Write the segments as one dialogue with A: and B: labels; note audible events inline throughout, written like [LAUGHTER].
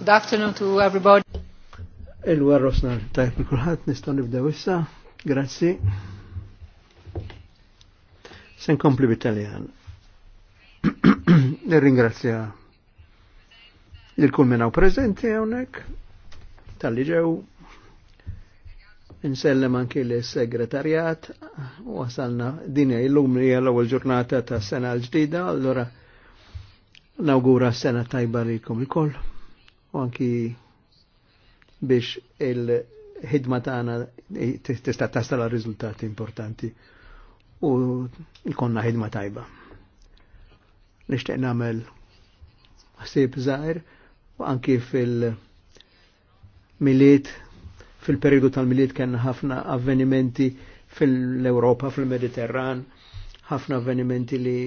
A: Good afternoon to everybody.
B: Il-war rosnar tajb kulħadd nistgħu nibdew issa. Grazzi. Se nkompli bit-Taljan. [CLEARS THROAT] Nirringrazzja lil kull minn hawn preżenti hawnhekk tal-li ġew. Insellem anki l segretarjat u wasalna din illum hija l-ewwel ġurnata ta' sena l-ġdida, allura nawgura sena tajba likom il-koll u anki biex il-ħidma tagħna tista' tasala riżultati importanti u jkollna ħidma tajba. Nixtieq nagħmel ħsieb żgħir u anki fil-miliet fil-periodu tal-miliet kellna ħafna avvenimenti fil-Europa, fil-Mediterran, ħafna avvenimenti li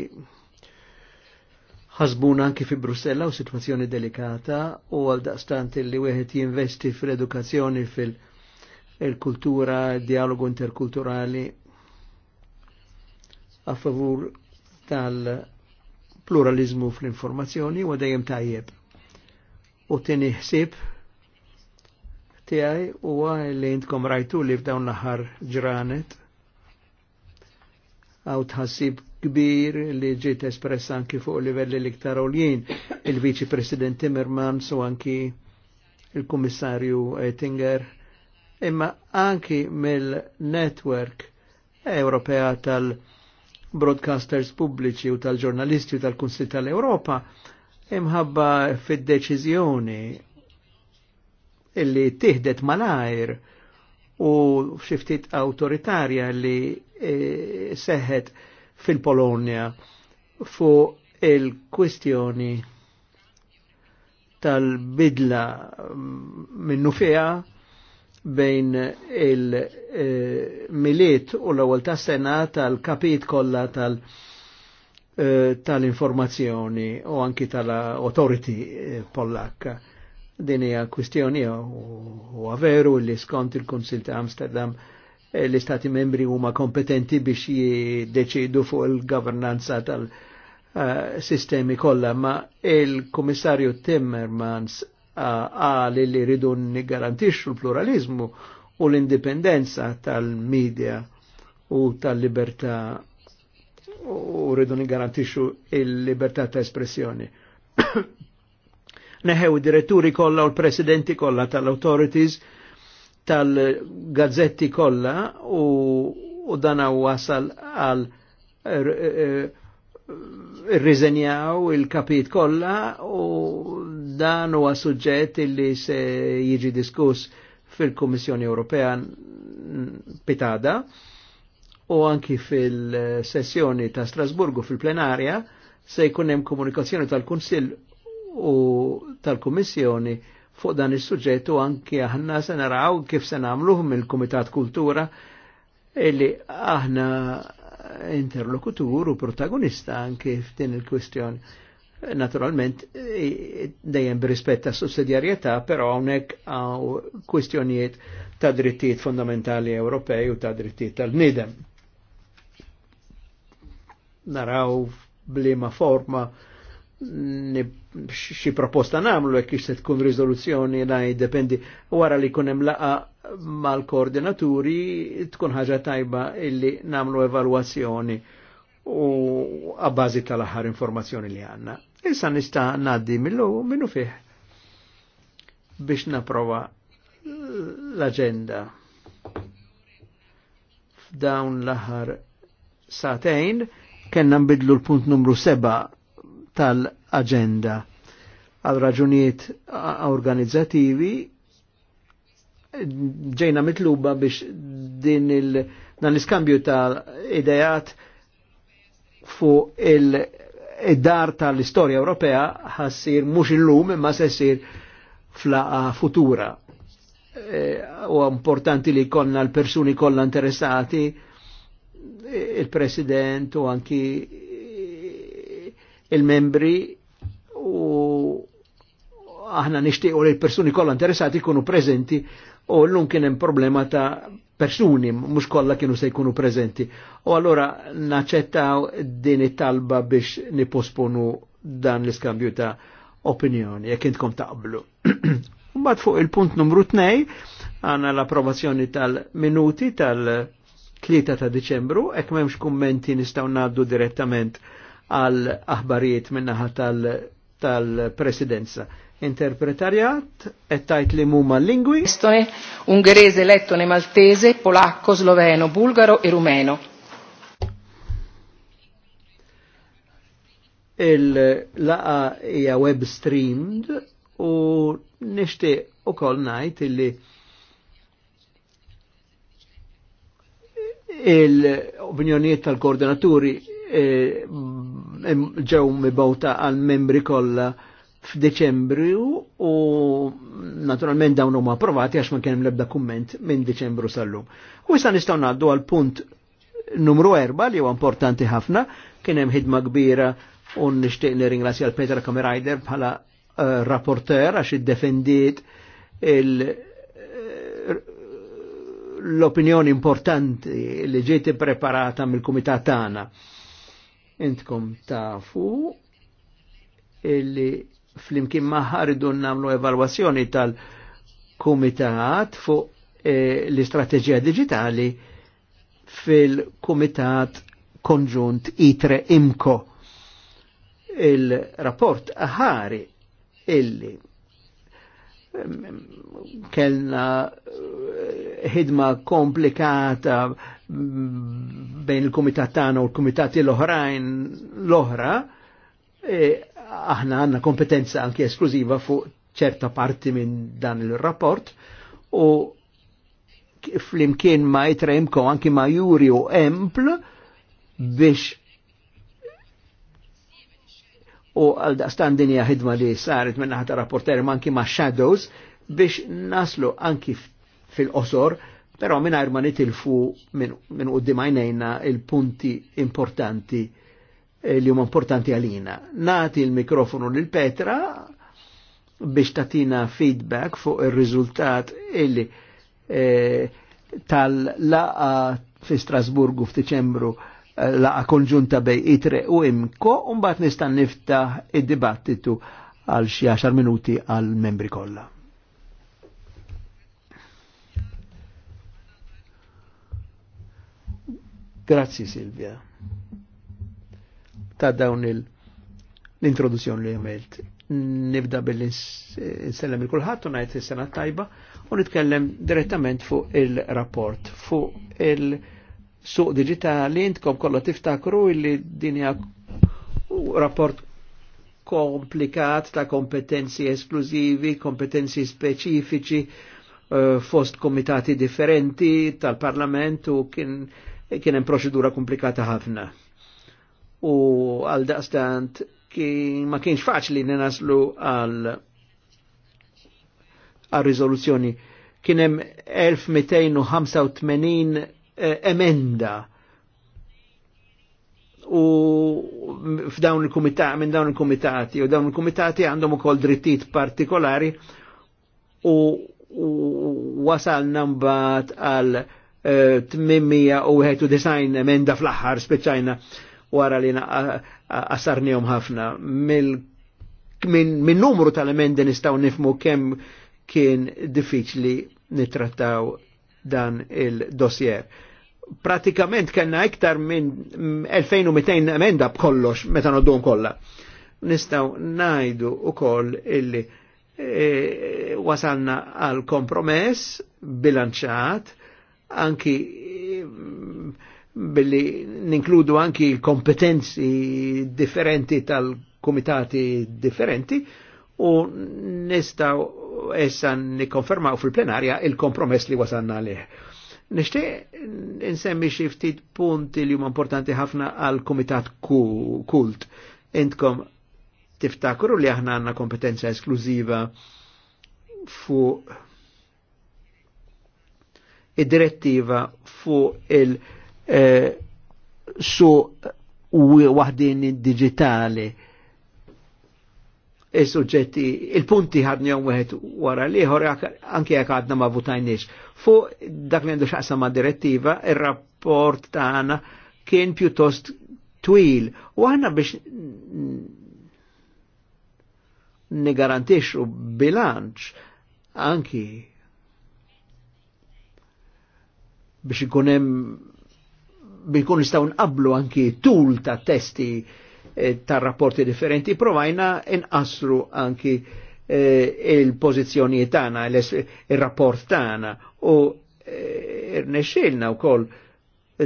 B: ħasbuna anki fi Brussella u situazzjoni delikata u għal daqstant li wieħed jinvesti fil-edukazzjoni fil-kultura, dialogu interkulturali a favur tal-pluralizmu fl-informazzjoni u dejjem tajjeb. U tieni ħsib tijaj huwa li jintkom rajtu li f'dawn l-aħħar ġranet għaw tħassib kbir li ġiet espressa anki fuq livelli l-iktar oljien il-Viċi President Timmermans u anki il-Kummissarju Ettinger imma anki mill-network Ewropea tal-broadcasters pubbliċi u tal-ġurnalisti u tal-Kunsil tal-Europa imħabba fid-deċiżjoni illi tiħdet malajr u xiftit autoritarja li eh, seħet fil Polonia fuq il-kwistjoni tal-bidla minnu fija bejn il-miliet u l-ewwel ta' sena tal-kapit kollha tal eh, tal-informazzjoni u anki tal-autority eh, pollakka. Din hija kwistjoni u veru li skont il-Kunsil ta' Amsterdam l-istati membri huma kompetenti biex jiddeċidu fuq il-governanza tal-sistemi kollha, ma il-Kummissarju Timmermans għal li rridu niggarantixxu l-pluralizmu u l-indipendenza tal-medja u tal-libertà u rridu niggarantixxu il-libertà ta' espressjoni. [COUGHS] Neħew id-diretturi kollha u l-presidenti kollha tal-authorities tal-gazzetti kollha u, u dan wasal għal er, er, rizenjaw il-kapit kollha u dan huwa suġġett li se jiġi diskuss fil-Kummissjoni Ewropea pitada u anki fil-sessjoni ta' Strasburgu fil-plenarja se jkun hemm komunikazzjoni tal-Kunsill u tal-Kummissjoni fuq dan is suġġettu u anki aħna se naraw kif se nagħmluh mill-Kumitat Kultura illi aħna interlokutur u protagonista anki f'din il-kwistjoni. Naturalment, dejjem b'rispett ta' sussidjarjetà, però hawnhekk għaw kwistjonijiet ta' drittijiet fondamentali Ewropej u ta' drittijiet tal-nidem. Naraw b'liema forma nib xi proposta namlu jekk se tkun riżoluzzjoni naj dependi wara li jkun hemm laqa mal-koordinaturi tkun ħaġa tajba illi namlu evalwazzjoni u għabbażi tal-aħħar informazzjoni li għanna. Issa nista' ngħaddi millu minnu fih biex naprova l-agenda f'dawn l-aħħar satejn kellna nbidlu l-punt numru 7 tal- agenda għal raġunijiet organizzativi ġejna mitluba biex din il dan iskambju ta' idejat fuq il-dar tal istoria Ewropea ħassir mhux illum imma se ssir flaqa futura. E, u e, importanti li konna l-persuni kollha interessati il-President u anki il-membri u aħna nishtiqu li l-persuni kollha interessati jkunu prezenti u l-lum kien hemm problema ta' persuni mhux kollha kienu se jkunu prezenti. U allora naċċettaw din it-talba biex niposponu dan l-iskambju ta' opinjoni jekk intkom taqblu. [CLEARS THROAT] Mbad fuq il-punt numru 2 għana l-approvazzjoni tal-minuti tal-3 ta' Deċembru, ek m'hemmx kummenti nistgħu ngħaddu direttament għal aħbarijiet minnaħa tal- tal-presidenza. Interpretariat, Interpretarjat, e tajt li mumma lingwi. Estone, ungherese, lettone, maltese, polacco, sloveno,
C: bulgaro e
B: rumeno. Il-laqa hija web streamed u nishti u ukoll najt illi il opinjoniet tal-koordinaturi E, ġew mibawta għal membri kollha f'Deċembru u naturalment dawn huma approvati għax ma kienem hemm l-ebda kumment minn Deċembru sal-lum. U issa nistgħu ngħaddu għal punt numru erba' li huwa importanti ħafna, kien hemm ħidma kbira u nixtieq nirringrazzja l Petra Kamerajder bħala uh, rapporter għax iddefendiet e, l-opinjoni importanti li ġieti preparata mill-kumitat tagħna Intkom tafu illi fl-imkien maħaridu namlu evalwazzjoni tal-Kumitat fuq e, l-istrateġija digitali fil-Kumitat konġunt ITRE IMCO. Il-rapport ħari illi kellna eh, ħidma komplikata bejn il-komitat tagħna u l-komitati l-oħrajn l-oħra, e, aħna għandna kompetenza anke esklużiva fuq ċerta parti minn dan il-rapport u flimkien ma jitremko anki ma juri u empl biex u għal daqstan dinja ħidma li saret minna ħata rapporter ma anki ma shadows biex naslu anki fil-qosor Però minna ma nitilfu minn min qoddim għajnejna il-punti importanti eh, li huma importanti għalina. Nati il-mikrofonu lil Petra biex tatina feedback fuq il-riżultat illi eh, tal-laqa fi Strasburgu f'Diċembru eh, laqa konġunta bej itre u imko, un bat nista niftaħ id-dibattitu għal xi 10 minuti għal membri kollha. Grazzi Silvia. Ta' dawn l-introduzzjoni li għamilt. Nibda bil-insellem il-kulħat u najt il-sena tajba u nitkellem direttament fuq il-rapport, fuq il-suq digitali intkom kollu tiftakru illi dinja rapport komplikat ta' kompetenzi esklużivi, kompetenzi speċifiċi eh, fost komitati differenti tal-parlament u kien E kien hemm proċedura komplikata ħafna. U għal daqstant ki ma kienx faċli li naslu għal għal riżoluzzjoni. Kien hemm 1285 eh, emenda u f'dawn il-kumitat, minn dawn il-kumitati, u dawn il-kumitati għandhom ukoll drittijiet partikolari u wasal nambat għal 891 eh, emenda fl-aħħar speċajna wara li naqasarnijom ħafna. Min numru tal emenda nistgħu nifmu kemm kien diffiċli nitrattaw dan il-dossier. Pratikament kellna iktar minn 2200 emenda b'kollox meta noddum kollha. Nistgħu ngħidu koll illi e, wasalna għal kompromess bilanċat anki mm, billi ninkludu anki kompetenzi differenti tal-komitati differenti u nistaw essa nikonfermaw fil-plenarja il-kompromess li wasanna leh. Nishtiq nsemmi xi ftit punti li huma importanti ħafna għal kumitat kult. Intkom tiftakru li aħna għandna kompetenza esklużiva fuq id-direttiva fuq il- su wahdin digitali il-sujġetti, il-punti ħadni għom wieħed wara liħor, anke għak għadna ma vutajnix. Fuq dak li għandu xaqsa ma direttiva, il-rapport tagħna kien pjuttost twil. U għanna biex u bilanċ anki biex ikunem biex ikun nistaw nqablu anki tul ta' testi eh, ta' rapporti differenti, provajna inqasru anki eh, il-pozizjoni tana, il-rapport tana u irnexilna eh, u koll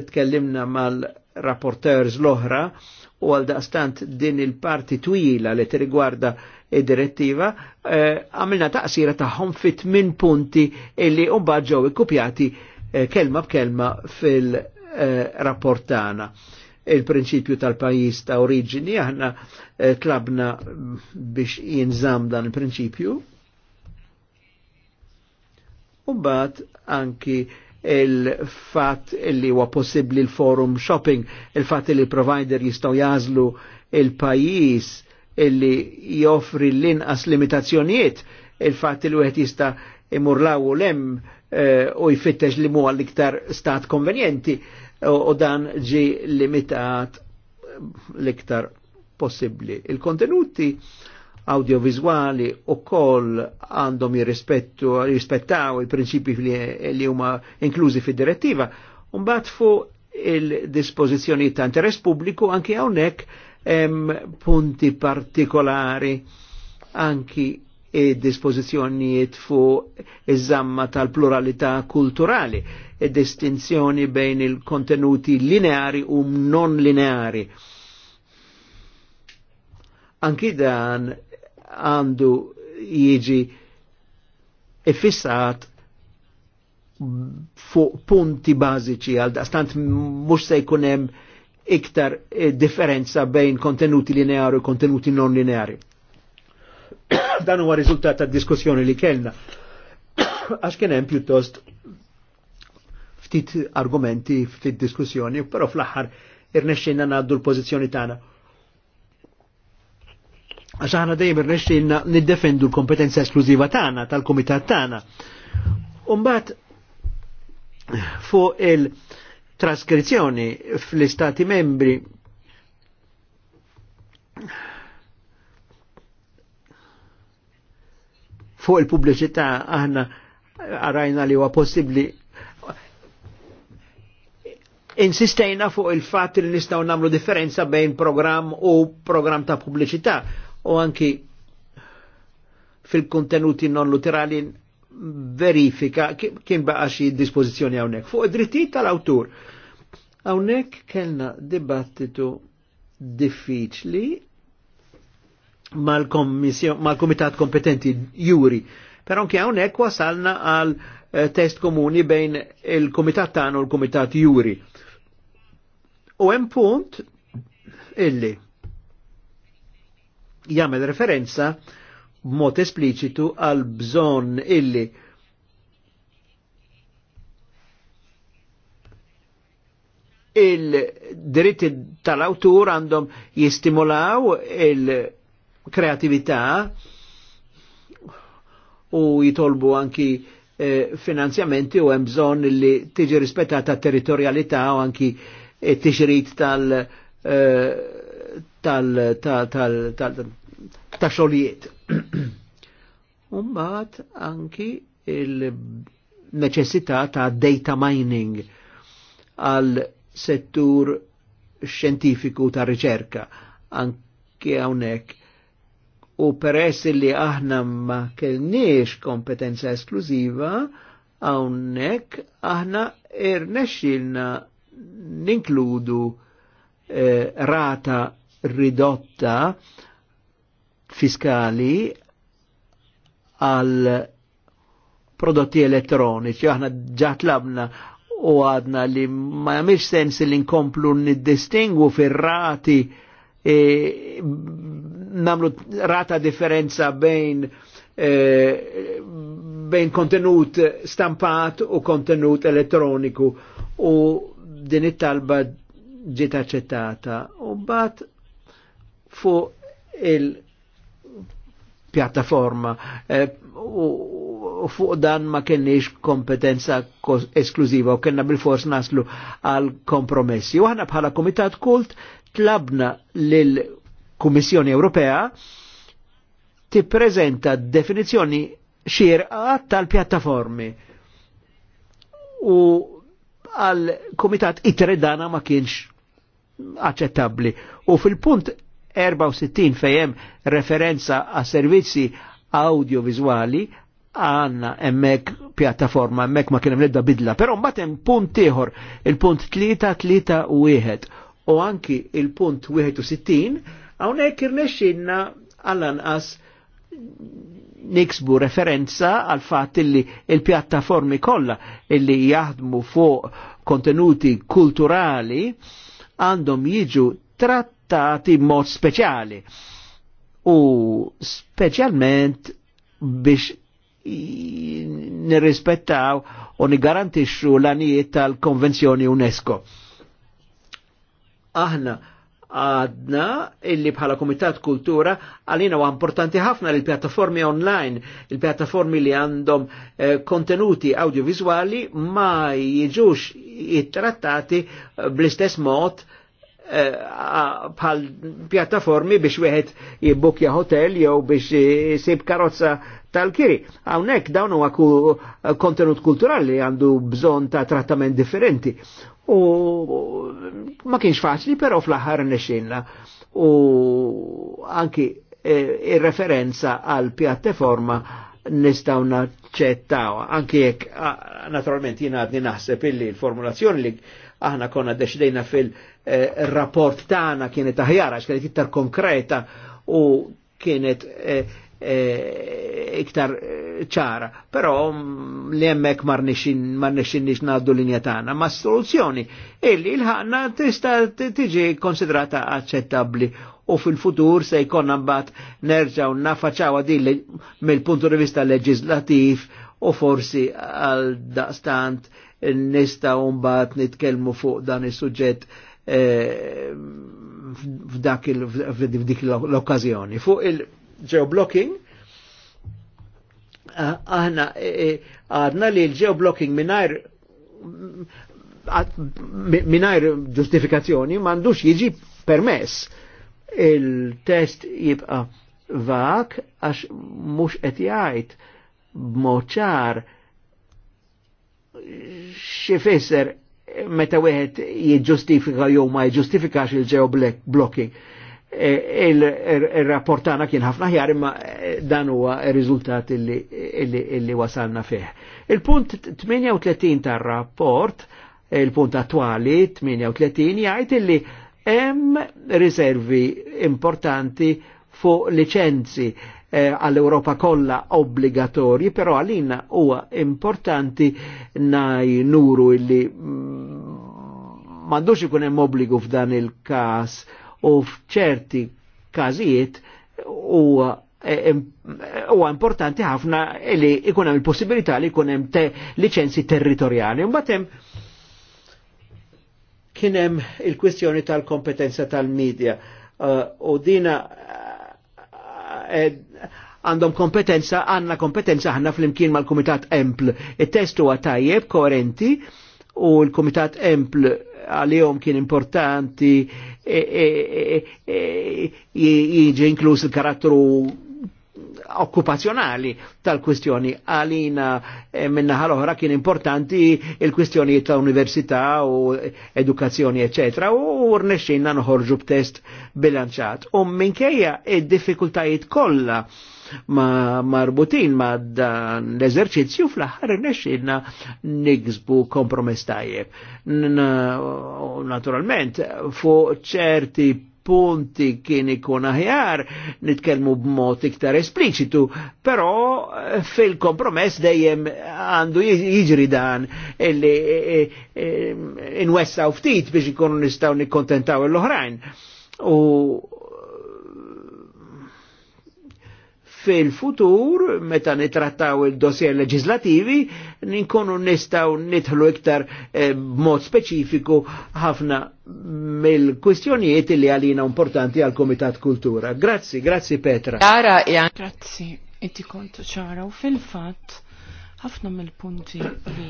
B: tkellimna mal-rapporteurs l-oħra u għal daqstant din il-parti twila li t-rigwarda id-direttiva, għamilna taqsira taħħom fit min punti illi un ġew ikkupjati Eh, kelma b'kelma fil-rapportana. Il-prinċipju tal-pajis ta' oriġini aħna eh, tlabna biex jinżam dan il-prinċipju. U bat anki il-fat li huwa possibbli l-forum shopping, il-fat li provider jistgħu jazlu il-pajis illi joffri l-inqas limitazzjonijiet, il-fat li wieħed jista' imur law lem Eh, u jfittex li mu l-iktar stat konvenjenti u dan ġi limitat l-iktar possibli. Il-kontenuti audiovizuali u koll għandhom jirrispettaw il-prinċipi li huma inklużi fid-direttiva, un-bat fu il-dispozizjoni ta' interess pubbliku anki hawnhekk punti partikolari anki il-dispozizjonijiet fuq iż-żamma tal-pluralità kulturali, distinzjoni bejn il-kontenuti lineari u non lineari. Anki dan għandu jieġi effissat fuq punti bażiċi għal stant mhux se jkun hemm iktar eh, differenza bejn kontenuti lineari u kontenuti non lineari. [COUGHS] Dan huwa riżultat ta' diskussjoni li kellna. [COUGHS] Għax kien hemm pjuttost ftit argumenti, ftit diskussjoni, però fl-aħħar irnexxinna ngħaddu l-pożizzjoni tagħna. Għax aħna dejjem irnexxinna niddefendu l-kompetenza esklużiva tagħna tal-kumitat tagħna. Umbat fuq il-traskrizzjoni fl-istati membri fuq il-pubbliċità aħna arajna li huwa possibbli insistejna fuq il-fatt li nistgħu nagħmlu differenza bejn programm u programm ta' pubbliċità u anki fil-kontenuti non luterali verifika kien baqa xi dispożizzjoni hawnhekk. Fuq id-drittijiet tal-awtur. Hawnhekk kellna dibattitu diffiċli mal-komitat mal kompetenti juri. Pero anke hawnhekk wasalna għal eh, test komuni bejn il-komitat Tan u l-komitat juri. U hemm punt illi jagħmel referenza b'mod espliċitu għal bżonn illi il-diritti tal-awtur għandhom jistimulaw il- kreatività u jitolbu anki eh, finanzjamenti u hemm bżonn li tiġi rispettata territorialità u anki e eh, tixrid tal eh, tal tal tal tal ta' xogħlijiet. [CLEARS THROAT] Umbat anki il-neċessità ta' data mining għal settur xjentifiku ta' riċerka anki hawnhekk u peress li aħna ma kellniex kompetenza esklużiva hawnhekk aħna irnexilna ninkludu eh, rata ridotta fiskali għal prodotti elettroniċi, aħna ġa tlabna u għadna li ma jamiex sens li nkomplu niddistingu fir-rati eh, E, namlu rata differenza bejn e, bejn kontenut stampat u kontenut elettroniku u din it-talba ġiet aċċettata u bat fuq il-pjattaforma e, u fuq dan ma kenniex kompetenza esklużiva u kienna bil-fors naslu għal kompromessi. U aħna bħala komitat kult tlabna lill-Kummissjoni Ewropea tippreżenta definizzjoni xirqa tal-pjattaformi. U għal komitat itredana ma kienx aċċettabli. U fil-punt 64 fejem referenza a servizzi audiovizuali għanna emmek pjattaforma, emmek ma kienem nedda bidla, pero mbatem punt tiħor, il-punt 3, 3 u 1 u anki il-punt 61 hawnhekk irnexxinna għall-anqas niksbu referenza għal fat illi il-pjattaformi kollha illi jaħdmu fuq kontenuti kulturali għandhom jiġu trattati mod speċjali u speċjalment biex nirrispettaw u nigarantixxu l-anijiet tal-Konvenzjoni UNESCO aħna għadna illi bħala Komitat Kultura għalina u importanti ħafna l pjattaformi online, il-pjattaformi li għandhom eh, kontenuti audiovisuali ma jiġux jittrattati eh, bl-istess mod eh, bħal pjattaformi biex wieħed jibbukja hotel jew biex jisib karozza tal-kiri. Għawnek dawn għaku kontenut kulturali għandu bżonn ta' trattament differenti u ma kienx faċli, però fl-aħħar nesċinna. u anki e, il referenza għal pjattaforma nistaw naċċettaw. Anki jekk naturalment jina għadni naħseb illi l-formulazzjoni li aħna konna deċdejna fil-rapport e, tagħna kienet aħjar għax kienet iktar konkreta u kienet e, iktar ċara, però li hemmhekk ma rnexxinniex ngħaddu linja tagħna, ma soluzzjoni illi l ħanna tista' tiġi konsidrata aċċettabbli u fil-futur se jkollna mbagħad nerġa' u din mill-punt di vista leġislativ u forsi għal daqstant nista' mbagħad nitkellmu fuq dan is-suġġett f'dik l-okkażjoni. Fuq il- geoblocking, eh, aħna eh, eh, għadna li l-geoblocking minajr minajr mm, mm, ġustifikazzjoni mandux jiġi permess il-test jibqa vak għax mux qed jgħid b'moċar xifisser meta wieħed jiġġustifika jew ma jiġġustifikax il-geoblocking. E, er, il-rapportana kien ħafna ħjar imma e, dan huwa r-riżultat illi wasalna fih. Il-punt 38 tar-rapport, il-punt attwali 38 jgħid illi hemm riservi importanti fuq licenzi e, għall-Europa kollha obbligatorji, però għalina huwa importanti nuru illi mm, m'għandux ikun hemm obbligu f'dan il-każ u fċerti każijiet huwa e, e, u importanti ħafna li ikun hemm il-possibilità li jkun hemm te liċenzi territorjali. Mbagħad hemm kien hemm il-kwistjoni tal-kompetenza tal-medja uh, u uh, dina għandhom kompetenza, għanna kompetenza ħanna fl-imkien mal-Kumitat Empl. Il-test huwa tajjeb, koerenti, u l-Kumitat Empl għalihom kien importanti E, e, e, jieġi inkluż il-karattru okkupazzjonali tal-kwistjoni. Għalina minna ħal-oħra kien importanti il-kwistjoni ta' università u edukazzjoni, eccetera U rnexxinna nħorġu b'test bilanċat. U minkejja id-diffikultajiet kollha ma marbutin ma dan l-eżerċizzju fl-aħħar nexxinna nigzbu kompromess tajjeb. Naturalment, fuq ċerti punti kien ikun aħjar, nitkellmu b'mod iktar espliċitu, però fil-kompromess dejjem għandu jiġri dan illi e, e, e, inwessaw ftit biex ikunu nistaw nikkontentaw l-oħrajn. U fil-futur, meta nitrattaw il-dossier leġislativi, ninkonu nistaw nitħlu iktar eh, mod speċifiku ħafna mill-kwistjonijiet li għalina importanti għal Komitat Kultura. Grazzi, grazzi Petra. Ara, jan.
A: E grazzi, inti kontu ċara u fil-fat, ħafna mill-punti li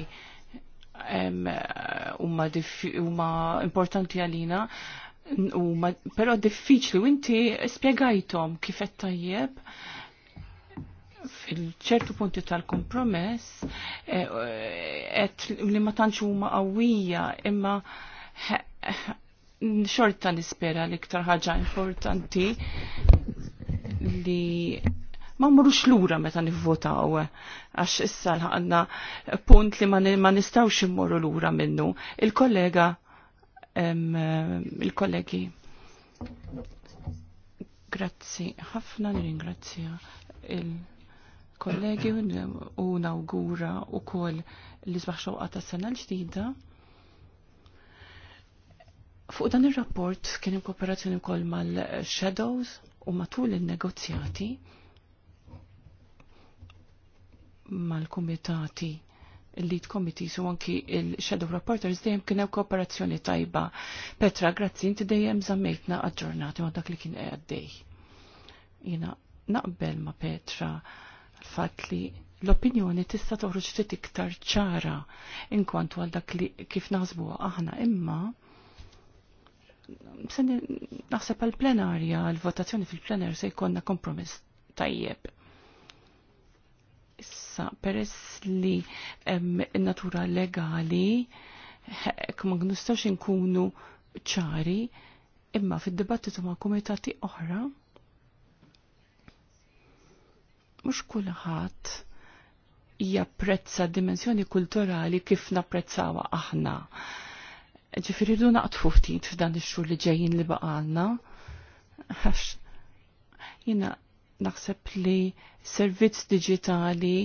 A: umma, um, importanti għalina, Pero però diffiċli u inti spiegajtom kif qed tajjeb fil-ċertu punti tal-kompromess eh, eh, et li ma tantx huma qawwija imma xorta nispera li iktar ħaġa importanti li ma mmurux lura meta nivvotaw għax issa ħanna punt li ma nistawx immorru lura minnu. Il-kollega il-kollegi Grazzi, ħafna nirringrazzja il- kollegi u nawgura u koll li sbaħ xoqqa ta' sena l-ġdida. Fuq dan il-rapport kien kooperazzjoni wkoll mal-shadows u matul il-negozjati mal-kumitati il-lead committees u anki il-shadow reporters dejjem kien hemm kooperazzjoni tajba. Petra, grazzi inti dejjem żammejtna aġġornati ma' dak li kien dej. Jiena naqbel ma' Petra fatt li l-opinjoni tista' toħroġ ftit iktar ċara inkwantu għal dak li kif naħsbuha aħna imma se naħseb għal plenarja l-votazzjoni fil-plenar se jkollna kompromiss tajjeb. Issa peress li natura legali ma nistax inkunu ċari imma fid-dibattitu ma' kumitati oħra mhux kulħadd japprezza dimensjoni kulturali kif napprezzawa aħna. Ġifiri rridu naqtfu ftit f'dan ix-xhur li ġejjin li baqalna. Għax naħseb li servizz digitali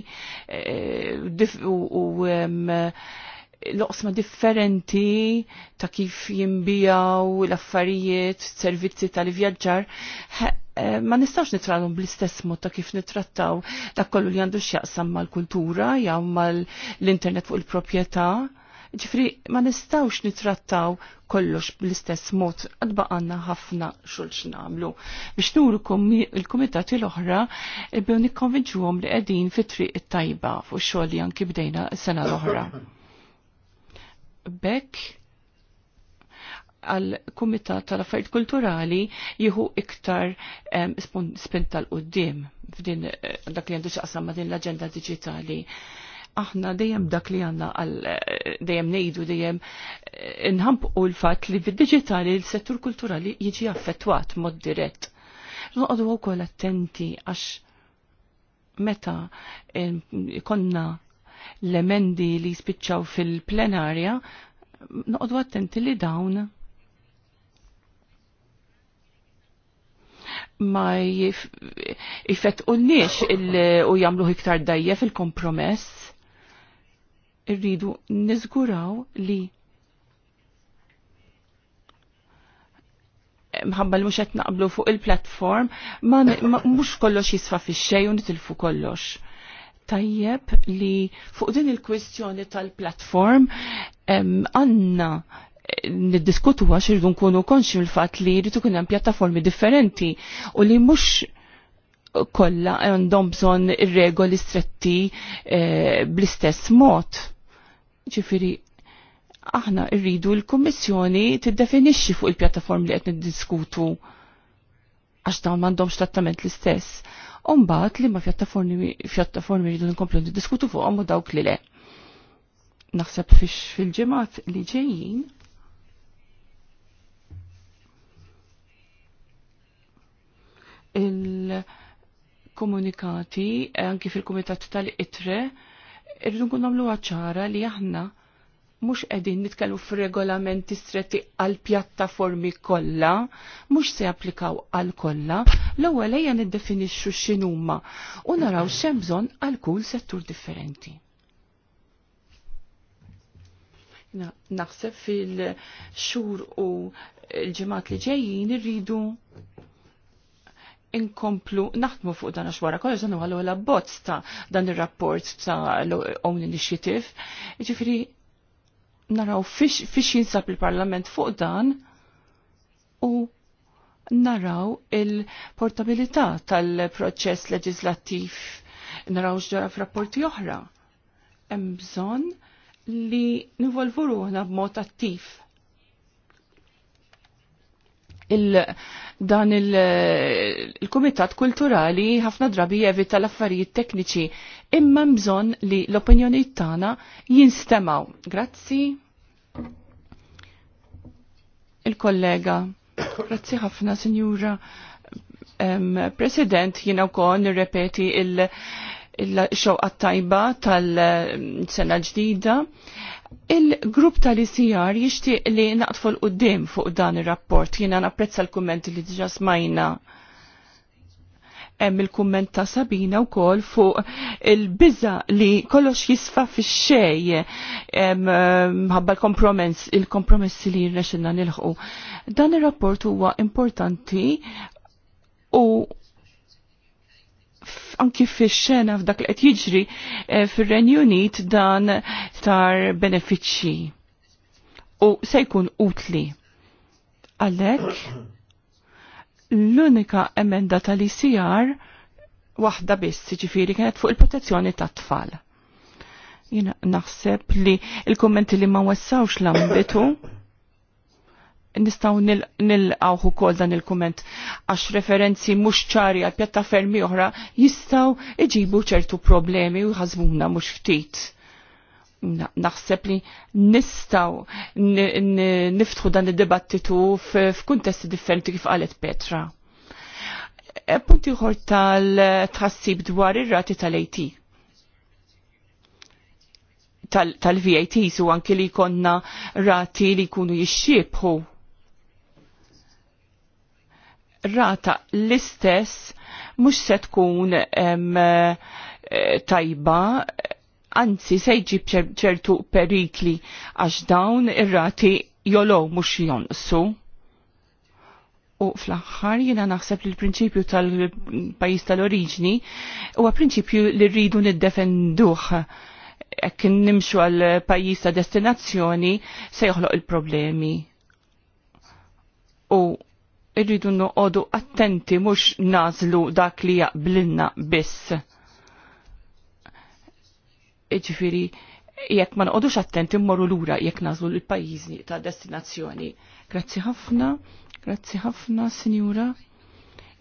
A: eh, u, l-oqsma differenti ta' kif jimbijaw l-affarijiet, servizzi tal-vjaġġar, eh, ma nistax nitralhom bl-istess mod ta' kif nitrattaw dak kollu li għandu x'jaqsam mal-kultura jew mal-internet fuq il-proprjetà. Ġifri, ma nistawx nitrattaw kollox bl-istess mod għadba għanna ħafna xulx x'namlu. Biex nuru il-komitati l-oħra ibbew nikkonvinġuhom li qegħdin fitri triq it-tajba fuq xogħol li anki bdejna s-sena l-oħra bekk għal kumitat tal-affarijiet kulturali jieħu iktar spin tal-qoddim f'din eh, dak li għandu xaqsam ma' din l-agenda digitali. Aħna dejjem dak li għanna għal eh, dejjem nejdu dejjem eh, u l-fat li fid-digitali l-settur kulturali jiġi affettwat mod dirett. Nqogħdu wkoll attenti għax meta konna l-emendi li spiċċaw fil-plenarja, noqdu attenti li dawn ma jifet unniex u jamlu iktar dajje fil-kompromess, irridu nizguraw li mħabba l naqblu fuq il-platform, ma mux kollox jisfa fi xej u nitilfu kollox tajjeb li fuq din il-kwistjoni tal-platform għanna eh, niddiskutu għax irridu nkunu konxi mill-fatt li jridu kien hemm pjattaformi differenti u li mhux kollha għandhom bżonn ir-regoli stretti eh, bl-istess mod. Ġifieri aħna rridu l-Kummissjoni tiddefinixxi fuq il-pjattaform li qed niddiskutu għax dawn m'għandhomx trattament l-istess Umbat li ma pjattaformi rridu nkomplu diskutu fuqhom u dawk li le. Naħseb fix fil-ġemat li ġejjin il-komunikati eh, anki fil-kumitat tal-itre irridu nkun għamlu ċara li aħna mux edin nitkellmu f-regolamenti stretti għal pjattaformi kollha, mux se applikaw għal kollha, l-ewwel ejja niddefinixxu x'inhuma u naraw x'hemm bżonn għal kull settur differenti. naħseb fil-xhur u l-ġimgħat li ġejjin irridu inkomplu naħdmu fuq dan għax wara kollox għal bozz ta' dan ir-rapport ta' l-Own Initiative. Ġifieri naraw fiex jinsab il-Parlament fuq dan u naraw il-portabilità tal-proċess leġislattiv naraw ġdara f'rapporti oħra. Hemm bżonn li nivolvu ruħna b'mod attiv. Il, dan il-Kumitat il Kulturali ħafna drabi jevita l-affarijiet tekniċi imma bżonn li l-opinjoni tagħna jinstemaw. Grazzi il-kollega. Grazzi ħafna, Sinjura President, jina wkoll nirrepeti il-xewqa tajba tal-sena ġdida. Il-grupp tal-ICR jixtieq li naqtfu l-qoddim fuq dan ir-rapport. Jiena napprezza l-kummenti li diġa smajna hemm il-kumment ta' Sabina wkoll fuq il-biża li kollox jisfa fix-xej eh, mħabba l-kompromess il-kompromessi li rnexxilna nilħu. Dan ir-rapport huwa importanti u anki fix-xena f'dak li qed jiġri eh, fir-Renju Unit dan tar benefiċċji u se jkun utli. Għalhekk l-unika emenda tal-ICR waħda biss, ġifiri, kienet fuq il-protezzjoni tat tfal. Jina naħseb li il-kommenti li ma wessawx l-ambitu, nistaw nil-għawħu nil kol dan il-komment, għax referenzi mux ċari għal pjattafermi oħra jistaw iġibu ċertu problemi u jħazbuna mux ftit naħseb li nistaw niftħu dan id-dibattitu f'kuntesti differenti kif qalet Petra. E, Punti ħor tal-tħassib dwar ir-rati tal-AT tal-VAT su anki li konna rati li kunu jixxiebħu. Rata l-istess mux se tkun e, tajba anzi se jġib ċertu perikli għax dawn ir-rati jolow mhux jonqsu. U fl-aħħar jiena naħseb li l-prinċipju tal-pajjiż tal-oriġni huwa prinċipju li rridu niddefenduh kien nimxu għal pajjiż ta' destinazzjoni se joħloq il-problemi. U irridu noqogħdu attenti mhux nazlu dak li jaqblinna biss ġifiri jekk ma noqodux attenti mmorru lura jekk nażlu l-pajjiżni ta' destinazzjoni. Grazzi ħafna, grazzi ħafna, Sinjura.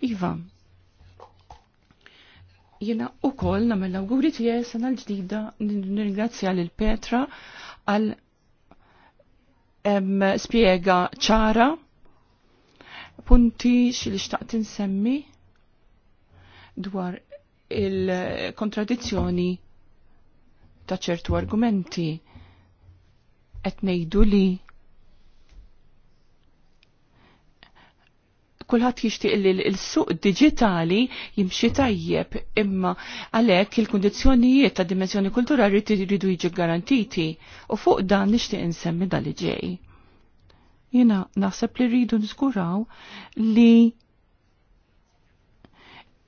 A: Iva, jena u kol namella u auguri tijaj sena l-ġdida nirgrazzja l-Petra għal spiega ċara punti xil xtaqt insemmi dwar il-kontradizzjoni ta' ċertu argumenti qed ngħidu li kulħadd jixtieq li l-suq digitali jimxi tajjeb imma għalhekk il-kundizzjonijiet ta' dimensjoni kulturali jridu jiġi garantiti u fuq dan nixtieq insemmi dal ġej. Jiena naħseb li rridu nżguraw li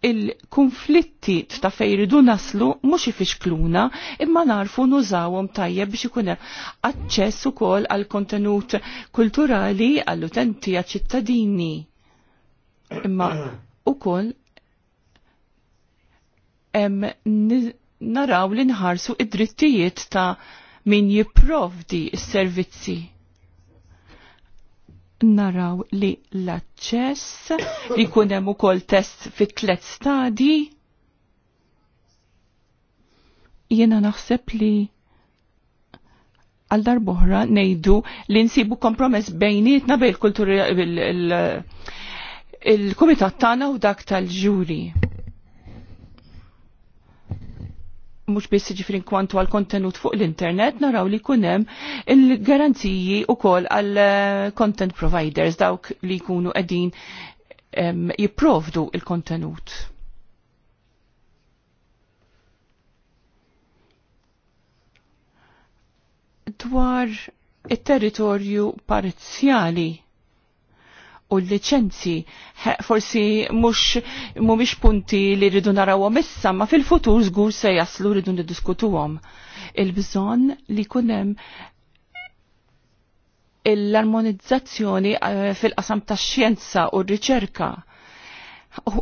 A: il-konflitti ta' fej ridu naslu mhux ifixkluna imma narfu nużawhom tajjeb biex ikun hemm aċċess ukoll għal kontenut kulturali għall-utenti għaċ-ċittadini. Imma ukoll naraw li nħarsu id-drittijiet ta' min jipprovdi s-servizzi naraw li l-aċċess li kunem u kol test fit tlet stadi jena naħseb li għal darbohra nejdu li nsibu kompromess bejnietna bej il-kulturi il-komitat tana tagħna u dak tal-ġuri. mhux biss ġifri kwantu għal kontenut fuq l-internet naraw li kunem il-garanziji u kol għal eh, content providers dawk li jkunu qegħdin jipprovdu il-kontenut. Dwar it-territorju parzjali u l-licenzi. Forsi mux mumiex punti li rridu narawhom issa, ma fil-futur żgur se jaslu rridu niddiskutuhom. Il-bżonn li kunem l-armonizzazzjoni eh, fil-qasam tax-xjenza u r-riċerka.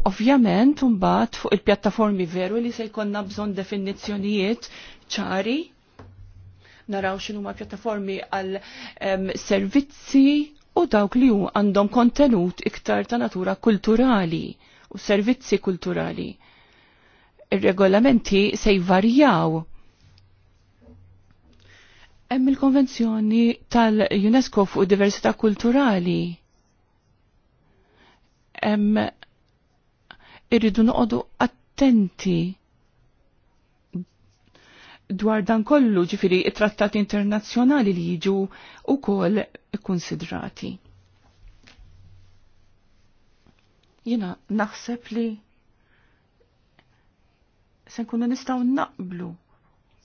A: Ovvjament, mbagħad fuq il-pjattaformi veru li se jkollna bżonn definizzjonijiet ċari, naraw x'inhuma ma' pjattaformi għal servizzi u dawk li hu għandhom kontenut iktar ta' natura kulturali u servizzi kulturali. Ir-regolamenti se jvarjaw. Hemm il-konvenzjoni tal-UNESCO fuq diversità kulturali. Hemm irridu noqogħdu attenti dwar dan kollu ġifiri it-trattati internazzjonali li jiġu u kol konsidrati. Jena naħseb li se nkunu nistaw naqblu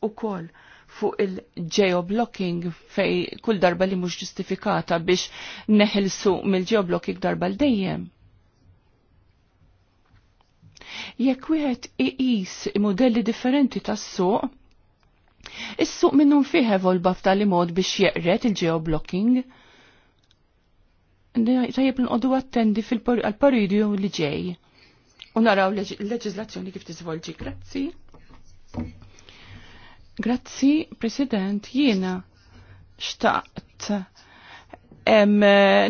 A: u kol fuq il-geoblocking fej kull darba li mhux ġustifikata biex neħilsu mill-geoblocking darba l-dejjem. Jekk wieħed iqis modelli differenti tas-suq, Is-suq minnum fih evolba f'tali mod biex jeqret il-geoblocking. Tajjeb nqodu attendi fil-paridju li ġej. U naraw leġizlazzjoni kif tiżvolġi. Grazzi. Grazzi, President, jiena xtaqt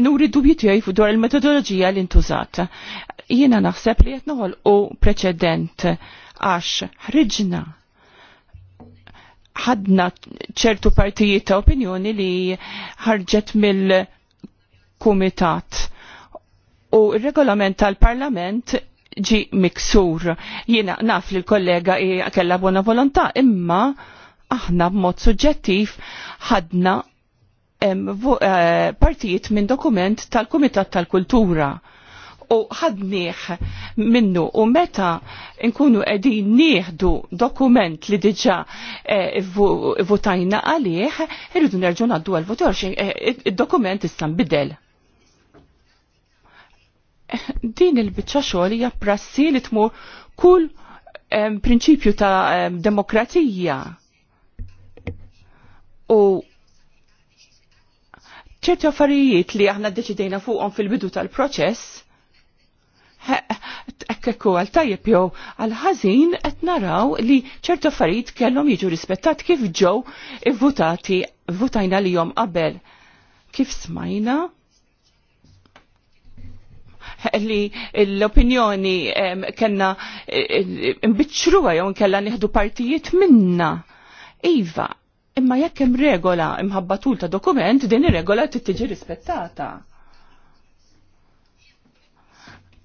A: nuri dubju tiegħi fuq dwar il metodologija li intużat Jiena naħseb li qed u preċedent għax ħriġna ħadna ċertu partijiet ta' opinjoni li ħarġet mill-kumitat. U il-regolament tal-parlament ġi miksur. Jiena naf li l-kollega kella buona volontà, imma aħna b'mod suġġettiv ħadna eh, partijiet minn dokument tal-Kumitat tal-Kultura. tal komitat tal kultura u ħadnieh minnu u meta nkunu qegħdin nieħdu dokument li diġà eh, votajna għalih, irridu nerġgħu ngħaddu għal votor eh, id-dokument issa nbidel. Eh, din il-biċċa xogħol hija prassi li tmur kull prinċipju ta' demokratija u ċerti affarijiet li aħna deċidejna fuqhom fil-bidu tal-proċess ekkeku għal tajjeb jew għal ħażin qed naraw li ċertu affarijiet kellhom jiġu rispettat kif ġew ivvutati votajna li jom qabel. Kif smajna? li l-opinjoni kena imbiċruwa jew kella nieħdu partijiet minna. Iva, imma jekk hemm regola imħabba tul ta' dokument, din ir-regola tiġi rispettata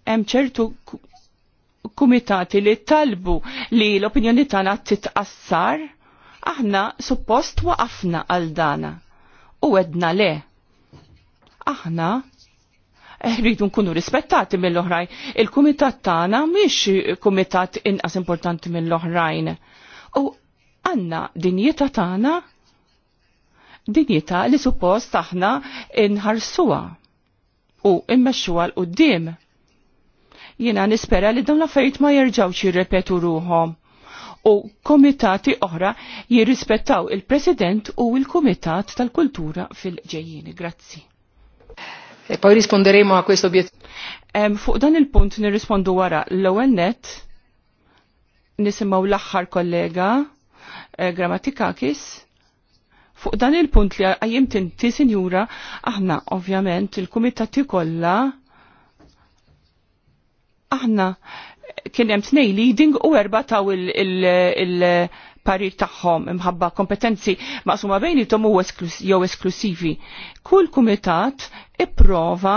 A: hemm ċertu kumitati li talbu li l-opinjoni tagħna titqassar, aħna suppost waqafna għal dana. U edna le. Aħna rridu nkunu rispettati mill-oħrajn. Il-kumitat tagħna mhix kumitat inqas importanti mill-oħrajn. U għandna dinjeta tagħna dinjeta li suppost aħna inħarsuha u immexxuha l-qudiem Jiena nispera li dawn l-affarijiet ma jerġgħux jirrepetu ruhom u komitati oħra jirrispettaw il-President u il-Kumitat tal-Kultura fil-ġejjini. Grazzi. E poi risponderemo a questo obiettivo. Fuq dan il-punt nirrispondu wara l-ewwel net nisimgħu l-aħħar kollega eh, Grammatikakis. Fuq dan il-punt li għajjem tinti sinjura aħna ovvjament il-kumitati kollha aħna kien hemm tnej leading u erba taw il-parir tagħhom imħabba kompetenzi maqsuma bejnietom u jew esklusivi. Kull kumitat ipprova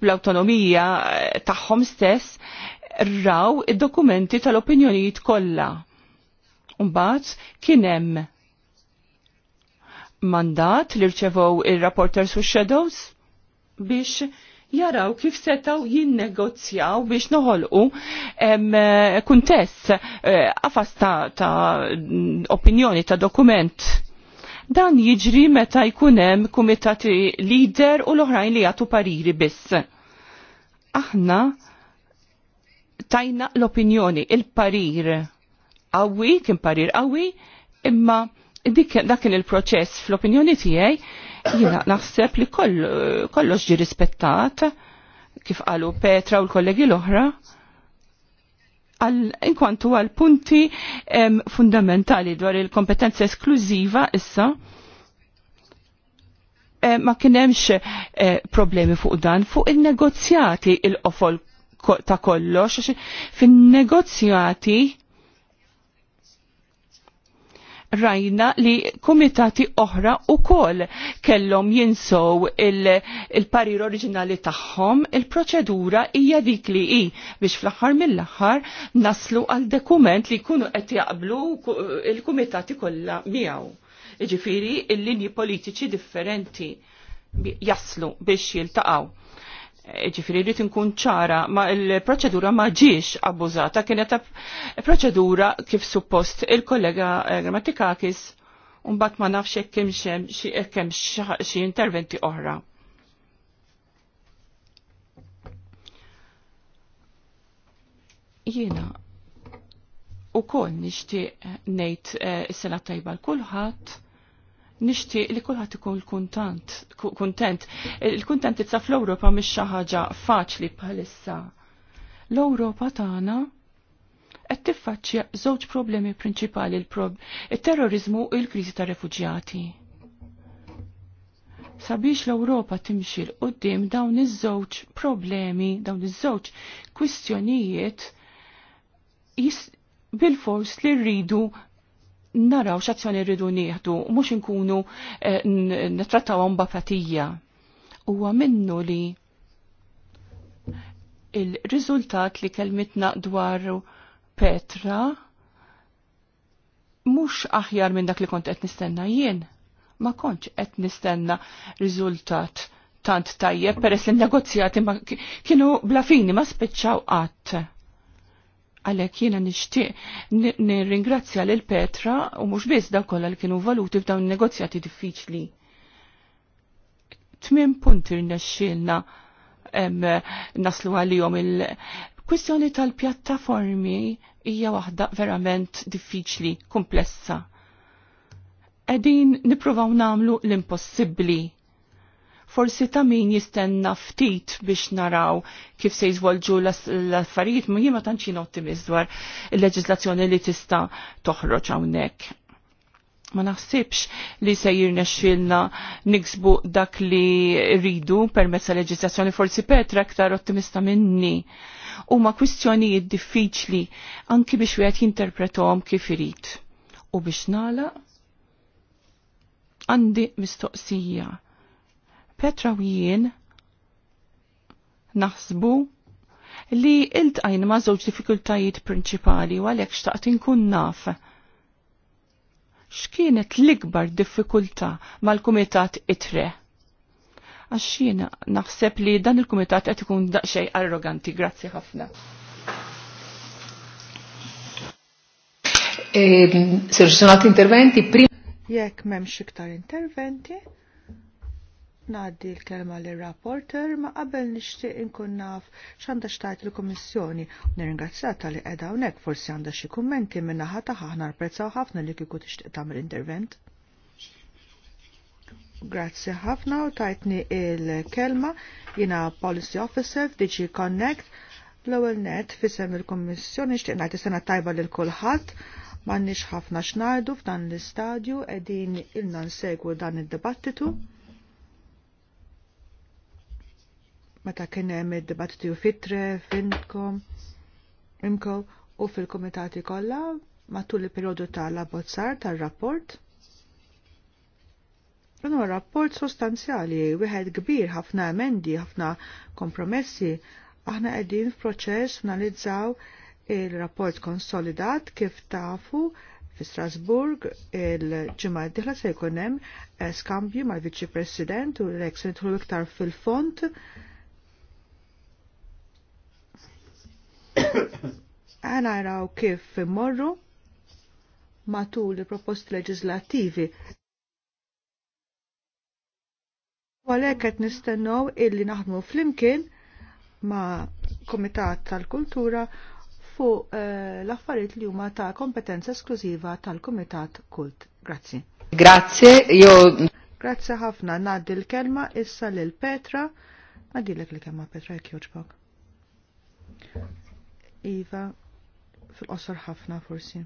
A: bl-awtonomija eh, tagħhom stess raw id-dokumenti tal-opinjonijiet kollha. Mbagħad kien hemm mandat li rċevow ir rapporters u shadows biex jaraw kif setaw jinnegozjaw biex noħolqu eh, kuntess għafas eh, ta, ta' opinjoni ta' dokument. Dan jiġri meta jkunem kumitati lider u l-oħrajn li jagħtu pariri biss. Aħna tajna l-opinjoni, il-parir għawi, kien parir qawwi, imma dak kien il-proċess fl-opinjoni tiegħi Jina naħseb li kollox ġi rispettat kif qalu Petra u l-kollegi l-oħra inkwantu għal punti fundamentali dwar il-kompetenza esklużiva issa ma kienemx eh, problemi fuq dan, fuq il-negozjati il-qofol ta' kollox, fin-negozjati rajna li kumitati oħra u kol kellom jinsow il-parir il oriġinali tagħhom, il-proċedura hija dik li hi biex fl-aħħar mill-aħħar naslu għal dokument li jkunu qed jaqblu il-kumitati kollha miegħu. Iġifiri il-linji politiċi differenti jaslu biex jiltaqgħu ġifiri rrit nkun ċara, ma l proċedura ma ġiex abbużata, kienet proċedura kif suppost il-kollega eh, Grammatikakis unbat ma nafx jekk hemm eh, xi interventi oħra. Jiena u koll nixtieq ngħid eh, is-sena tajba l kulħadd nixtieq li kulħadd ikun kontant, kuntent. Il-kuntent itsa fl-Ewropa mhix xi ħaġa faċli bħalissa. L-Ewropa tagħna qed tiffaċċja żewġ problemi prinċipali il it-terrorizmu u l-kriżi ta' refuġjati. Sabiex l-Ewropa timxi l qudiem dawn iż-żewġ problemi, dawn iż-żewġ kwistjonijiet bil-fors li rridu naraw x'azzjoni rridu nieħdu u mhux inkunu eh, nittrattawhom bapatija. Huwa minnu li il-riżultat li kelmitna dwar Petra mhux aħjar minn dak li kont qed nistenna jien. Ma kontx qed nistenna riżultat tant tajjeb peress li negozjati ma kienu blafini ma spiċċaw qatt għalek jiena nishtiq nirringrazzja lil Petra u mhux biss da kolla li kienu valuti f'dawn negozjati diffiċli. Tmien punti rnexxielna naslu għalihom il-kwistjoni tal-pjattaformi hija waħda verament diffiċli, komplessa. Qegħdin nippruvaw nagħmlu l-impossibbli forsi ta' min jistenna ftit biex naraw kif se jizvolġu l-affarijiet, ma jima tantxin ottimist dwar il-leġislazzjoni li tista' toħroġ hawnhekk. Ma naħsibx li se jirnexxilna niksbu dak li rridu permezz leġislazzjoni forsi Petra aktar ottimista minni. Huma kwistjonijiet diffiċli anki biex wieħed jinterpretohom kif irid. U biex nagħlaq għandi mistoqsija Petra u jien naħsbu li iltqajn ma' żewġ diffikultajiet prinċipali u għalhekk xtaqt inkun naf x'kienet l-ikbar diffikultà mal-kumitat itre. Għax jiena naħseb li dan il-kumitat qed ikun daqsxej arroganti. Grazzi ħafna. Ehm, Sir, xinat interventi prim.
C: Jekk memx iktar interventi, Naddi l-kelma l-rapporter ma qabel nixtieq inkun naf x'għandha xtajt il-Kummissjoni. Nirringrazzjata li qiegħda hawnhekk forsi għandha xi kummenti minn naħa ta' ħafna rprezzaw ħafna li kieku tixtieq tagħmel intervent. Grazzi ħafna u tajtni il-kelma jina Policy Officer DG Connect l-ewwel net fisem il-Kummissjoni nixtieq ngħid sena tajba lil kulħadd m'għandniex ħafna xnajdu f'dan l-istadju qegħdin ilna nsegwu dan id-dibattitu. il dibattitu meta kien hemm id-dibattitu fitre, fintkom, imko u fil-komitati kollha matul il-perjodu tal-abbozzar tar-rapport. Dan huwa rapport sostanzjali, wieħed kbir, ħafna emendi, ħafna kompromessi. Aħna qegħdin f'proċess finalizzaw il-rapport konsolidat kif tafu fi Strasburg il-ġimgħa d-dieħla se jkun hemm skambju mal-Viċi President u l-ex iktar fil-font [COUGHS] raw kif morru matul il-proposti leġislativi. Għalek qed nistennew illi naħdmu flimkien ma' Komitat tal-Kultura fuq eh, l-affarijiet li huma ta' kompetenza esklużiva tal-Komitat Kult. Grazzi. Grazzi, jo. Grazzi ħafna, naddi l-kelma issa lil Petra. Nadilek li kelma Petra jekk joġbok. Iva fil-qosor ħafna forsi.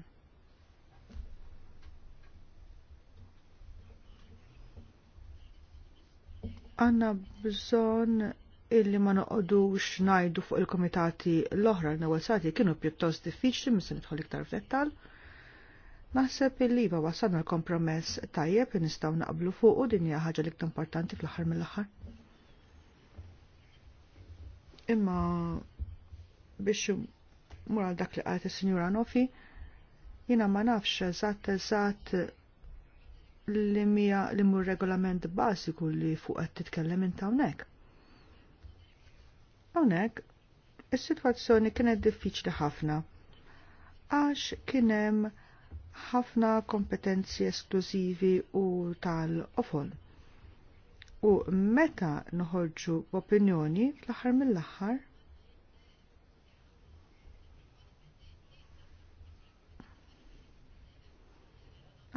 C: Għanna bżon illi ma noqodux najdu fuq il-komitati l-oħra l-negozjati kienu pjuttost diffiċli mis nidħol iktar fettal. Naħseb il-liva wasalna l-kompromess tajjeb nistgħu naqblu fuq u din hija ħaġa l importanti fl-aħħar mill-aħħar. Imma biex Mura għal dak li għalet il-Sinjura Nofi, jina ma nafx eżat eżatt li mija li mur regolament bażiku li fuq qed titkellem inta hawnhekk. Hawnhekk is-sitwazzjoni kienet diffiċli ħafna għax kien hemm ħafna kompetenzi esklużivi u tal-ofol. U meta noħorġu opinjoni l-aħħar mill-aħħar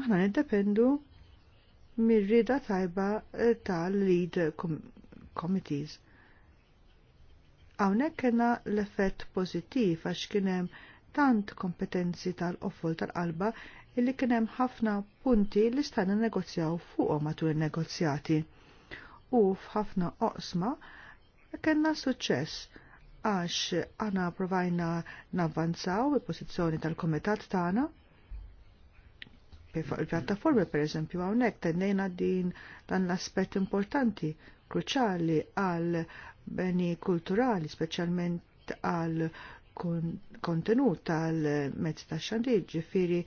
C: aħna niddependu mir-rida tajba eh, tal-lead committees. Hawnhekk kena l-effett pożittiv għax kien hemm tant kompetenzi tal qofol tal-qalba illi kien hemm ħafna punti li stajna negozjaw fuqhom matul in-negozjati. U f'ħafna oqsma kellna suċċess għax għana provajna navvanzaw il-pożizzjoni tal-komitat tagħna fuq il-pjattaformi pereżempju hawnhekk tennejna din dan l-aspett importanti kruċali għal beni kulturali, speċjalment għal kontenut tal-mezz tax-xandir, ġifieri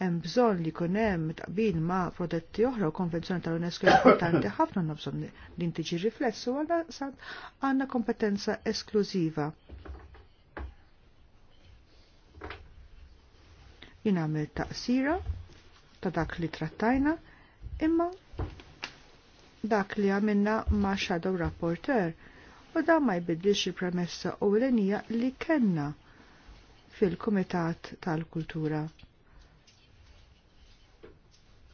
C: hemm bżonn li jkun hemm taqbil ma' prodotti oħra u konvenzjoni tal-UNESCO importanti ħafna għandna bżonn din tiġi riflessu għal għandna kompetenza esklużiva. Jien għamil taqsira ta' dak li trattajna, imma dak li għamilna ma' Shadow Rapporteur u da ma' jbidlix il-premessa u l-enija li kenna fil-Komitat tal-Kultura.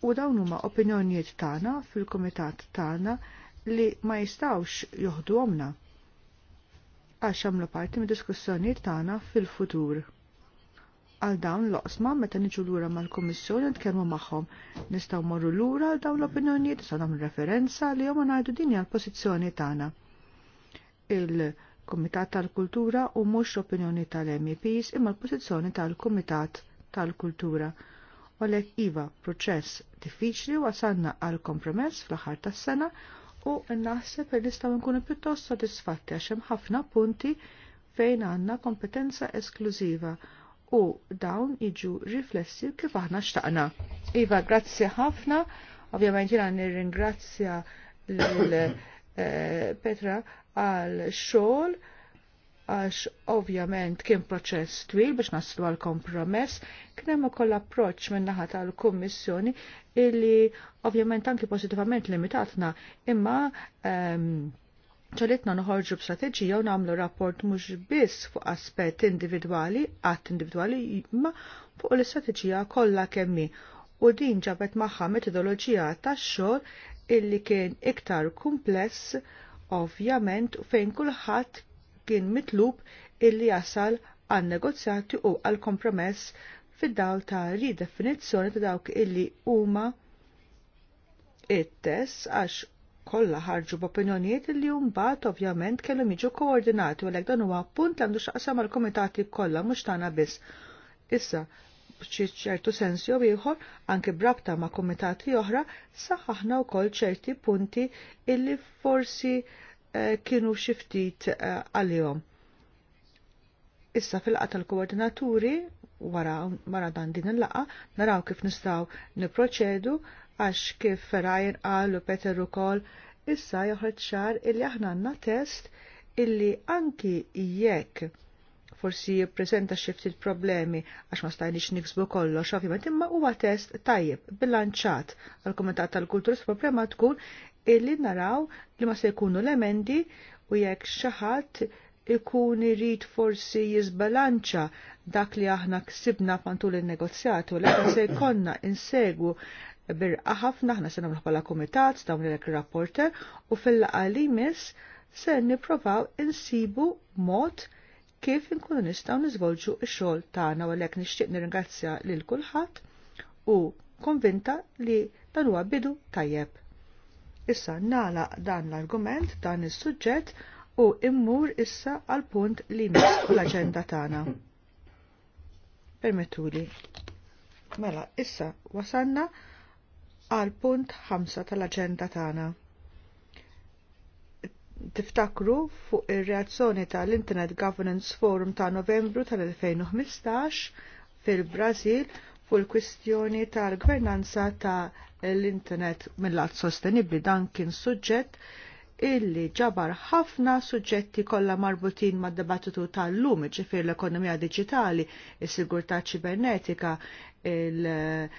C: U dawn huma opinjonijiet tagħna fil-Komitat tagħna li ma jistawx joħdu għomna għax għamlu parti mid diskussjonijiet tagħna fil-futur għal dawn l-oqsma meta niġu lura mal-Kummissjoni nitkellmu magħhom. Nistgħu morru lura għal dawn l-opinjonijiet sa nagħmlu referenza li huma ngħidu din hija l-pożizzjoni tagħna. Il-Kumitat tal-Kultura u mhux opinjoni tal-MEPs imma l-pożizzjoni tal-Kumitat tal-Kultura. Għalek iva proċess diffiċli wasanna għal kompromess fl-aħħar tas-sena u naħseb li nistgħu nkunu pjuttost sodisfatti għax hemm ħafna punti fejn għandna kompetenza esklużiva u dawn iġu riflessi kif aħna xtaqna. Iva, grazzi ħafna, ovvjament jina nirringrazzja l-Petra eh, għal xol, għax ovvjament kien proċess twil biex naslu għal kompromess, kien hemm ukoll approċċ minn naħa tal-Kummissjoni illi ovvjament anki pożittivament limitatna imma um, ċolitna nħorġu b'strateġija u namlu rapport mhux biss fuq aspett individwali, att individwali, ma fuq l-istrateġija kollha kemmi. U din ġabet magħha metodoloġija tax-xogħol illi kien iktar kumpless ovvjament fejn kulħadd kien mitlub illi jasal għan negozjati u għal kompromess fid-dawl ta' ridefinizzjoni ta' dawk illi huma it-tess għax kollha ħarġu b'opinjonijiet li mbagħad ovvjament kellhom jiġu koordinati u dan huwa punt għandu x'qasam mal-kumitati kollha mhux tagħna biss. Issa, b'xi ċertu sens jew ieħor anke brabta ma' kumitati oħra aħna wkoll ċerti punti illi forsi eh, kienu xiftit eh, għalihom. Issa fil-qatt tal-koordinaturi wara dan din il-laqa naraw kif nistgħu niproċedu għax kif Ryan qal u Peter ukoll issa joħroġ ċar illi aħna għandna test illi anki jekk forsi jippreżenta xi ftit problemi għax ma stajniex niksbu kollox, ovvjament imma huwa test tajjeb bilanċat għal komitat tal-kultur problema tkun illi naraw li ma se jkunu l-emendi u jekk xi ħadd ikun irid forsi jizbalanċa dak li aħna ksibna fantul il-negozjatu, l se konna insegwu birqa ħafna ħna se nagħmlu bħala kumitat dawn il rapporter u fil għalimis se nipprovaw insibu mod kif inkunu nistgħu niżvolġu x-xogħol tagħna u għalhekk nixtieq nirringrazzja lil kulħadd u konvinta li dan huwa bidu tajjeb. Issa nala dan l-argument dan is-suġġett u immur issa għal punt li mis l-aġenda tagħna. Permettuli. Mela, issa wasanna għal punt 5 tal-aġenda tagħna. Tiftakru fuq ir-reazzjoni tal-Internet Governance Forum ta' Novembru tal-2015 fil-Brażil fuq il-kwistjoni tal-gvernanza ta' l-Internet mill-lat sostenibli dan kien suġġett illi ġabar ħafna suġġetti kollha marbutin mad dibattitu tal-lum ġifir l-ekonomija diġitali, is-sigurtà ċibernetika, il-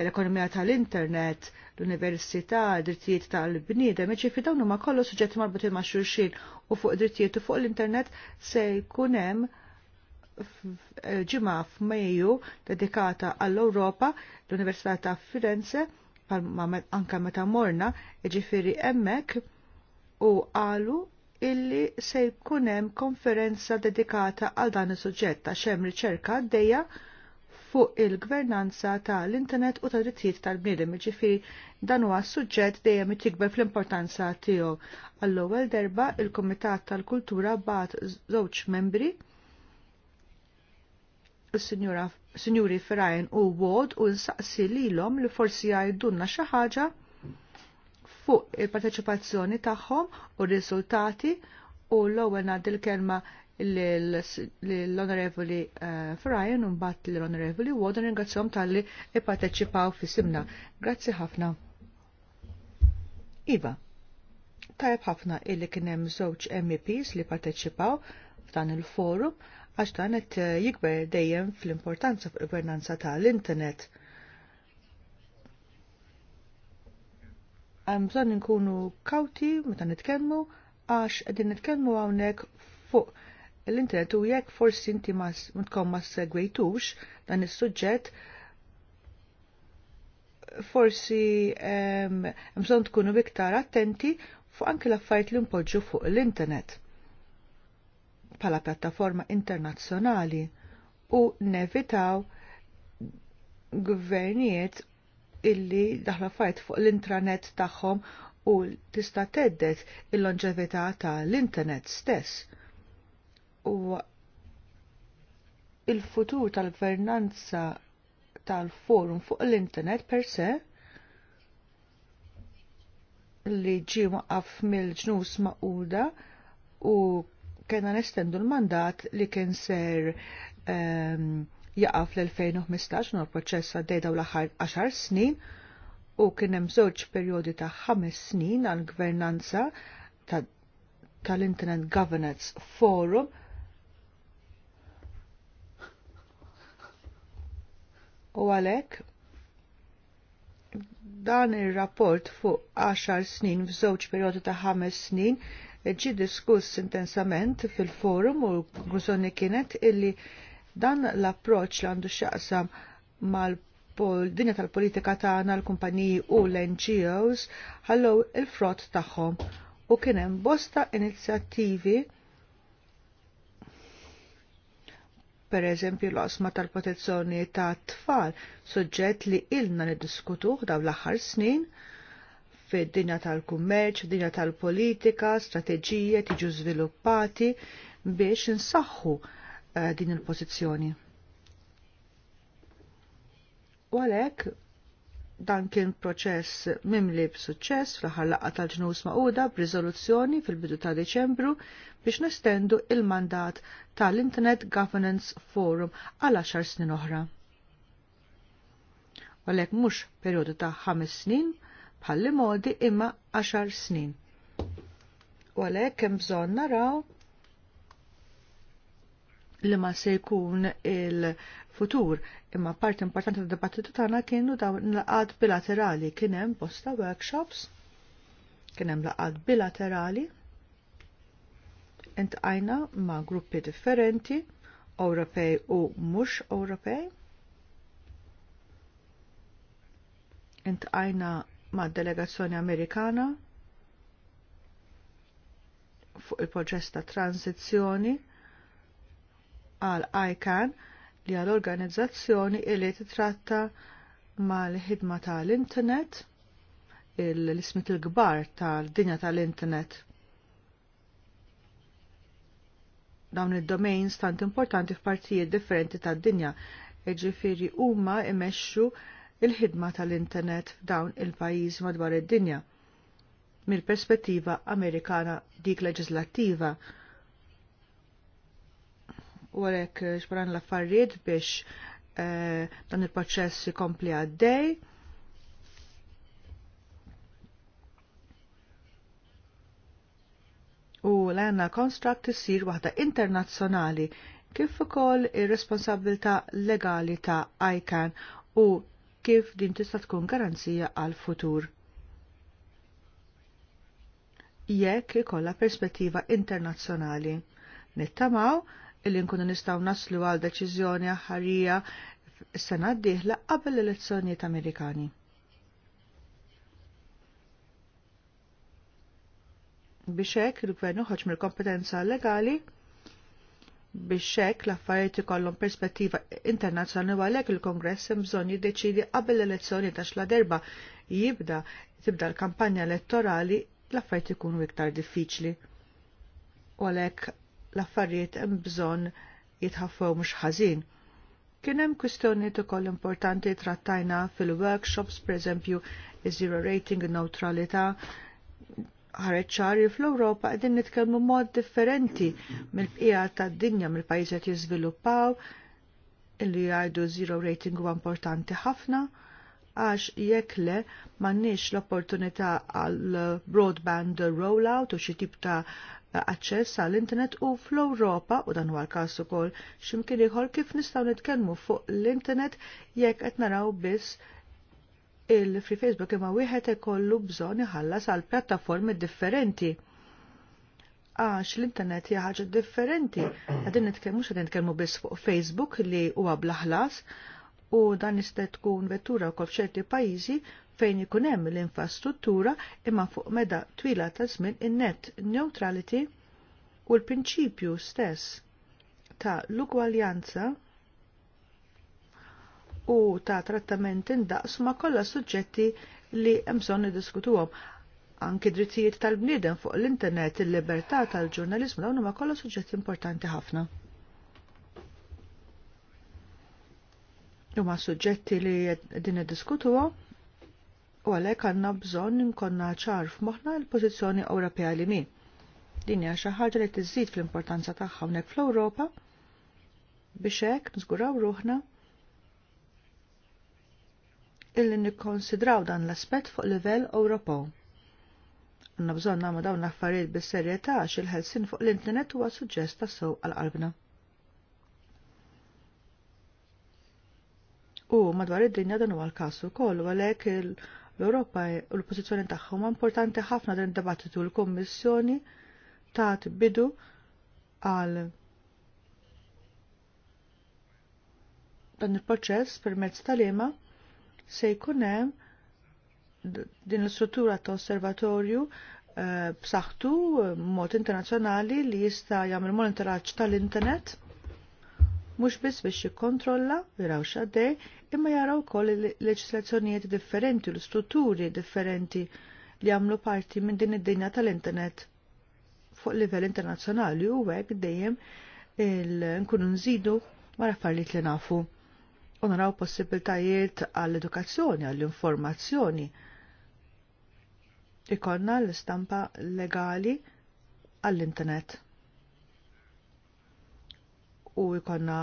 C: l-ekonomija tal-internet, l-università, drittijiet tal-bniedem, ċifi dawn huma kollu suġġetti marbuti ma' xulxin u fuq drittijiet u fuq l-internet se jkun hemm ġimgħa f'Mejju dedikata għall-Ewropa l-Università ta' Firenze anka meta morna, ġifiri emmek u qalu illi se jkun hemm konferenza dedikata għal dan is-suġġett għax hemm riċerka għaddejja fuq il-gvernanza tal-internet u tal-drittijiet tal-bniedem, ġifiri dan huwa suġġett dejjem tikber fl-importanza tiegħu. Għall-ewwel derba il-Kumitat tal-Kultura bat żewġ membri is-Sinjuri Ferajn u Wod u nsaqsi lilhom li forsi jgħidulna xi ħaġa fuq il-parteċipazzjoni tagħhom u r-riżultati u l-ewwel ngħaddi l-kelma l-Onorevoli eh, Frajan un bat l-Onorevoli Wodan ringrazzjom tal-li ipparteċipaw fi simna. Grazzi ħafna. Iva, tajab ħafna illi kienem żewġ MEPs li parteċipaw f'dan il-forum għax dan qed eh, jikber dejjem fl-importanza fil-gvernanza tal-internet. Hemm bżonn inkunu kawti meta nitkellmu għax qegħdin nitkellmu hawnhekk fuq l-internet u jekk forsi inti ma tkun ma segwejtux dan is-suġġett forsi bżonn tkunu iktar attenti fuq anki l-affarijiet li npoġġu fuq l-internet bħala pjattaforma internazzjonali u nevitaw gvernijiet illi daħla fajt fuq l-intranet tagħhom u tista' teddet il ta' tal-internet stess u il-futur tal-gvernanza tal-forum fuq l-internet per se li ġi maqaf mill-ġnus maquda u kena nestendu l-mandat li kien ser um, jaqaf l-2015 l-proċessa proċess dejda u l-aħħar 10 snin u kien hemm żewġ perjodi ta' 5 snin għal gvernanza tal-Internet Governance Forum U għalhekk dan ir-rapport fuq 10 snin f'żewġ perjodi ta' 5 snin ġi diskuss intensament fil-forum u l-konklużjoni kienet illi dan l-approċ li għandu x'jaqsam mal dinja tal-politika tagħna l-kumpaniji u l-NGOs ħallew il-frott tagħhom u kien hemm bosta inizjattivi per eżempju l-osma tal-protezzjoni ta' tfal, suġġett li ilna niddiskutuh daw l-aħħar snin fid-dinja tal-kummerċ, dinja tal-politika, strateġija tiġu żviluppati biex insaħħu eh, din il-pożizzjoni. U għalhekk dan kien proċess mimli b'suċċess fl-aħħar laqgħa tal-ġnus maquda b'riżoluzzjoni fil-bidu ta' Deċembru biex nestendu il-mandat tal-Internet Governance Forum għal 10 snin oħra. Għalhekk mhux perjodu ta' 5 snin bħalli modi imma 10 snin. U għalhekk hemm bżonn naraw li ma se jkun il- futur, imma part importanti tad dibattitu tagħna kienu dawn laqad bilaterali kien hemm bosta workshops, kien hemm laqad bilaterali intqajna ma' gruppi differenti, Ewropej u mhux Ewropej. Intqajna ma' delegazzjoni Amerikana fuq il-proċess ta' tranzizzjoni għal ICANN li għal-organizzazzjoni li titratta mal-ħidma tal-internet, l-ismit il-gbar tal-dinja tal-internet. Dawn id-domain stant importanti f'partijiet differenti tad-dinja, ġifiri huma imexxu il-ħidma tal-internet f'dawn il pajiz madwar id-dinja mill-perspettiva Amerikana dik leġislattiva u għalek eh, xbaran l-affarijiet biex eh, dan il-proċess jikompli għaddej. U l-għanna konstrakt jisir waħda internazzjonali kif ukoll ir-responsabilità legali ta' ICAN u kif din tista' tkun garanzija għal futur. Jekk ikollha perspettiva internazzjonali. Nittamaw illi nkunu nistgħu naslu għal deċiżjoni ħarija s-sena d-dieħla qabel l-elezzjonijiet Amerikani. biex hekk il-gvern uħoġ mill-kompetenza legali biex hekk l-affarijiet ikollhom perspettiva internazzjonali u għalhekk il-Kongress hemm bżonn jiddeċidi qabel l-elezzjoni ta' xla derba jibda tibda l-kampanja elettorali l-affarijiet ikunu iktar diffiċli. U għalhekk l-affarijiet hemm bżonn jitħaffew mhux ħażin. Kien hemm kwistjonijiet ukoll importanti trattajna fil-workshops, pereżempju zero rating, neutralità, ħareġ ċari fl-Ewropa qegħdin nitkellmu mod differenti mill-bqija tad-dinja mill-pajjiżi qed jiżviluppaw illi jgħidu zero rating huwa importanti ħafna għax jekk le m'għandniex l-opportunità għal broadband rollout u xi tip ta' aċċess għall-internet u fl-Ewropa u dan huwa l-każ ukoll x'imkien ieħor kif nistgħu nitkellmu fuq l-internet jekk qed naraw biss il fri Facebook imma wieħed ikollu bżonn iħallas għal pjattaformi differenti għax l-internet hija ħaġa differenti. Qegħdin nitkellmu x'qegħdin nitkellmu biss fuq Facebook li huwa bla ħlas u dan jista' tkun vettura wkoll f'ċerti pajjiżi fejn ikun hemm l-infrastruttura imma fuq meda twila ta' żmien in-net neutrality u l-prinċipju stess ta' l-ugwaljanza u ta' trattament indaqs ma' kollha suġġetti li hemm bżonn iddiskutuhom. Anki drittijiet tal-bniedem fuq l-internet, il-libertà tal-ġurnalizmu dawn huma kollha suġġetti importanti ħafna. huma suġġetti li din iddiskutuhom? u għalhekk għandna bżonn nkonna ċar f'moħħna l-pożizzjoni Ewropea li min. Din hija xi ħaġa li tiżid fl-importanza tagħha hawnhekk fl-Ewropa biex hekk nżguraw ruħna illi nikkonsidraw dan l-aspett fuq livell Ewropew. Għanna bżonn nagħmlu dawn l-affarijiet bis-serjetà għax il-ħelsin fuq l-internet huwa suġġest tassew għal qalbna. U madwar id-dinja dan huwa l-każ ukoll għalhekk il- L-Europa e- u l-pozizjoni tagħhom importanti ħafna din id-dibattitu l-Kummissjoni tat bidu għal dan il-proċess permezz tal-ema se jkun hemm din l-struttura ta' osservatorju eh, b'saħħtu eh, mod internazzjonali li jista' jagħmel monitoraġġ tal-internet mhux biss biex jikkontrolla jiraw x'għaddej imma jaraw kol il-leġislazzjonijiet differenti u l-strutturi differenti li għamlu parti minn din id-dinja tal-internet fuq livell internazzjonali u hekk dejjem nkunu nżidu wara affarijiet li nafu u naraw possibiltajiet għall-edukazzjoni, għall-informazzjoni. Ikonna l-istampa legali għall-internet. U ikonna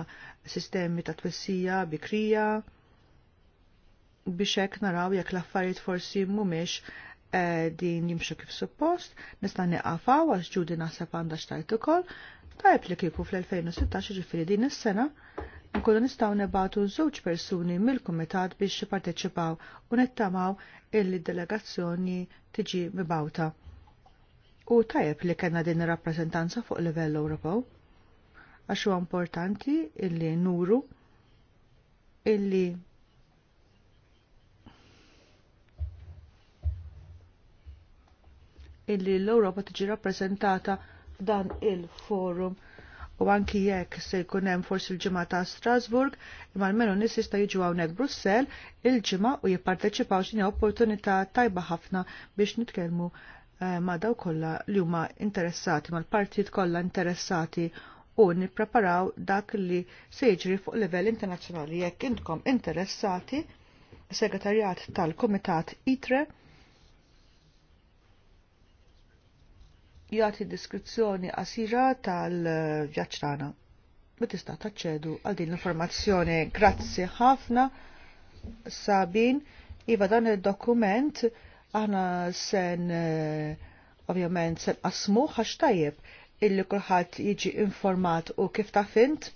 C: sistemi ta' twissija, bikrija, biex hekk naraw jekk l-affarijiet forsi mhumiex eh, din jimxu kif suppost, nista' niqafaw għax ġudi naħseb għandha xtajt ukoll, tajb li kieku fl-2016 ġifieri din is-sena nkunu nistgħu nebatu żewġ persuni mill-kumitat biex jipparteċipaw u nittamaw il-delegazzjoni tiġi mibawta. U tajb li kena din rappresentanza fuq livell Ewropew għax huwa importanti illi nuru illi illi l europa tiġi rappreżentata f'dan il-forum u anki jekk se jkun hemm forsi l-ġimgħa ta' Strasburg, imma almenu nies jista' jiġu hawnhekk Brussell il-ġimgħa u jipparteċipaw x'inhi opportunità tajba ħafna biex nitkellmu eh, ma' daw kollha li huma interessati mal partijiet kollha interessati u nippreparaw dak li se jiġri fuq livell internazzjonali jekk intkom interessati segretarjat tal-Kumitat ITRE jagħti deskrizzjoni qasira tal-vjaġġ tagħna. Ma tista' taċċedu għal din l-informazzjoni. Grazzi ħafna Sabin. Iva dan il-dokument aħna sen eh, ovvjament sen qasmu għax tajjeb illi kulħadd jiġi informat u kif ta' fint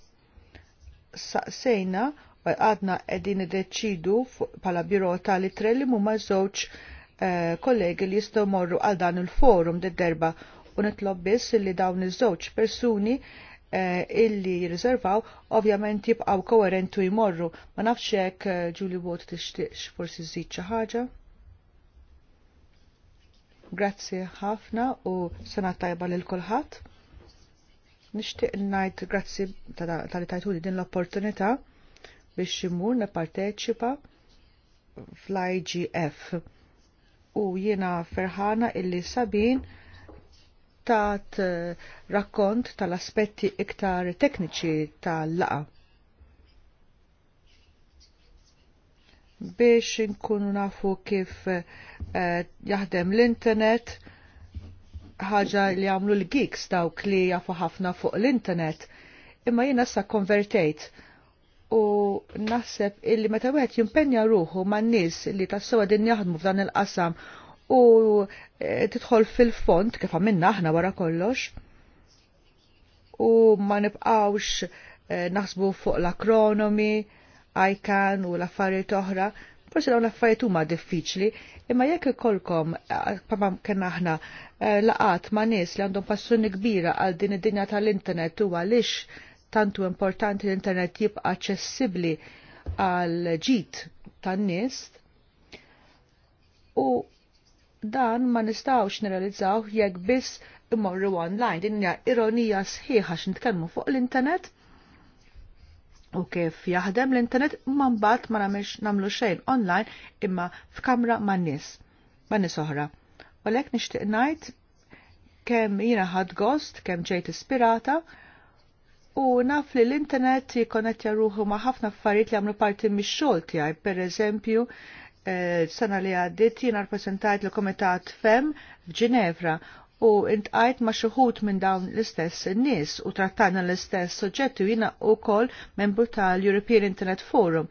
C: saqsejna u għadna qegħdin iddeċidu pala biro tal-itrelli mhuma żewġ eh, kollegi li jistgħu morru għal dan il-forum d-derba u nitlob biss li dawn iż-żewġ persuni eh, illi jirriservaw ovvjament jibqaw koerenti jmorru. Ma nafx hekk eh, Julie Wood tixtieqx forsi żid xi ħaġa. Grazzi ħafna u sena tajba lil kulħadd. Nixtieq ngħid grazzi tal-li tajtuli din l-opportunità biex imur nipparteċipa fl-IGF u jiena ferħana illi Sabin tat eh, rakkont tal-aspetti iktar tekniċi tal-laqa. biex inkunu nafu kif eh, jaħdem l-internet, ħaġa li għamlu l-geeks dawk li jafu ħafna fuq l-internet, imma jina sa konvertejt u naħseb illi meta wieħed jimpenja ruħu man nies li tassewa din jaħdmu f'dan il-qasam u e, tidħol fil-font kif għamilna aħna wara kollox u ma nibqawx e, naħsbu fuq l-akronomi, ICAN u l-affarijiet oħra. Forsi dawn l-affarijiet huma diffiċli, imma jekk ikolkom pama kien aħna e, laqat ma' nies li għandhom passjoni kbira għal din id-dinja tal-internet u għaliex tantu importanti l-internet jibqa' aċċessibbli għal ġid tan-nies u dan ma nistawx nirrealizzaw jekk biss imorru online. Din hija ironija sħiħa x'nitkellmu fuq l-internet u kif jaħdem l-internet ma mbagħad ma nagħmilx nagħmlu xejn online imma f'kamra ma' nies ma' nies oħra. U lek nixtieq ngħid kemm jiena ħadd gost, kemm ġejt ispirata u naf li l-internet jikkonnettja ruħu ma' ħafna affarijiet li għamlu parti mix-xogħol tiegħi, pereżempju eżempju sena li għaddit jiena rappresentajt l-Komitat FEM f'Ġinevra u intqajt ma' xuħut minn dawn l-istess nies u trattajna l-istess soġġetti u jiena wkoll membru tal-European Internet Forum.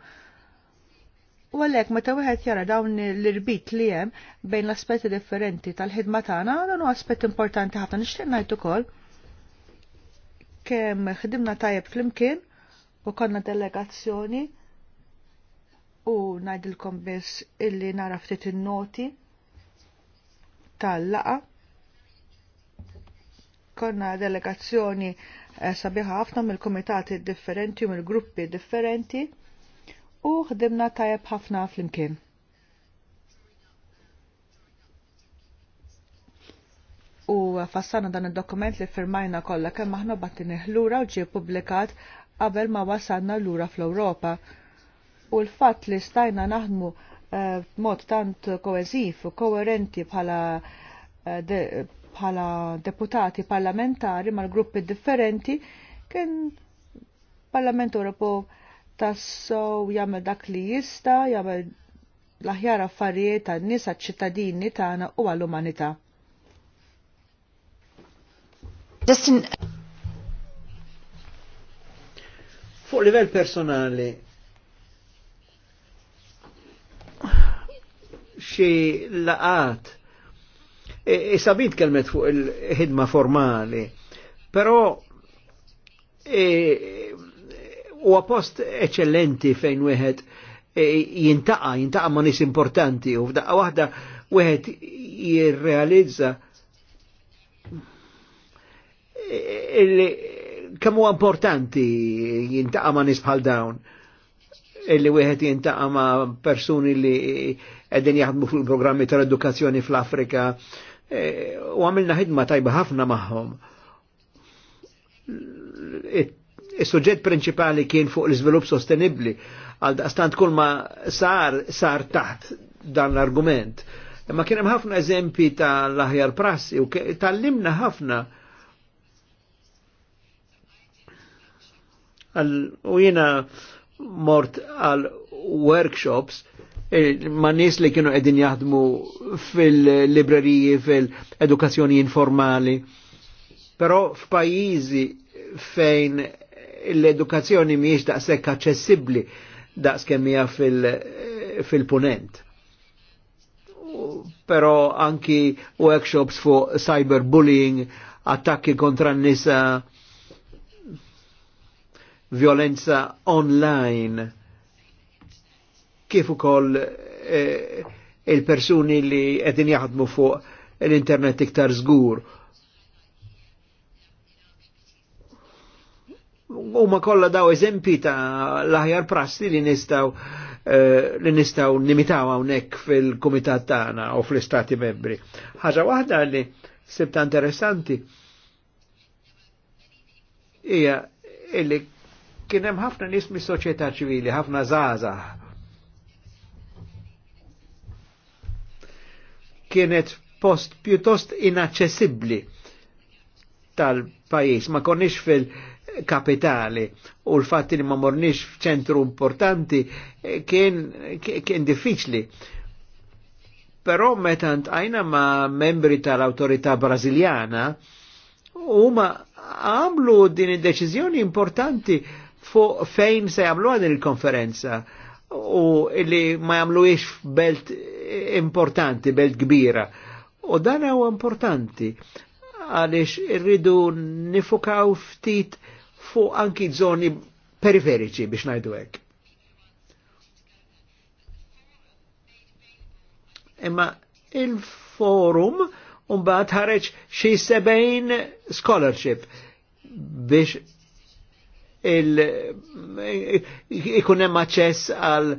C: U għalhekk meta wieħed jara dawn l-irbit li hemm bejn l-aspetti differenti tal-ħidma tagħna, dan huwa aspett importanti ħafna nixtieq ngħid ukoll kemm ħdimna tajjeb flimkien u konna delegazzjoni u najdilkom biss illi nara ftit il-noti tal-laqa. Konna delegazzjoni eh, sabiħa ħafna mill-komitati differenti u mill-gruppi differenti u ħdimna tajab ħafna fl-imkien. U fassana dan il-dokument li firmajna kollha kemm aħna battin ħlura u ġie publikat qabel ma wasanna lura fl-Ewropa u l-fatt li stajna naħdmu eh, mod tant koeżiv u koerenti bħala eh, bħala deputati parlamentari mal gruppi differenti kien Parlament Ewropew tassow jagħmel dak li jista' jagħmel l-aħjar affarijiet tan-nies ċittadini tagħna u għall-umanità.
B: Fuq livell personali, xi laqat. Isabit e, e kelmet fuq il-ħidma formali, però huwa e, post eccellenti fejn wieħed e, jintaqa, jintaqa ma' nis importanti u f'daqqa waħda wieħed jirrealizza kemm huwa importanti jintaqa' ma' nis bħal dawn illi wieħed jintaqa' ma' persuni li għedin jaħdmu fil-programmi tal-edukazzjoni fl-Afrika e, u għamilna ħidma tajba ħafna maħħom. Is-suġġett prinċipali kien fuq l izvilup sostenibbli għal stant kull ma sar sar taħt dan l-argument. Ma kien hemm ħafna eżempi tal-aħjar prassi u tallimna ħafna u jina mort għal workshops Eh, ma' nis li kienu qegħdin jaħdmu fil-libreriji, fil-edukazzjoni informali. Però f'pajjiżi fejn l-edukazzjoni mhijiex daqshekk aċċessibbli daqs kemm hija fil-punent. Però anki workshops fu cyberbullying, attakki kontra n-nisa, violenza online kif ukoll eh, il-persuni li qegħdin jaħdmu fuq l-internet iktar żgur. ma kollha daw eżempi ta' l-aħjar prassi li nistgħu eh, li nistaw nimitaw hawnhekk fil-kumitat tagħna u fl-istati membri. Ħaġa waħda li sibta interessanti hija illi kien hemm ħafna nies mis-soċjetà ċivili, ħafna żgħażagħ kienet post pjuttost inaċċessibbli tal-pajis, ma konniex fil-kapitali u l-fatt li ma morniex f'ċentru importanti eh, kien, kien diffiċli. Però meta ntajna ma' membri tal-autorità brażiljana huma għamlu din id-deċiżjoni importanti fuq fejn se jagħmluha din il-konferenza u li ma jagħmluhiex f'belt importanti, belt kbira. U dan huwa importanti għalix irridu nifukaw ftit fuq anki zoni periferiċi biex najdu hekk. Imma il-forum mbagħad ħareġ xi sebejn scholarship biex il ikun hemm aċċess għal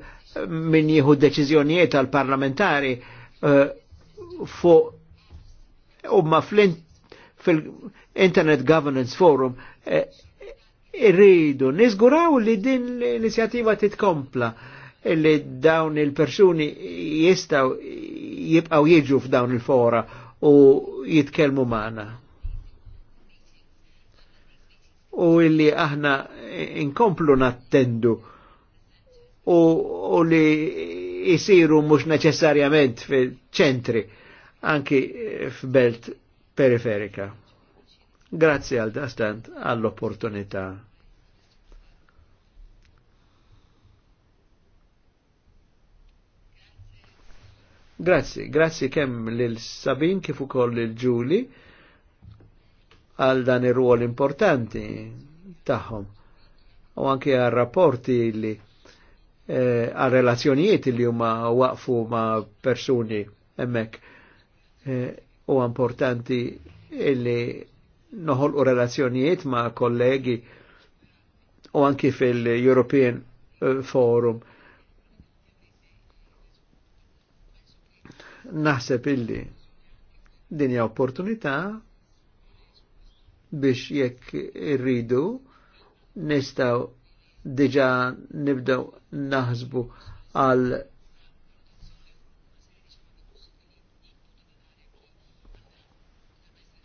B: min jieħu deċiżjonijiet għal parlamentari eh, fuq u ma fil-Internet Governance Forum eh, irridu nizguraw li din l-inizjativa titkompla li dawn il-persuni jistaw jibqaw jiġu f'dawn il-fora u jitkelmu maħna. U illi aħna inkomplu nattendu u, u li jisiru mux neċessarjament fil-ċentri, anki f'belt periferika. Grazzi għal dastant għall-opportunità. Grazzi, grazzi kemm lil Sabin kif ukoll lil Ġuli għal dan ir-rwol importanti tagħhom u anke għal rapporti li Eh, għal relazzjonijiet li huma waqfu ma' persuni hemmhekk eh, u importanti illi noħolqu relazzjonijiet ma' kollegi u anki fil-European eh, Forum. Naħseb illi dinja opportunità biex jekk irridu nistaw diġa nibdew naħsbu għal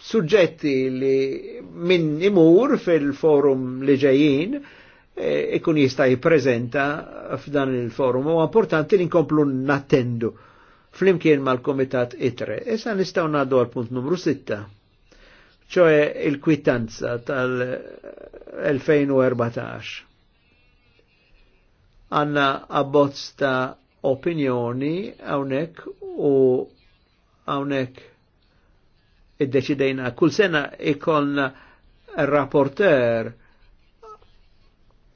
B: suġġetti li minn imur fil-forum li ġejjin e, ikun e jista' jippreżenta f'dan il-forum. U importanti li nkomplu nattendu flimkien mal-Komitat ITRE. Issa nistgħu ngħaddu għal punt numru 6, ċoe il-kwitanza tal-2014 għanna abbozz ta' opinjoni għawnek u għawnek id-deċidejna. Kull sena ikon rapporter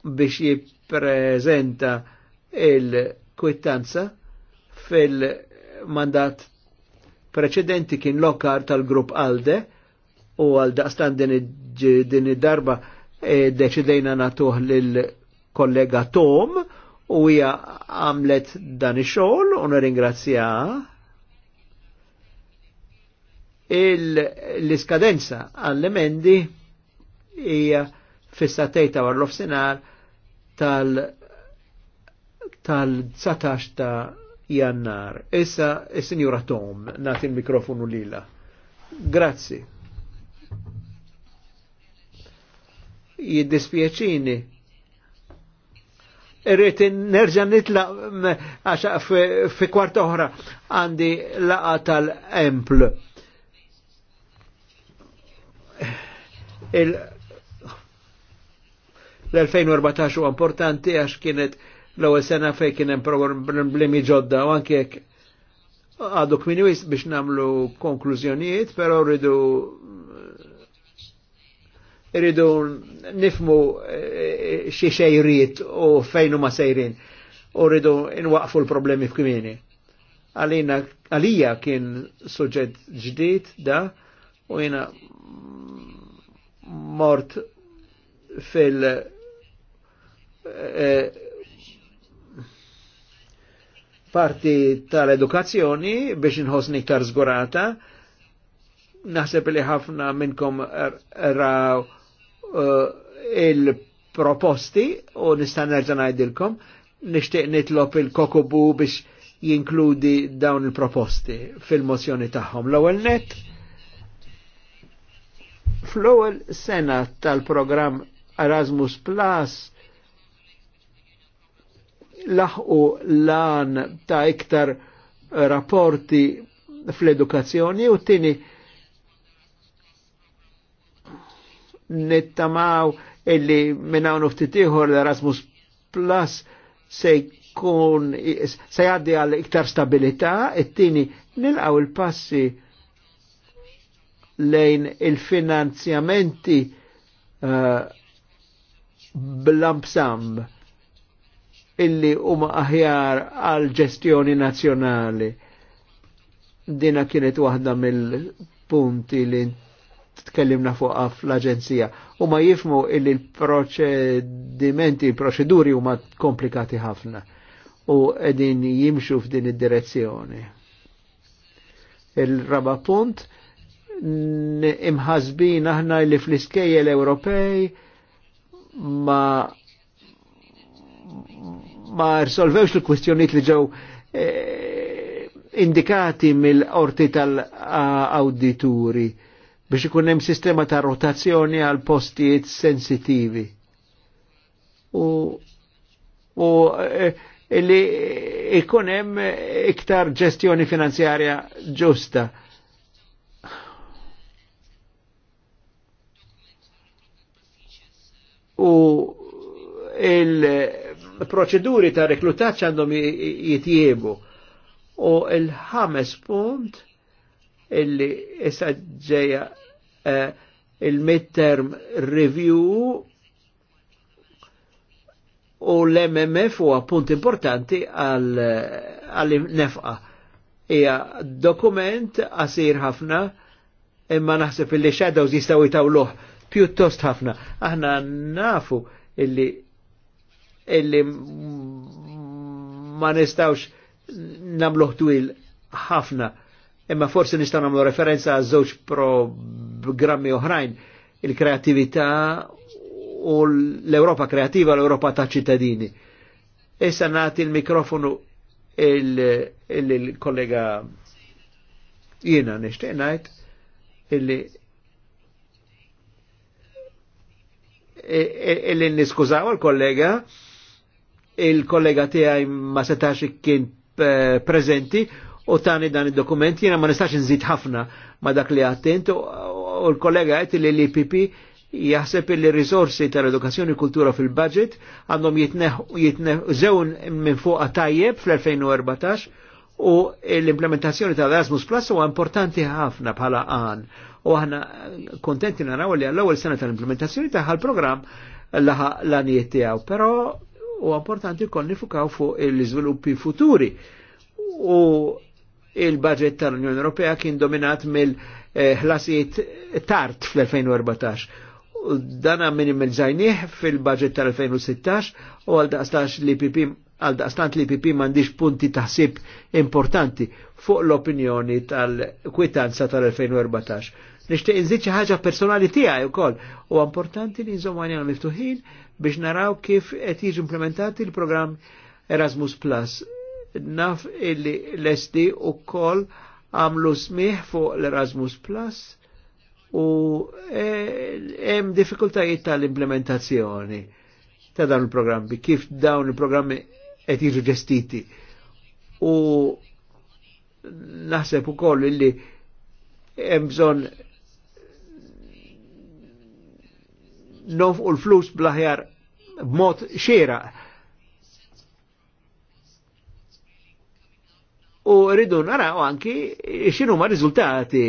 B: biex jipprezenta il-kwittanza fil-mandat preċedenti kien lokar tal-grupp Alde u għal daqstan din id-darba eh, deċidejna natuħ lil kollega Tom u hija għamlet dan ix-xogħol u nirringrazzja l-iskadenza għall-emendi hija fissatejta war l-ofsinar tal tal-19 ta' jannar. Issa is-Sinjura Tom nagħti il-mikrofonu lila. Grazzi. Jiddispjaċini irrit nerġa' nitla mm, għax fi kwarta oħra għandi laqa tal-empl. L-2014 u importanti għax kienet l-ewwel sena fejn kien hemm problemi ġodda u anke għadu kmini biex namlu konklużjonijiet, pero rridu irridu nifmu eh, xie xejrit u fejnu ma sejrin u rridu inwaqfu l-problemi f'kimini. Għalina, għalija kien suġġed ġdid da u jina mort fil- eh, parti tal-edukazzjoni biex nħosni iktar zgurata. Naħseb li ħafna minnkom raw er, er, er, Eh, il-proposti u nista' nerġa' ngħidilkom nixtieq nitlob il-kokobu biex jinkludi dawn il-proposti fil-mozzjoni tagħhom. L-ewwel net fl-ewwel sena tal-programm Erasmus Plus laħqu lan ta' iktar rapporti fl-edukazzjoni u tini nittamaw illi minnaw nuftitiħor l-Erasmus Plus se jkun se jgħaddi għal iktar stabilità, it-tini nilqaw il-passi lejn il-finanzjamenti uh, bl-ampsam illi huma aħjar għal ġestjoni nazzjonali. Dina kienet waħda mill-punti li tkellimna fuqa fl-Aġenzija u ma jifmu illi l-proċedimenti, l-proċeduri huma komplikati ħafna u edin jimxu f'din id-direzzjoni. Il-raba punt, imħazbin aħna li fl-iskejjel Ewropej ma ma rsolvewx l-kwistjoniet li ġew eh, indikati mill-orti tal-awdituri. Uh, biex ikun hemm sistema ta' rotazzjoni għal postijiet sensitivi. U, u eh, li ikun hemm iktar ġestjoni finanzjarja ġusta. U il-proċeduri ta' reklutaċ għandhom jitjiebu. U il-ħames punt illi issa ġeja Eh, il-midterm review u l-MMF u punt importanti għal-nefqa. Ija dokument għasir ħafna imma naħseb illi shadows jistgħu jtawluh pjuttost ħafna. Aħna nafu illi illi ma nistawx namluħ twil ħafna imma forsi nistaw namlu referenza għaż żewġ prob b'grammi oħrajn il-kreatività u l-Europa kreativa, l-Europa ta' ċittadini. Issa nati il-mikrofonu il-kollega jiena nishtiq ngħid illi illi niskużaw il-kollega il-kollega tiegħi ma setax kien eh, prezenti u tani dan id-dokument jiena ma nistax nżid ħafna ma dak li għattent u l-kollega għajt li l-IPP jaħseb li risorsi tal-edukazzjoni kultura fil-budget għandhom zewn minn fuq tajjeb fl-2014 u l-implementazzjoni tal-Erasmus Plus huwa importanti ħafna bħala għan. U aħna kontenti naraw li għall-ewwel sena tal-implementazzjoni taħħa l-programm l-għanijiet tiegħu, però u importanti kon nifukaw fuq l-iżviluppi futuri. U il-budget tal-Unjoni Ewropea kien dominat mill- Eh, ħlasijiet tard fl-2014. Dana minimizzajnieh fil-budget tal-2016 u għal-daqstax li PP għal daqstant li PP mandiġ punti taħsib importanti fuq l-opinjoni tal-kwitanza tal-2014. Nishtiq inżid xi ħaġa personali tiegħi wkoll u importanti li nżomm għajnejna miftuħin biex naraw kif qed jiġi implementati l-programm Erasmus Plus. Naf illi l-SD u koll għamlu smiħ fuq l-Erasmus Plus u hemm e, diffikultajiet tal-implementazzjoni ta' dawn il-programmi, kif dawn il-programmi qed jiġu ġestiti. U naħseb ukoll illi hemm bżonn u l-flus blaħjar b'mod xieraq u rridu naraw anki xinu ma rizultati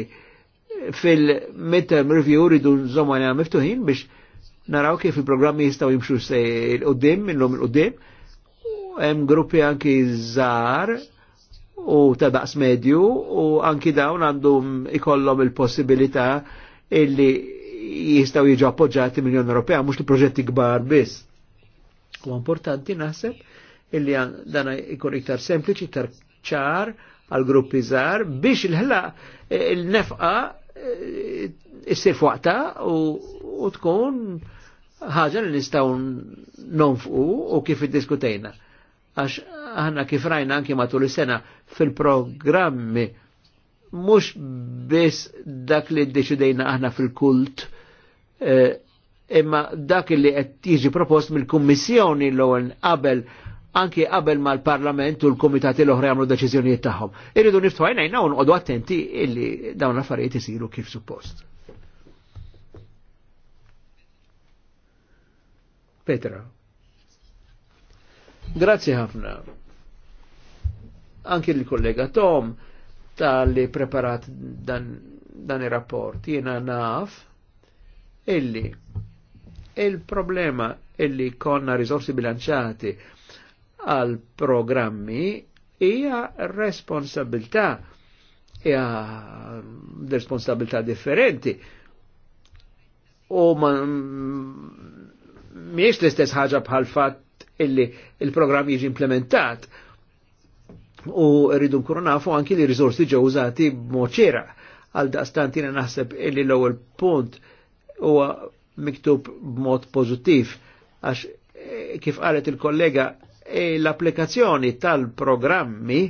B: fil-midterm review rridu nżomma miftuħin biex naraw kif il-programmi jistaw jimxu se l qoddim minnhom l qoddim hemm gruppi anki żgħar u ta' daqs medju u anki dawn għandhom ikollhom il-possibilità illi jistaw jiġu appoġġati mill-Unjoni Ewropea mhux li proġetti kbar biss. U importanti naħseb illi dan ikun iktar sempliċi, iktar ċar għal gruppi żgħar biex il-ħla il-nefqa eh, issir fuqta u tkun ħaġa li nistgħu nonfqu u kif iddiskutejna. Għax aħna kif rajna anki matul is-sena fil-programmi mhux biss dak li ddeċidejna aħna fil-kult eh, imma dak li qed jiġi propost mill-Kummissjoni l-ewwel qabel anki qabel ma l-Parlament u l-Komitati l-oħra jagħmlu deċiżjonijiet tagħhom. Irridu niftħu għajnejna u nqogħdu attenti illi dawn l-affarijiet isiru kif suppost. Petra. Grazzi ħafna. Anki l-kollega Tom tal-li preparat dan, dan il-rapport. Jena naf illi il-problema illi konna risorsi bilanċati għal programmi hija responsabilità hija responsabilità differenti u ma miex l-istess ħaġa bħal fatt illi il-programm jiġi implementat u rridu nkunu nafu anki li riżorsi ġew użati b'moċera għal daqstantina naħseb illi l-ewwel punt huwa miktub b'mod pożittiv għax eh, kif qalet il-kollega e l-applikazzjoni tal-programmi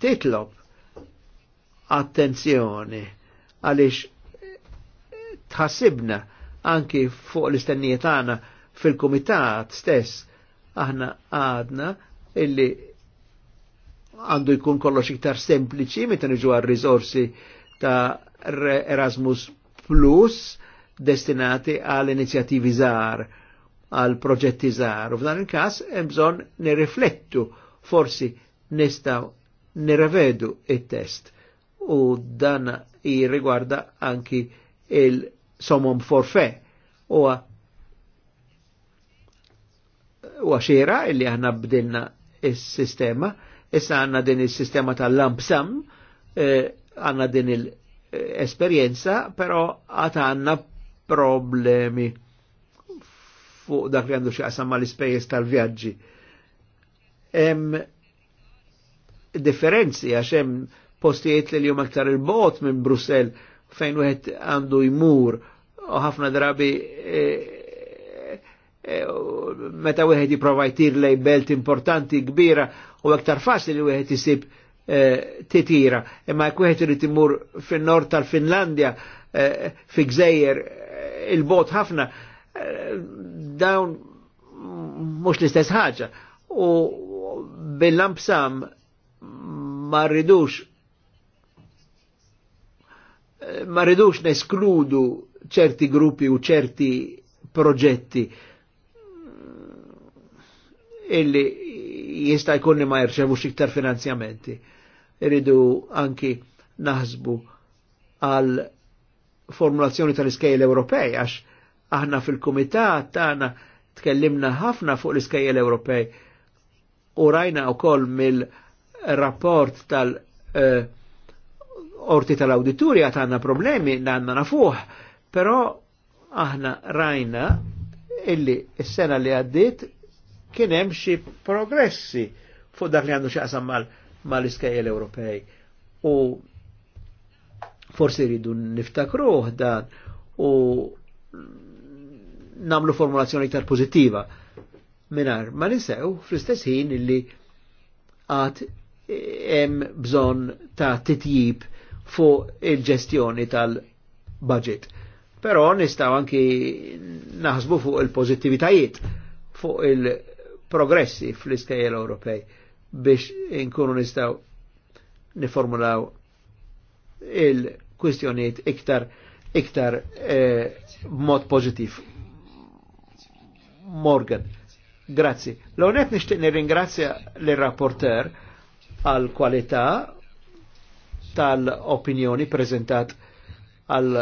B: titlob attenzjoni għaliex tħassibna anki fuq l-istennijiet għana fil-komitat stess aħna għadna illi għandu jkun kollox iktar sempliċi meta niġu għal risorsi ta' Erasmus Plus destinati għal inizjattivi żgħar għal proġetti zaħar. U f'dan il kas hemm bżonn nirriflettu forsi nistaw nirrevedu it-test u dan i riguarda anki il-somom forfè u għaxira illi għanna bdilna il-sistema, issa għanna din il-sistema tal-lamp sam, eh, għanna din il-esperienza, pero għata għanna problemi fuq dak li għandu xaqsam ma l ispejjes tal-vjaġġi. differenzi għax hemm postijiet li l-jum aktar il-bot minn Brussel fejn wieħed għandu jmur u ħafna drabi e, e, e, meta wieħed jipprova jtir lej belt importanti kbira u aktar faċli li wieħed isib titira. Imma jekk wieħed irid imur fin-nord tal-Finlandja fi gżejjer il-bot ħafna dawn mhux l-istess ħaġa. U bil-lampsam ma rridux ma rridux neskludu ċerti gruppi u ċerti proġetti illi jista' jkun ma jirċevux iktar finanzjamenti. Irridu anki naħsbu għal formulazzjoni tal-iskejl Ewropej għax Aħna fil-Kumitat tagħna tkellimna ħafna fuq l-iskajjel Ewropej u rajna wkoll mill-rapport tal- eh, orti tal-awdituri tagħna għanna problemi għanna nafuħ, pero aħna rajna illi s-sena li għaddit kienem xi progressi fuq dak li għandu xaqsam mal-iskajjel Ewropej. U forsi rridu niftakruh dan u namlu formulazzjoni iktar pozittiva. Minar, ma ninsew fl-istess ħin illi għad hemm bżon ta' titjib fuq il-ġestjoni tal-budget. Però nistaw anki naħsbu fuq il-pozittivitajiet, fuq il-progressi fl-iskajjel Ewropej biex inkunu nistaw niformulaw il-kwistjoniet iktar iktar eh, mod pozitiv. Morgan. Grazzi. L-onet nishtiq nir-ingrazzja l-rapporter għal kwalità tal-opinjoni prezentat għal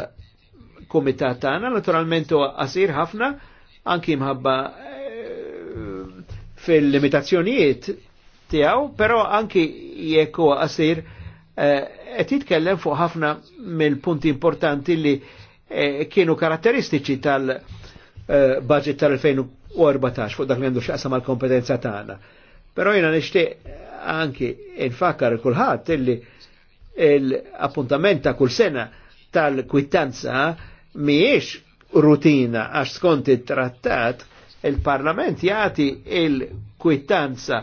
B: komitat tana. naturalment u għasir ħafna anki mħabba eh, fil-limitazzjonijiet tijaw, però anki jekk huwa qasir eh, qed jitkellem fuq ħafna mill-punti importanti li eh, kienu karatteristiċi tal-budget tal-2015 u 14 fuq dak li għandu xaqsa mal-kompetenza tagħna. Però jiena nixtieq anki infakkar kulħadd illi l-appuntament ta' kull sena tal-kwittanza miex rutina għax skont it-trattat il-Parlament jagħti il-kwittanza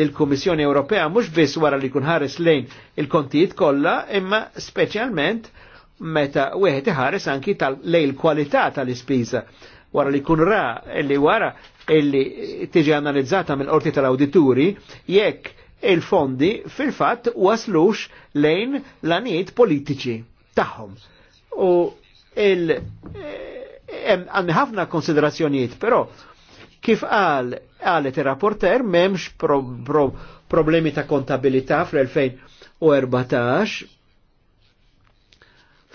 B: l-Komissjoni Ewropea mhux biss wara li kun ħares lejn il-kontijiet kollha, imma speċjalment meta wieħed iħares anki tal lejl kwalità tal-ispiża wara li kun ra illi wara illi tiġi analizzata mill-qorti tal-awdituri jekk il-fondi fil-fatt waslux lejn l-anijiet politiċi tagħhom. U il eh, għanni ħafna konsiderazzjonijiet, però kif qal qalet ir-rapporter m'hemmx pro, pro, problemi ta' kontabilità fl-2014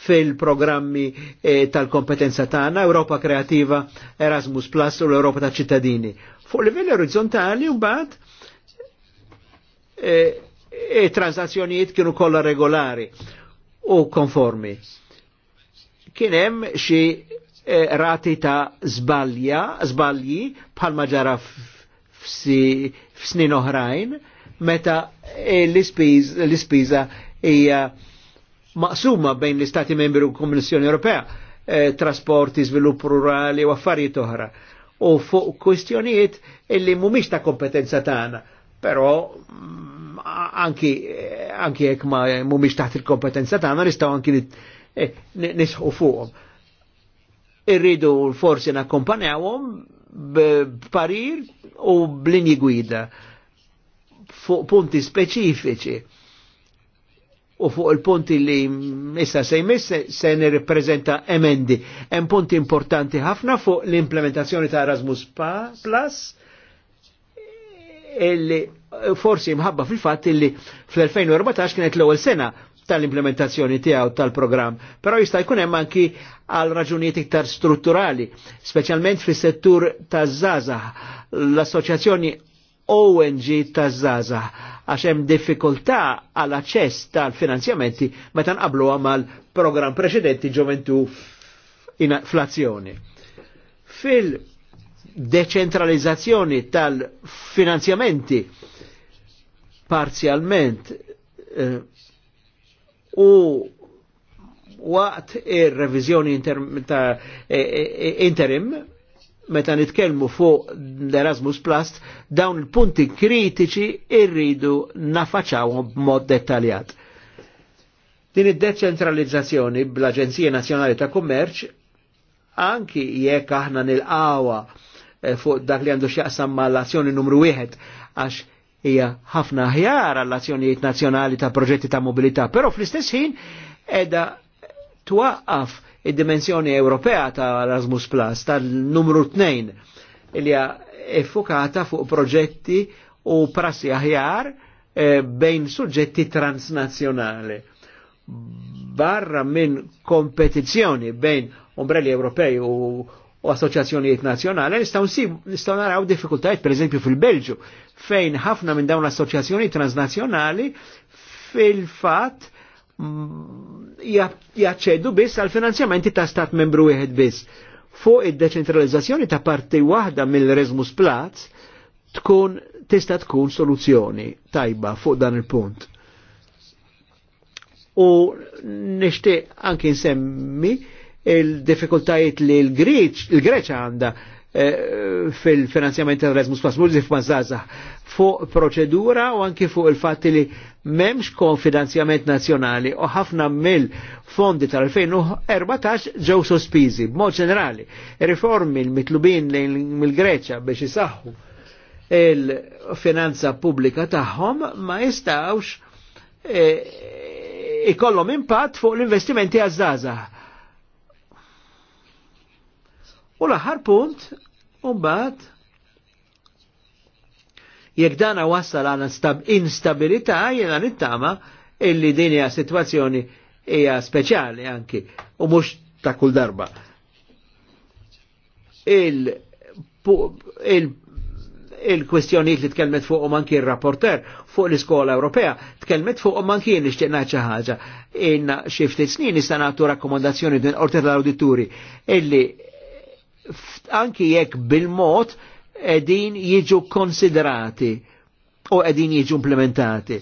B: fil-programmi eh, tal-kompetenza tagħna, Europa Kreativa, Erasmus Plus u l-Europa ta' ċittadini. Fuq livell orizzontali mbagħad eh, e transazzjonijiet kienu kollha regolari u konformi. Kien hemm xi eh, rati ta' zbalja, zbalji bħalma ġara f'snin oħrajn meta l-ispiża hija maqsuma bejn l-Istati membri u Kommissjoni Ewropea, eh, trasporti, svilupp rurali u affarijiet oħra. U fuq kwistjonijiet illi mhumiex ta' kompetenza tagħna, però mm, anki eh, anki jekk ma mhumiex taħt il-kompetenza tagħna nistgħu anki eh, nisħu fuqhom. Irridu forsi nakkompanjawhom b'parir u b'linji gwida fuq punti speċifiċi u fuq il-punti li missa se jmiss se nirrippreżenta emendi. Hemm punti importanti ħafna fuq l-implementazzjoni ta' Erasmus Plus illi forsi mħabba fil-fatt illi fl-2014 kienet l-ewwel sena tal-implementazzjoni tiegħu tal-programm, però jista' jkun hemm anki għal raġunijiet iktar strutturali, speċjalment fis-settur taż Zazah. L-assoċjazzjoni ONG ta' Zaza, għax hemm diffikultà għal aċċess tal-finanzjamenti meta nqablu mal programm preċedenti ġoventu inflazzjoni. Fil-deċentralizzazzjoni tal-finanzjamenti parzjalment eh, u waqt ir-reviżjoni eh, eh, interim meta nitkellmu fuq l-Erasmus Plus, dawn il-punti kritiċi irridu nafaċawhom b'mod dettaljat. Din id-deċentralizzazzjoni bl-Aġenzija Nazzjonali ta' Kummerċ anki jekk aħna nil-qawa eh, fuq dak li għandu x'jaqsam mal-azzjoni numru wieħed għax hija ħafna ħjar għall-azzjonijiet nazzjonali ta' proġetti ta' mobilità, però fl-istess ħin edha twaqqaf id-dimensjoni Ewropea ta' Erasmus Plus, ta' numru 2, il ja effukata fuq proġetti u prassi aħjar eh, bejn suġġetti transnazjonali. Barra minn kompetizjoni bejn ombrelli Ewropej u, u assoċjazzjonijiet nazzjonali, nistgħu nistgħu naraw diffikultajiet pereżempju fil-Belġu fejn ħafna minn dawn l-assoċjazzjoni transnazzjonali fil-fatt jaċċedu biss għal finanzjamenti ta' stat membru wieħed biss. Fuq id-deċentralizzazzjoni ta' parti waħda mill resmus Platz tkun tista' tkun soluzzjoni tajba fuq dan il-punt. U nixtieq anki nsemmi il-difikultajiet li l-Greċa għandha Eh, fil-finanzjament tal Erasmus Plus Music Mazzaza fuq proċedura u anki fuq il-fat li memx kon finanzjament nazjonali u ħafna mill-fondi tal-2014 ġew sospiżi b'mod ġenerali. Riformi mitlubin mill-Greċa biex jisaxħu il-finanza pubblika tagħhom ma jistawx eh, ikollhom impatt fuq l-investimenti għaż-żgħażagħ U l-aħħar punt, mbagħad jekk dana wassal għal instabilità jena nittama illi din hija sitwazzjoni hija speċjali anki u mhux ta' kull darba. Il-kwestjonijiet il, il li tkellmet fuqhom anki r-rapporter fuq l-Iskola Ewropea, tkellmet fuqhom anki nixtieq ngħid xi ħaġa. Inna xi ftit snin nista' nagħtu rakkomandazzjoni din qorti tal-awdituri illi anki jekk bil-mod edin jiġu konsiderati u edin jiġu implementati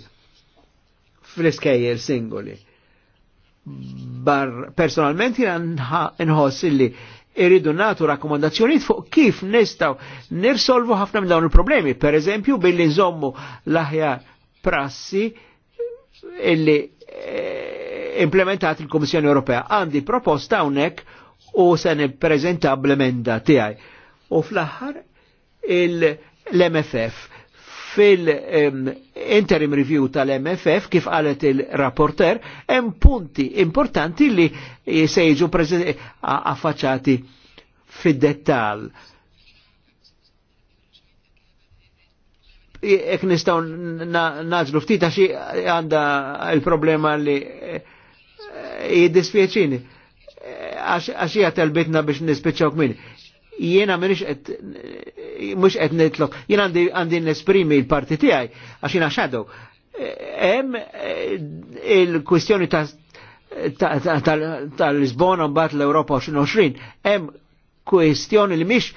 B: fl-iskejjer singoli. Bar personalment jina nħoss illi irridu natu rakkomandazzjoniet fuq kif nistaw nirsolvu ħafna minn dawn il-problemi, per eżempju billi nżommu l-aħjar prassi illi eh, implementat il-Komissjoni Ewropea. Għandi proposta hawnhekk u se nipprezenta bl-emenda tiegħi. U fl-aħħar l-MFF fil-interim review tal-MFF kif qalet il-rapporter hemm punti importanti li se jiġu affaċċati fid-dettall. nistaw naġlu ftit għax għanda il-problema li eh, jiddispieċini għaxija tal-bitna biex nispiċaw kmin. Jena minix qed mhux qed nitlob. Jien għandi nesprimi il parti tijaj, għaxina jiena xadow. Hemm eh, il-kwistjoni tal-Lisbona mbagħad l-Ewropa 2020 hemm kwistjoni li mhix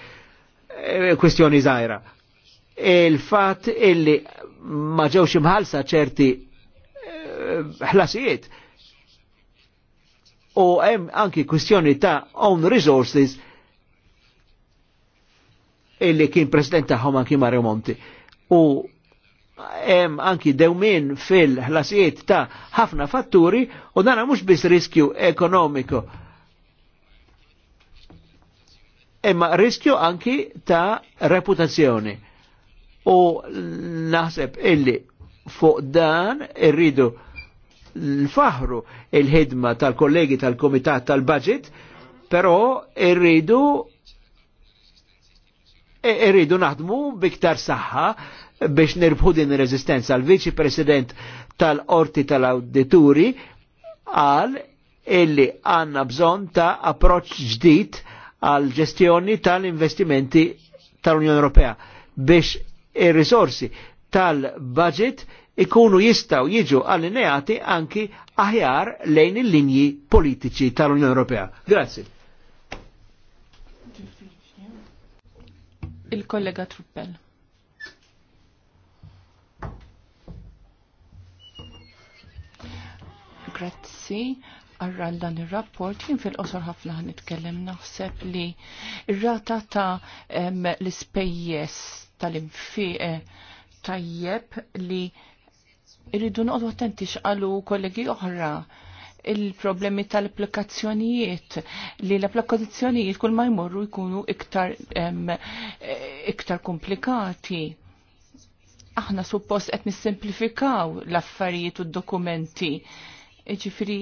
B: eh, kwistjoni żgħira. Il-fatt illi ma ġewx imħalsa ċerti eh, ħlasijiet. Uh, u hemm anki kwistjoni ta' own resources illi kien president tagħhom anki Mario Monti. U hemm anki dewmin fil-ħlasijiet ta' ħafna fatturi u dana mhux biss riskju ekonomiku. Imma riskju anki ta' reputazzjoni. U naħseb illi fuq dan irridu il l-faħru il-ħidma tal-kollegi tal-komitat tal-budget, pero irridu e, irridu naħdmu biktar saħħa biex nirbħu din ir-reżistenza. L-Viċi President tal-Orti tal-Awdituri għal illi għanna bżon ta' approċ ġdid għal ġestjoni tal-investimenti tal-Unjoni Ewropea biex ir-risorsi tal-budget ikunu jistaw jiġu allineati anki aħjar lejn il-linji politiċi tal-Unjoni Ewropea. Grazzi.
A: Il-kollega Truppel. Grazzi għarra dan il-rapport, jien fil-qosor ħafna nitkellem naħseb li il rata ta' l spejjes tal-infiq eh, tajjeb li irridu noqdu attenti xqalu kollegi oħra il-problemi tal-applikazzjonijiet li l-applikazzjonijiet kull ma jmorru jkunu iktar em, iktar komplikati. Aħna suppost qed nisimplifikaw l-affarijiet u d-dokumenti. Ġifiri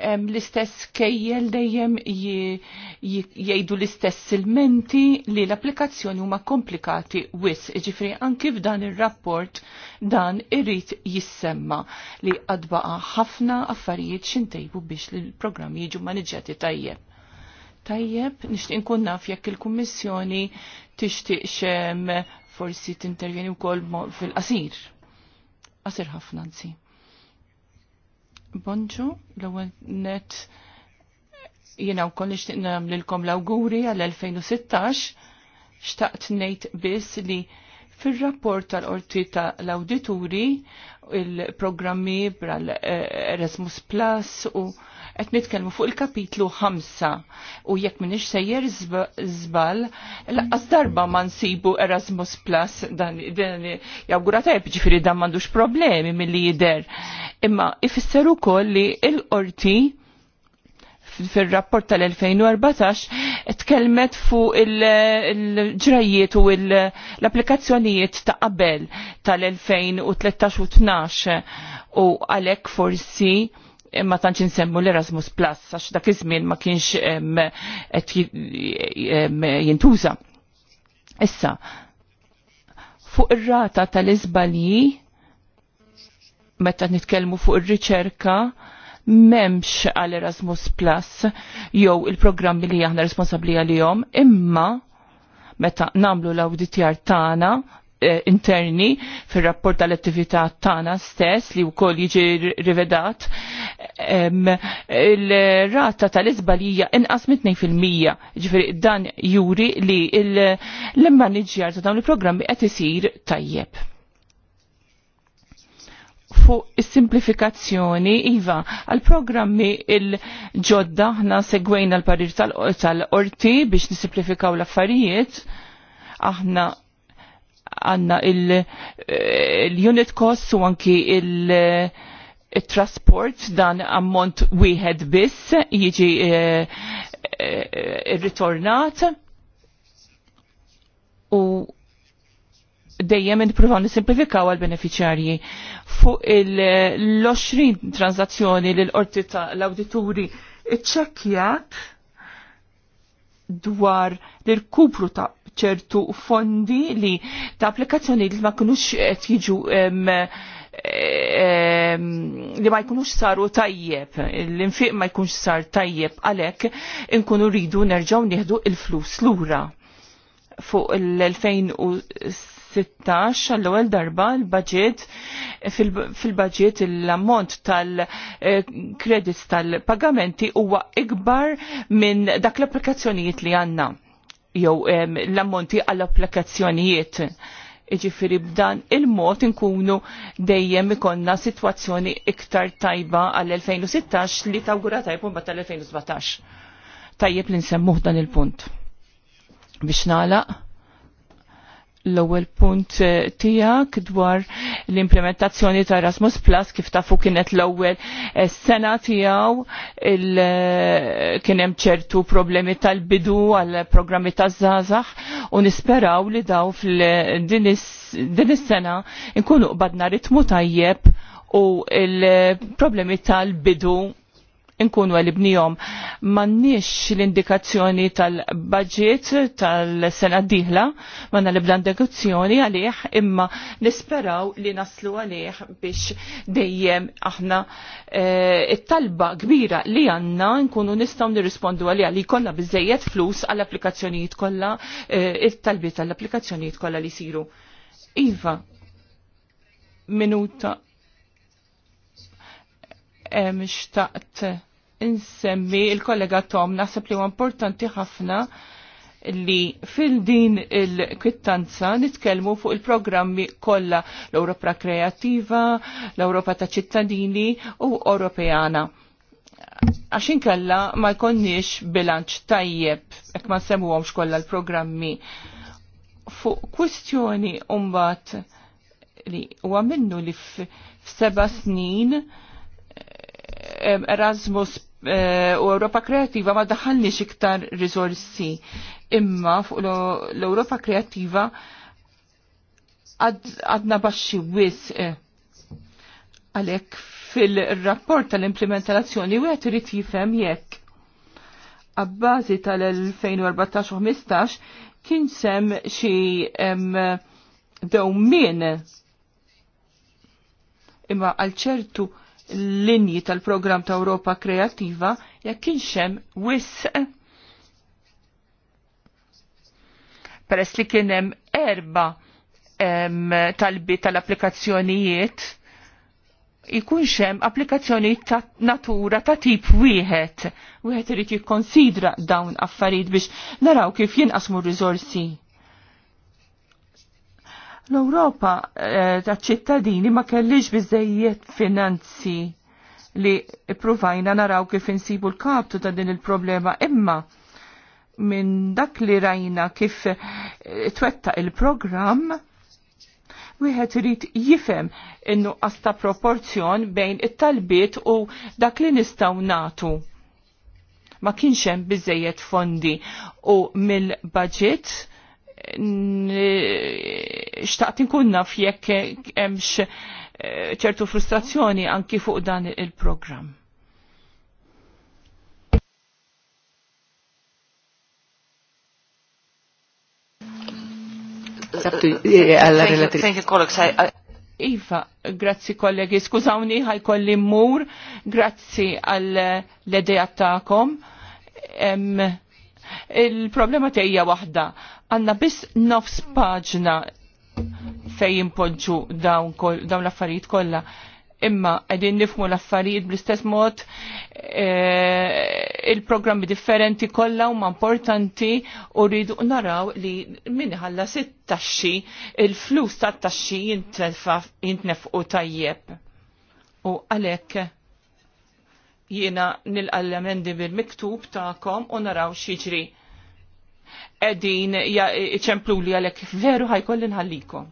A: l-istess kejjel dejjem jgħidu l-istess il-menti li l-applikazzjoni huma komplikati wis. Ġifri anki f'dan ir-rapport dan irrit jissemma li għadbaqa ħafna affarijiet xintejbu biex l-programm jiġu maniġġati tajjeb. Tajjeb, nixtieq nkun naf jekk il-Kummissjoni tixtieq forsi tintervjeni wkoll fil-qasir. Qasir ħafna nsi. Bonġu, l-ewwel net jiena wkoll nixtieq nagħmlilkom l-awguri għall-2016 xtaqt ngħid biss li fir-rapport tal-qorti tal-awdituri il-programmi bra l eh, Erasmus Plus u qed nitkellmu fuq il-kapitlu 5 u jekk m'iniex sejjer żbal aqqas darba ma nsibu Erasmus Plus dan jawgura tajb ġifieri dan m'għandux problemi milli jidher. Imma ifisser ukoll li l-qorti fil-rapport tal-2014 tkellmet fuq il-ġrajiet u l-applikazzjonijiet ta' qabel tal-2013 u għalek forsi imma tantx insemmu l-Erasmus Plus għax dak iż-żmien ma kienx qed jintuża. Issa, fuq ir-rata tal-iżbalji meta nitkellmu fuq ir-riċerka memx għal Erasmus Plus jew il-programmi li aħna responsabbli għalihom, imma meta namlu l-awditjar tagħna Eh, interni fil-rapport tal-attività tana stess li wkoll jiġi rivedat il-rata tal-izbalija inqas mit 2% ġifieri dan juri li l-manager ta' dawn il-programmi qed isir tajjeb. Fuq is-simplifikazzjoni iva għal-programmi il-ġodda ħna segwejna l-parir tal-qorti biex nisimplifikaw l-affarijiet aħna għanna eh, il-unit cost u anki il-transport eh, dan ammont wieħed biss jiġi eh, ritornat u dejjem nipruvaw nisimplifikaw għal beneficjarji fuq il-20 transazzjoni l-orti l-awdituri iċċekkjat dwar l-kupru ta' ċertu fondi li ta' applikazzjoni li ma kunux qed jiġu li ma jkunux saru tajjeb, l-infiq ma jkunx sar tajjeb għalek inkunu rridu nerġaw nieħdu il-flus lura fuq l-2007 16 2016 għall-ewwel darba l-budget fil-budget l-ammont tal-kredits eh, tal-pagamenti huwa ikbar minn dak l-applikazzjonijiet li għandna jew l-ammonti għall-applikazzjonijiet iġifiri b'dan il-mod inkunu dejjem ikonna situazzjoni iktar tajba għall 2016 li tawgura tajbu mbagħad tal-2017. Tajjeb li nsemmuh dan il-punt. Biex nagħlaq l-ewwel punt eh, tiegħek dwar l-implementazzjoni ta' Erasmus Plus kif tafu kienet l-ewwel eh, sena tiegħu eh, kien hemm ċertu problemi tal-bidu għal programmi taż-żgħażagħ u nisperaw li daw fil-din is-sena nkunu qbadna ritmu tajjeb u l-problemi tal-bidu nkunu għalibnijom mannix l-indikazzjoni tal-budget tal-sena diħla manna li blan dekuzzjoni għalih imma nisperaw li naslu għalih biex dejjem aħna eh, it-talba kbira li għanna nkunu nistaw nirrispondu għalih li kolla bizzejiet flus għall-applikazzjonijiet kolla eh, it-talbi tal-applikazzjonijiet kolla li siru. Iva, minuta xtaqt insemmi il-kollega Tom naħseb li huwa importanti ħafna li fil-din il-kwittanza nitkellmu fuq il-programmi kollha l-Ewropa Kreativa, l-Ewropa ta' ċittadini u Ewropeana. Għaxin kalla ma jkonniex bilanċ tajjeb, ek ma nsemmuhomx kollha l-programmi. Fuq kwistjoni umbat li huwa minnu li f'seba' snin eh, Erasmus Eh, u Ewropa Kreativa ma daħalniex iktar risorsi. Imma fuq l-Ewropa Kreativa għadna baxxi wis eh. għalek fil-rapport tal-implementazzjoni u għet rrit jifem jekk. Għabbażi tal-2014-15 kien sem xie dewmin imma għalċertu ċertu linji tal-programm ta' Europa Kreativa jekk kienx hemm wisq. Peress li kien hemm erba' talbi tal-applikazzjonijiet jkun xem applikazzjoni ta' natura ta' tip wieħed. Wieħed irid jikkonsidra dawn affarijiet biex naraw kif jinqasmu r-riżorsi. L-Europa eh, ta' ċittadini ma kellix bizzejiet finanzi li provajna naraw kif insibu l-kaptu ta' din il-problema imma minn dak li rajna kif eh, twetta il-programm wieħed irid jifhem in-nuqqas proporzjon bejn it-talbiet u dak li nistgħu nagħtu. Ma kienx hemm biżejjed fondi u mill-budget xtaqt inkun naf jekk hemmx eh, ċertu frustrazzjoni anki fuq dan il-programm. Iva, grazzi kollegi, skużawni ħajkolli mur, grazzi għall ledijat ta'kom. Il-problema tejja wahda, għanna biss nofs paġna fej impoġġu dawn, kol, dawn l-affarijiet kollha. Imma qegħdin nifmu l-affarijiet bl-istess mod e, il-programmi differenti kollha huma importanti u rridu naraw li min ħalla sit-taxxi il-flus tat-taxxi u tajjeb. U għalhekk jiena nil l bil-miktub ta'kom u naraw xiġri edin ċemplu li għalek veru ħajkolli nħallikom.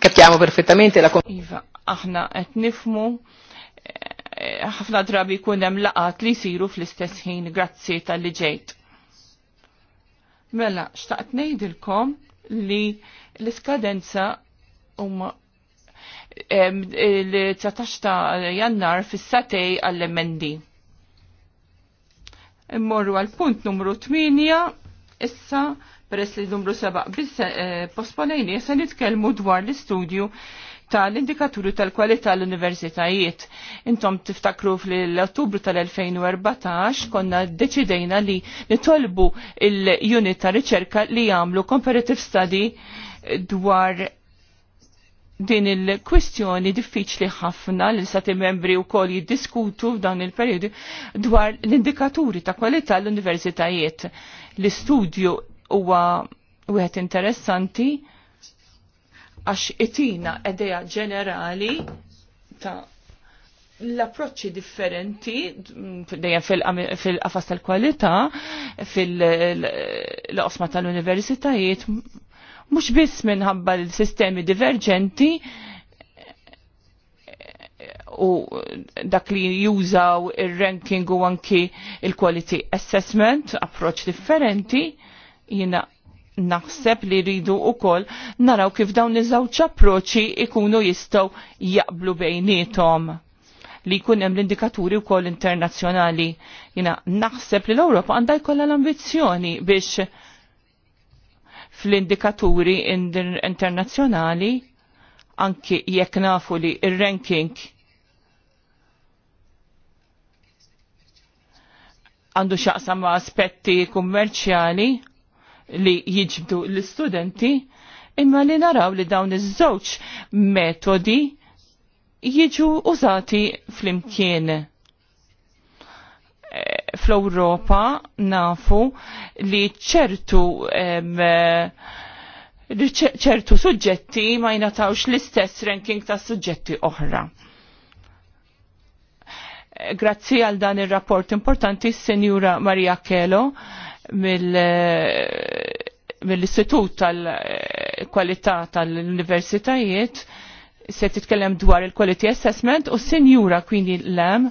C: Kaptiamo perfettamente la Iva,
A: aħna qed nifmu eh, ħafna drabi jkun hemm laqat li jsiru fl-istess ħin grazzi tal-li ġejt. Mela, xtaqt ngħidilkom li l-iskadenza huma l-19 ta' jannar fis-satej għall-emendi. Immorru għal punt numru 8 Issa, peress li numru seba, bissa eh, posponejni, issa nitkelmu dwar l-istudju tal-indikaturi tal-kwalità l-universitajiet. Intom tiftakru fl-ottubru tal-2014 konna deċidejna li nitolbu il-unit ta' riċerka li jagħmlu comparative study dwar din il-kwistjoni diffiċli ħafna li sati membri u kol jiddiskutu dan il periodi dwar l-indikaturi ta' kwalità l-universitajiet. L-istudju huwa wieħed interessanti għax itina edeja ġenerali ta' l-approċċi differenti dejjem fil-qafas tal-kwalità fil-qosma tal-universitajiet mhux biss minħabba l-sistemi diverġenti u dak li jużaw il-ranking u anki il-quality assessment, approach differenti, jina naħseb li rridu u koll naraw kif dawn iż-żewġ approċċi ikunu jistgħu jaqblu bejnietom li jkun hemm l-indikaturi wkoll internazzjonali. Jina naħseb li l-Ewropa għandha jkollha l-ambizzjoni biex fl-indikaturi internazzjonali anki jekk nafu li ir-ranking għandu xaqsa ma' aspetti kummerċjali li jiġbdu l-studenti, imma li naraw li dawn iż-żewġ metodi jiġu użati fl-imkien. E, Fl-Europa nafu li ċertu ċertu suġġetti ma jnatawx l-istess ranking ta' suġġetti oħra Grazzi għal dan il-rapport importanti, s Senjura Maria Kelo, eh, mill-Istitut tal-Kwalità tal-Universitajiet, se titkellem dwar il-Quality Assessment, u s Senjura l lem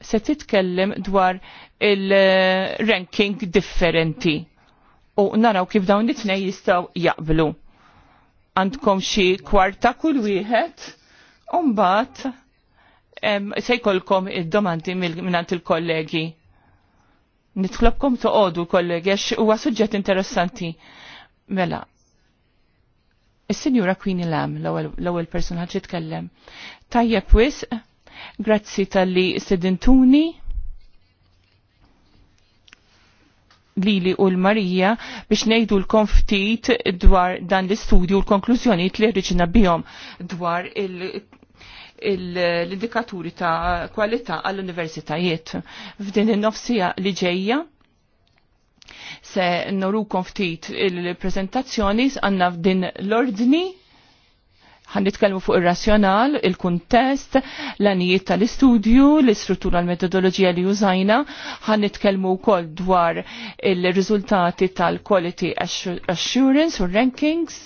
A: se titkellem dwar il-ranking differenti. U naraw kif dawn it-tnej jistaw jaqblu. Għandkom xi kwarta kull wieħed, u mbagħad se jkollkom id-domandi minnant il-kollegi. Nitlobkom toqodu kollegi għax huwa suġġett interessanti. Mela, Is-Sinjura Kwini Lam, l-ewwel persuna ħadd tkellem. Tajjeb wis, grazzi tal-li sedintuni Lili u l-Marija biex nejdu l-konftit dwar dan l-istudju u l-konklużjoniet li rriċina bihom dwar il- l-indikaturi ta' kwalità għall-universitajiet. F'din in-nofsija li ġejja se norukom ftit il-prezentazzjoni għanna f'din l-ordni ħan nitkellmu fuq ir-razzjonal, il kuntest l-anijiet tal-istudju, l-istruttura l metodologija li użajna, għan nitkellmu wkoll dwar il-riżultati tal-quality assurance u rankings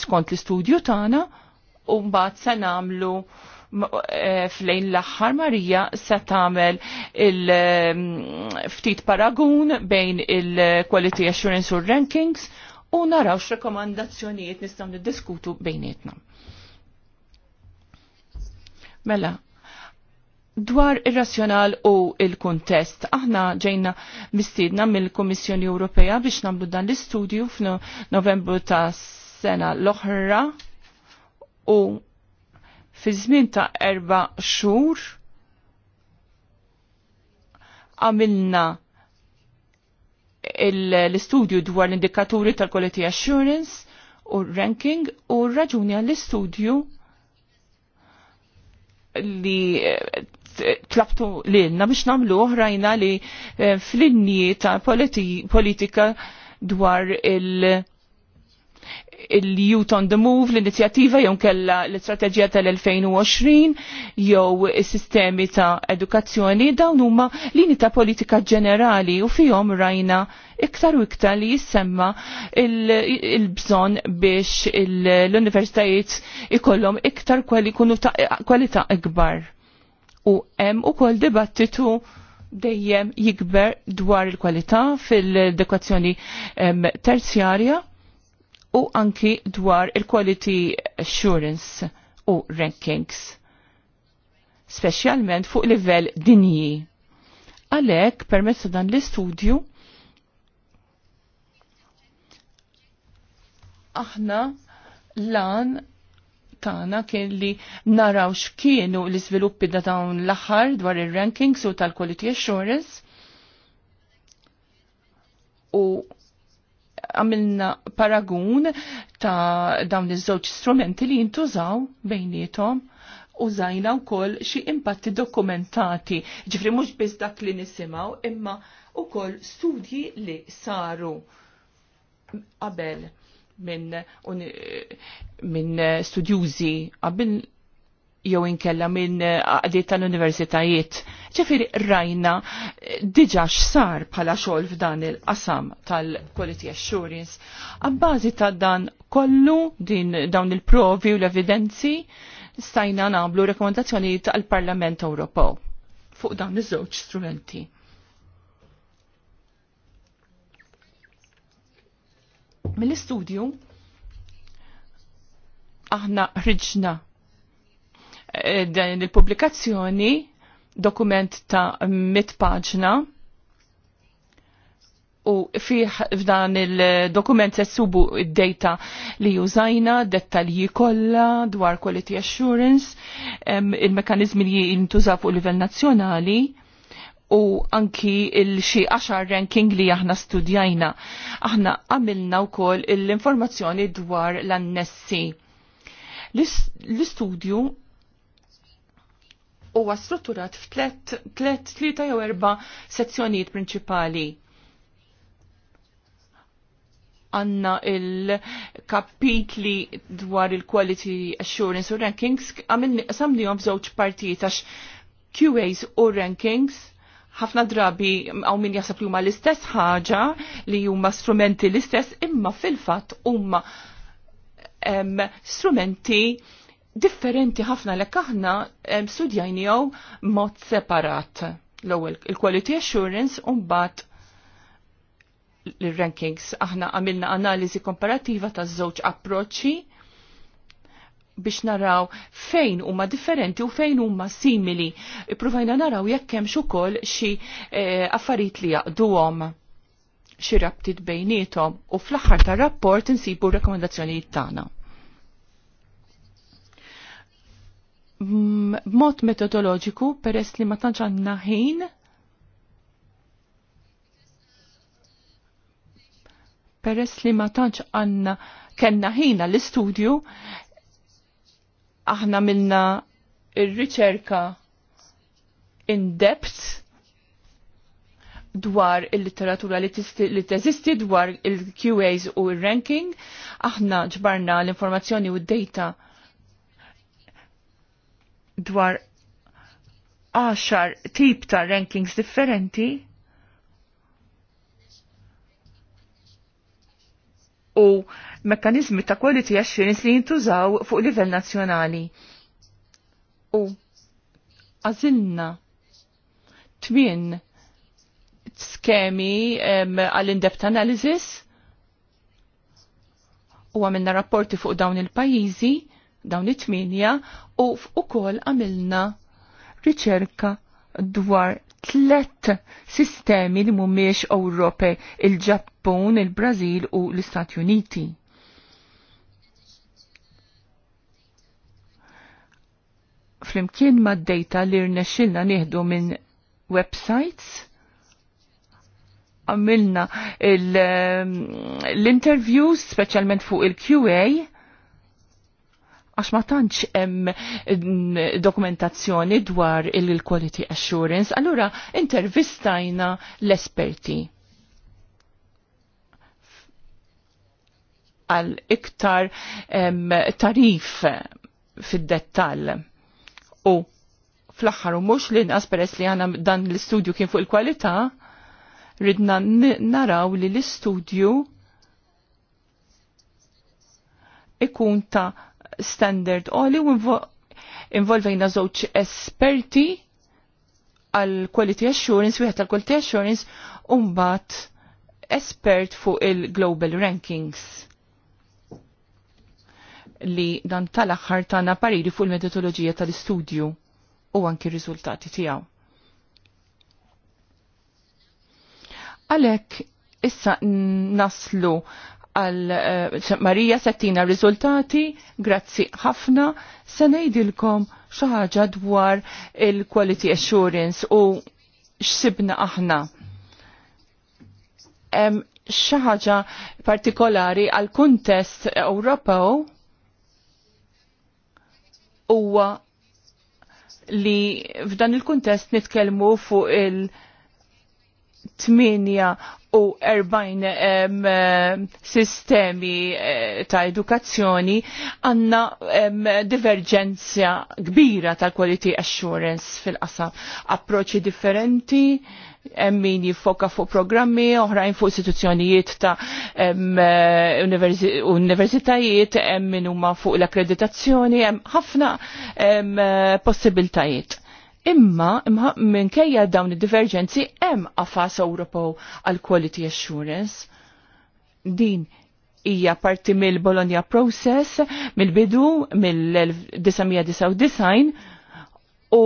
A: skont l-istudju tagħna u mbagħad se nagħmlu eh, flejn l-axħar Marija se tagħmel il-ftit mm, paragun bejn il-Quality Assurance u Rankings u naraw x-rekomandazzjonijiet nistgħu niddiskutu bejnietna. Mela, dwar ir-razzjonal u il-kuntest, aħna ġejna mistiedna mill-Kummissjoni Ewropea biex nagħmlu dan l-istudju f'Novembru ta' sena l-oħra u fi żmien ta' erba xhur għamilna l-istudju dwar l-indikaturi tal-quality assurance u ranking u raġuni għall-istudju li eh, tlabtu li na biex namlu oħrajna li eh, fl-inni ta' politika dwar il- il-Youth on the Move, l-inizjattiva jew kella l-istrateġija tal-2020 jew is-sistemi ta' edukazzjoni dawn huma lini ta' politika ġenerali u fihom rajna iktar u iktar li jissemma il-bżon il biex l-universitajiet ikollhom iktar kwalità ikbar. U hemm ukoll dibattitu dejjem jikber dwar il-kwalità fil-edukazzjoni terzjarja u anki dwar il-quality assurance u rankings, specialment fuq livell dinji. Għalek, permezz dan l-istudju, aħna lan tana kien li naraw x'kienu l-iżviluppi da dawn l-aħħar dwar ir-rankings u tal-quality assurance u għamilna paragun ta' dawn iż-żewġ strumenti li jintużaw bejnietom u wkoll xi impatti dokumentati. Ġifri mhux biss dak li nisimgħu imma wkoll studji li saru qabel minn min studjużi qabel jew inkella minn għadiet tal-universitajiet. ċefiri rajna diġax sar bħala xogħol f'dan il-qasam tal-quality assurance. Abbażi ta' dan kollu din dawn il-provi u l-evidenzi stajna nagħmlu rekomendazzjonijiet għall parlament Ewropew fuq dawn iż-żewġ strumenti. Mill-istudju aħna ħriġna Eh, din il-pubblikazzjoni dokument ta' mit paġna u fih f'dan il-dokument subu id-data li jużajna, dettalji kollha dwar quality assurance, il-mekanizmi li jintużaw fuq livell nazzjonali u anki il-xi 10 ranking li aħna studjajna. Aħna għamilna wkoll l-informazzjoni dwar l-annessi. L-istudju huwa strutturat f'tlet tlieta jew erba' sezzjonijiet prinċipali. Għanna il-kapitli dwar il-Quality Assurance u Rankings samnijom żewġ partijiet għax QAs u Rankings ħafna drabi għaw min jasab li huma l-istess ħaġa li huma strumenti l-istess imma fil-fatt huma strumenti differenti ħafna lek aħna studjajnijaw mod separat. L-ewwel il-quality assurance u mbagħad l-rankings. Aħna għamilna analiżi komparativa ta' żewġ approċċi biex naraw fejn huma differenti u fejn huma simili. Ippruvajna naraw jekk hemm ukoll xi eh, affarijiet li jaqduhom xi rabtiet bejnietom u fl-aħħar tar-rapport insibu r-rekomendazzjonijiet tagħna. b'mod metodoloġiku peress li ma tantx għandna ħin peress li ma tantx għandna kellna ħin l-istudju aħna milna ir-riċerka in depth dwar il-literatura li teżisti dwar il-QAs u il-ranking, aħna ġbarna l-informazzjoni u d-data dwar 10 tip ta' rankings differenti u mekkanizmi ta' quality assurance li jintużaw fuq livell nazzjonali. U għazilna tmien skemi għall-in-depth analysis u għamilna rapporti fuq dawn il-pajizi dawn it-tminja u ukoll għamilna riċerka dwar tlet sistemi li mhumiex Ewropej, il-Ġappun, il-Brażil u l-Istati Uniti. Flimkien mad-data li rnexxilna nieħdu minn websites, għamilna um, l-interviews specialment fuq il-QA għax ma tantx hemm mm, dokumentazzjoni dwar il-quality assurance, allura intervistajna l-esperti. għal iktar tarif fid-dettall. U fl-axħar u mux li peress li għana dan l-istudju kien fuq il-kwalità, ridna naraw li l-istudju ikun ta' standard oli u involvejna żewġ esperti għal quality assurance, wieħed tal quality assurance, u mbagħad espert fuq il-global rankings li dan tal-aħħar tagħna pariri fuq il-metodoloġija tal-istudju u anki r-riżultati tiegħu. Għalhekk issa naslu għal eh, Marija settina riżultati, grazzi ħafna, se ngħidilkom xi ħaġa dwar il-quality assurance u x'sibna aħna. Xaħġa ħaġa partikolari għal kuntest Ewropew huwa li f'dan il-kuntest nitkellmu fuq il- 8 u erbajn sistemi eh, ta' edukazzjoni għanna divergenzja kbira tal quality assurance fil-qasam. Approċċi differenti, min jiffoka fuq programmi, oħrajn fuq istituzzjonijiet ta' eh, universitajiet, min huma fuq l-akkreditazzjoni, hemm ħafna eh, possibiltajiet Imma, imma minkejja dawn id-divergenzi hemm qafas Ewropew għal quality assurance. Din hija parti mill-Bologna process mill-bidu mill-1999 u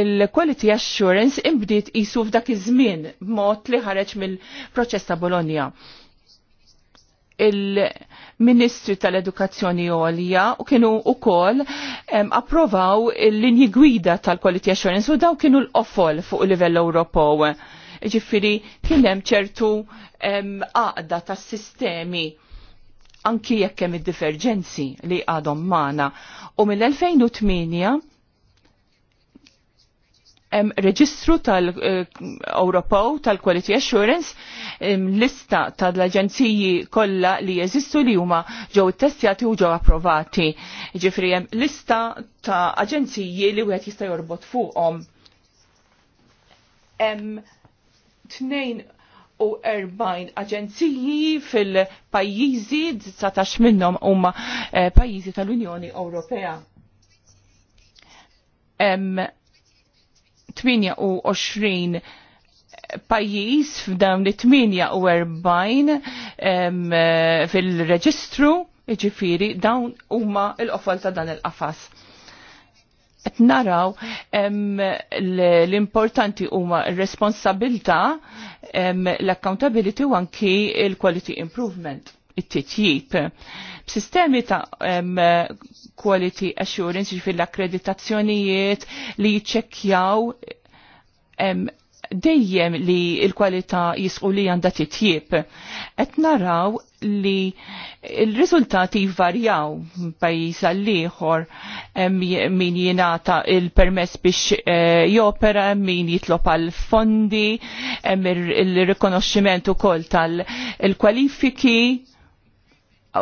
A: l-quality assurance imbdiet qisu f'dak iż-żmien mod li ħareġ mill-proċess ta' Bologna. Il- ministri tal-edukazzjoni għolja u kienu u kol approvaw l-linji gwida tal-quality assurance u daw kienu l-offol fuq livell Ewropew. Ġifiri, kienem ċertu għaqda ta' sistemi anki jekk hemm id-diverġenzi li għadhom magħna. U mill-2008 Hemm reġistru tal-Europow eh, tal-Quality Assurance lista tal-aġenziji kollha li jeżistu li huma ġew ittestjati u ġew approvati. Ġifri hemm lista ta' aġenziji li wieħed jista' jorbot fuqhom. Hemm tnejn u aġenziji fil-pajjiżi 19 minnhom huma eh, pajjiżi tal-Unjoni Ewropea. Hemm 28 pajjiż f'dawn li 48 eh, fil-reġistru, iġifiri dawn huma l-qofol ta' dan il-qafas. Et naraw l-importanti huma responsabilta, l-accountability u anki l-quality improvement it-titjib. B'sistemi ta' um, quality assurance, ġifir l-akkreditazzjonijiet li jċekjaw um, dejjem li l kwalità jisqu li għanda titjib. Qed naraw li il-riżultati jvarjaw pajjiż għal ieħor min jingħata il-permess biex eh, jopera, min jitlob għal fondi, il-rikonoxximent ukoll tal-kwalifiki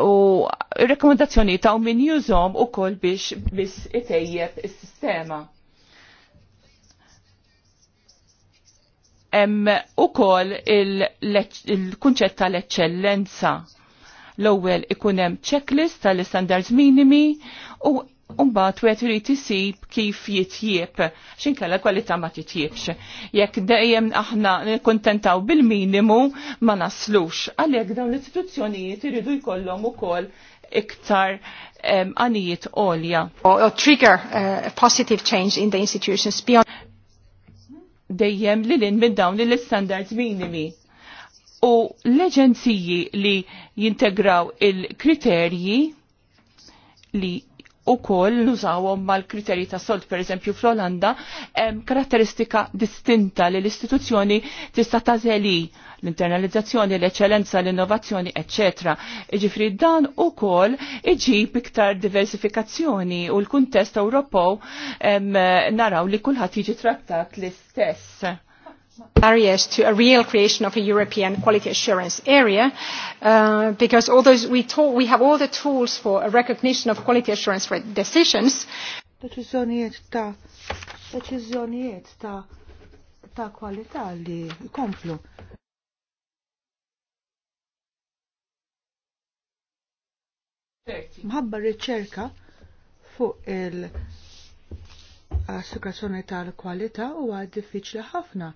A: u rekomendazzjoni ta' min jużom u kol biex biex itejjeb il-sistema. Em u kol il-kunċett il kunċett tal L-ewwel ikun hemm checklist tal-standards minimi u Umbat wet irid isib kif jitjieb, kalla kwalità ma titjiebx. Jekk dejjem aħna kontentaw bil-minimu ma naslux. Għalhekk dawn l-istituzzjonijiet iridu jkollhom ukoll iktar għanijiet għolja. Or trigger uh, a positive change in the institutions beyond dejjem li lin minn dawn l-standards minimi. U l-eġenziji li jintegraw il-kriterji li u koll nużawhom mal-kriterji ta' sold, per eżempju fl-Olanda, karatteristika distinta li l-istituzzjoni tista' tażeli l-internalizzazzjoni, l-eċċellenza, l-innovazzjoni, eccetera. Iġifri dan u kol iġib iktar diversifikazzjoni u l-kuntest Ewropew naraw li kulħadd jiġi trattat l-istess barriers to a real creation of a European quality assurance area uh, because although we,
C: talk, we have all the tools for a recognition of quality assurance for decisions deċiżjonijiet ta' deċiżjonijiet ta' ta' kwalità li jkomplu. Mħabba riċerka fuq il-assukazzjoni tal-kwalità huwa diffiċli ħafna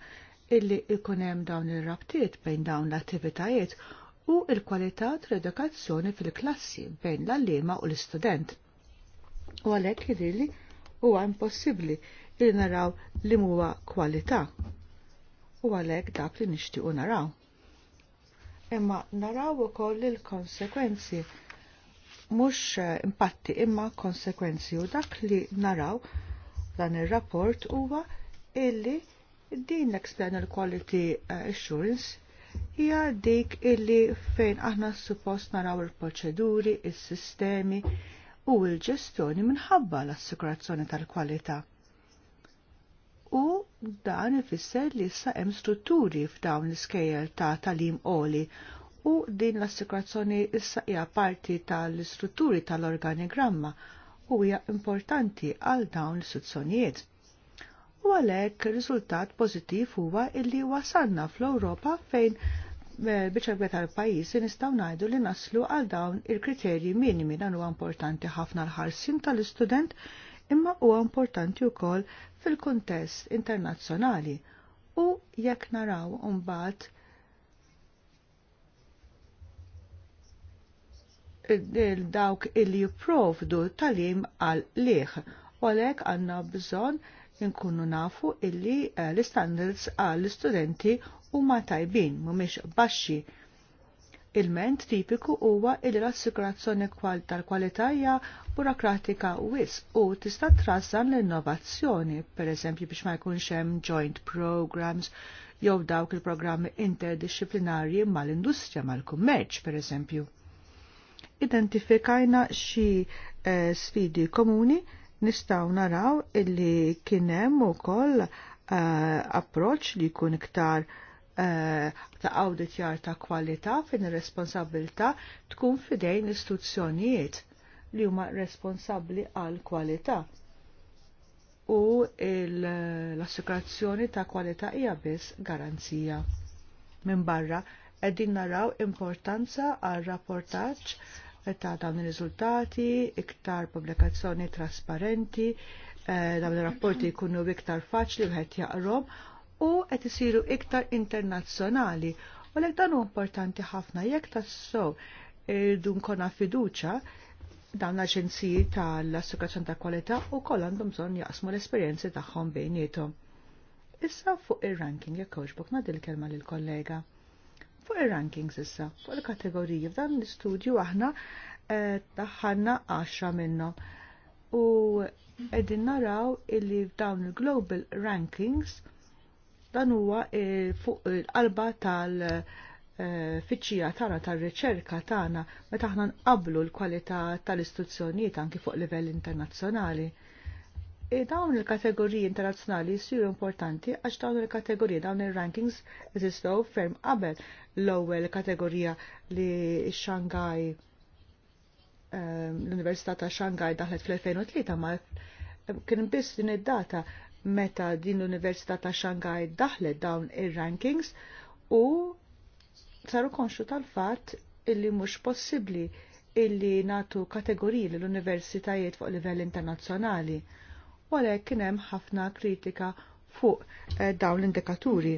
C: illi ikunem dawn ir-rabtiet bejn dawn l-attivitajiet u il-kwalità tal-edukazzjoni fil-klassi bejn l-allima u l-istudent. U għalhekk jidhirli huwa impossibbli li naraw li huwa kwalità. U għalhekk dak li nixtiequ naraw. Imma naraw ukoll il-konsekwenzi mhux eh, impatti imma konsekwenzi u dak li naraw dan ir-rapport huwa illi Din l-external quality uh, assurance hija dik illi fejn aħna suppost naraw il-proċeduri, il-sistemi u il-ġestjoni minħabba l-assikurazzjoni tal-kwalità. U dan ifisser li issa hemm strutturi f'dawn l-iskejjel ta' talim oli u din l-assikurazzjoni issa hija parti tal-istrutturi tal-organigramma u hija importanti għal dawn l-istituzzjonijiet u għalhekk rizultat pożittiv huwa illi wasalna fl-Ewropa fejn eh, biċerbe għal pajjiżi nistgħu ngħidu li naslu għal dawn il-kriterji minimi dan huwa importanti ħafna l-ħarsin tal-istudent imma huwa importanti wkoll fil-kuntest internazzjonali u jekk naraw mbagħad dawk illi jipprovdu im għal liħ u għalhekk għandna bżonn inkunu nafu illi eh, l-standards għall-studenti huma tajbin mhumiex baxxi Il-ment tipiku huwa il l-assikurazzjoni tal-kwalità hija burokratika wis u tista' trasan l-innovazzjoni, pereżempju biex ma jkunx hemm joint programs jew dawk il-programmi interdisciplinari mal-industrija mal-kummerċ, pereżempju. Identifikajna xi eh, sfidi komuni nistaw naraw illi kienem u koll uh, approċ li kun iktar uh, ta' auditjar ta' kwalità fin responsabilta tkun fidejn istituzzjonijiet li huma responsabli għal kwalità. U l-assikurazzjoni ta' kwalità hija biss garanzija. Minn barra qegħdin naraw importanza għal rapportaġġ ta' dawn ir-riżultati, iktar pubblikazzjoni trasparenti, eh, dawn ir-rapporti jkunu iktar faċli u ħed jaqrom u qed isiru iktar internazzjonali. U lek dan u importanti ħafna jekk tassew irdu nkonna fiduċa dawn l-aġenziji tal assikurazzjoni ta' kwalità u koll għandhom bżonn jaqsmu l-esperjenzi tagħhom bejnietom. Issa fuq ir-ranking jekk hux bokna dil-kelma lill kollega Fuq il rankings issa, fuq il-kategoriji f'dan l-istudju aħna taħħanna eh, 10 minnhom. U qegħdin naraw illi f'dawn il-global rankings dan huwa fuq il-qalba tal- eh, fiċċija tagħna tar-riċerka tagħna meta aħna nqablu l-kwalità tal-istituzzjonijiet anki fuq livell internazzjonali. E dawn il-kategoriji internazzjonali jsiru importanti għax dawn il-kategoriji dawn il-rankings eżistow ferm qabel l-ewwel kategorija li Shanghai ehm, l-Università ta' Shanghai daħlet fl-2003 ma kien biss din id-data meta din l-Università ta' Shanghai daħlet dawn ir-rankings u saru konxu tal-fatt illi mhux possibbli illi natu kategoriji l-universitajiet fuq livell internazzjonali u għalhekk kien hemm ħafna kritika fuq eh, dawn l-indikaturi.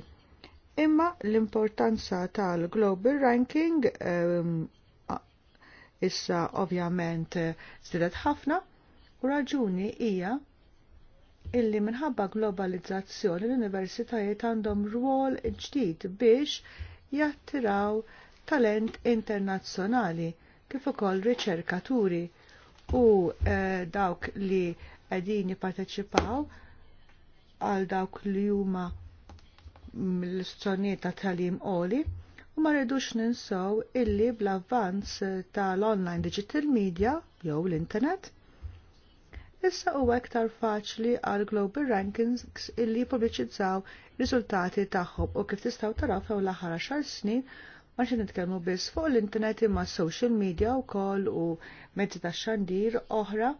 C: Imma l-importanza tal-Global Ranking eh, issa ovvjament żdiedet eh, ħafna u raġuni hija illi minħabba globalizzazzjoni l-universitajiet għandhom rwol ġdid biex jattiraw talent internazzjonali kif ukoll riċerkaturi u eh, dawk li qegħdin jipparteċipaw għal dawk li huma mill-istruzzjonijiet ta' tagħlim qoli u ma rridux ninsew illi bl-avvanz tal-online digital media jew l-internet issa huwa iktar faċli għal global rankings illi jippubblicizzaw riżultati tagħhom u kif tistgħu taraw few l-aħħar xar snin ma xin nitkellmu biss fuq l-internet imma social media u koll u mezzi ta' xandir oħra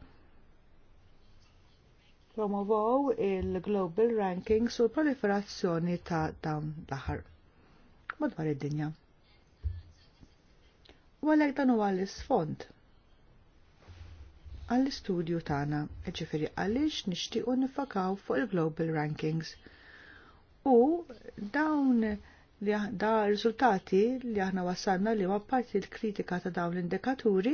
C: promovow il-Global Rankings u l-proliferazzjoni ta' dawn l-aħħar madwar id-dinja. U għalhekk dan huwa l-isfond għall-istudju tagħna, għalix jiġifieri għaliex nixtiequ nifakaw fuq il-Global Rankings. U dawn li da riżultati li aħna wasalna li huwa parti l-kritika ta' dawn l-indikaturi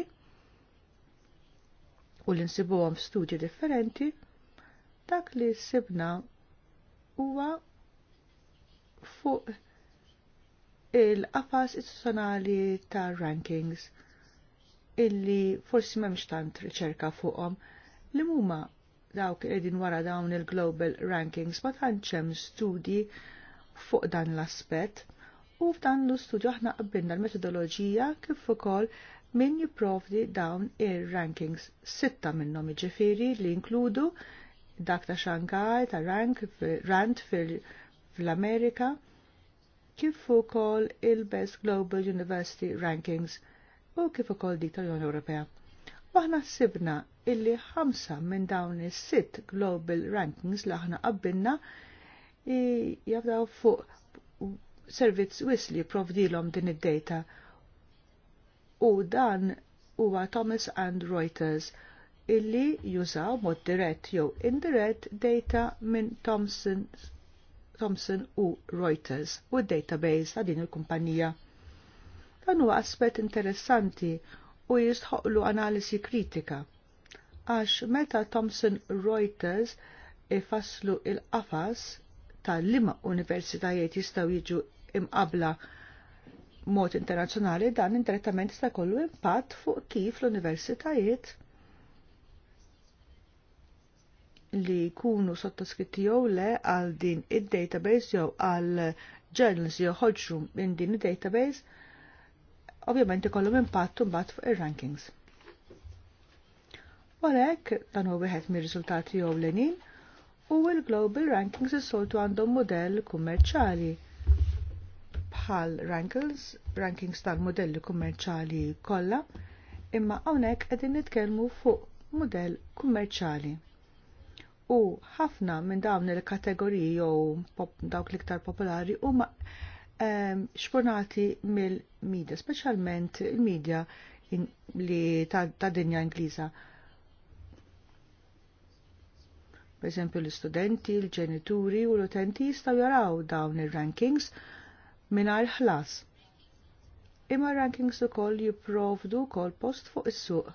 C: u l-insibuhom f'studji differenti Dak li sibna huwa fuq il-qafas istituzzjonali ta' rankings illi forsi m'hemmx tant riċerka fuqhom li huma dawk qegħdin wara dawn il-global rankings ma tantx hemm studji fuq dan l-aspett u f'dan l-istudju aħna qbilna l-metodoloġija kif ukoll min jipprovdi dawn ir-rankings sitta minnhom jiġifieri li inkludu dak ta' Shanghai, ta' rank, rant fil-Amerika, kif ukoll il-Best Global University Rankings u kif ukoll dik tal-Unjoni Ewropea. Waħna sibna illi ħamsa minn dawn is-sitt Global Rankings li aħna qabbilna jabdaw fuq servizz wis li provdilom din id-data. U dan huwa Thomas and Reuters illi jużaw mod dirett jew indirett data minn Thomson, Thomson u Reuters u d-database ta' din il-kumpanija. Dan huwa aspett interessanti u jistħoqlu analisi kritika. Għax meta Thomson Reuters ifasslu il-qafas ta' liema universitajiet jistgħu jiġu imqabla mod internazzjonali dan indirettament se jkollu impatt fuq kif l-universitajiet li jkunu sottoskritti jew le għal din id-database jew għal journals jew ħoġġu minn din id-database, ovvjament ikollhom impatt mbagħad fuq ir-rankings. U għalhekk dan huwa wieħed mir-riżultati jew lenin u l-Global Rankings is-soltu għandhom modell kummerċali bħal rankings, rankings tal-modelli kummerċali kollha, imma hawnhekk qegħdin nitkellmu fuq modell kummerċali. U ħafna minn dawn il-kategoriji jew dawk l-iktar popolari huma ehm, xponati mill-medja, speċjalment il-medja li ta' dinja Ingliża. Per l-istudenti, l-ġenituri u l-utenti jistgħu jaraw dawn ir-rankings mingħajr ħlas. Imma rankings ukoll jipprovdu wkoll post fuq is-suq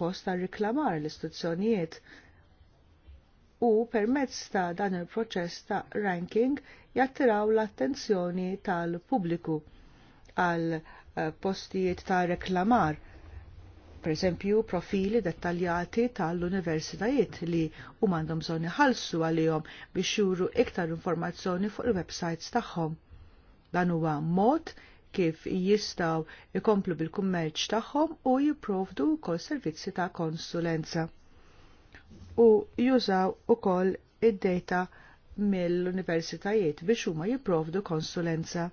C: post ta' riklamar l-istituzzjonijiet u permezz ta' dan il-proċess ta' ranking jattiraw l-attenzjoni tal-pubbliku għal eh, postijiet ta' reklamar per esempio profili dettaljati tal-universitajiet li u mandom zoni ħalsu għalihom biex juru iktar informazzjoni fuq il-websites tagħhom. Dan huwa mod kif jistaw ikomplu bil-kummerċ tagħhom u jipprovdu wkoll servizzi ta' konsulenza. U jużaw ukoll id-data mill-universitajiet biex huma jipprovdu konsulenza.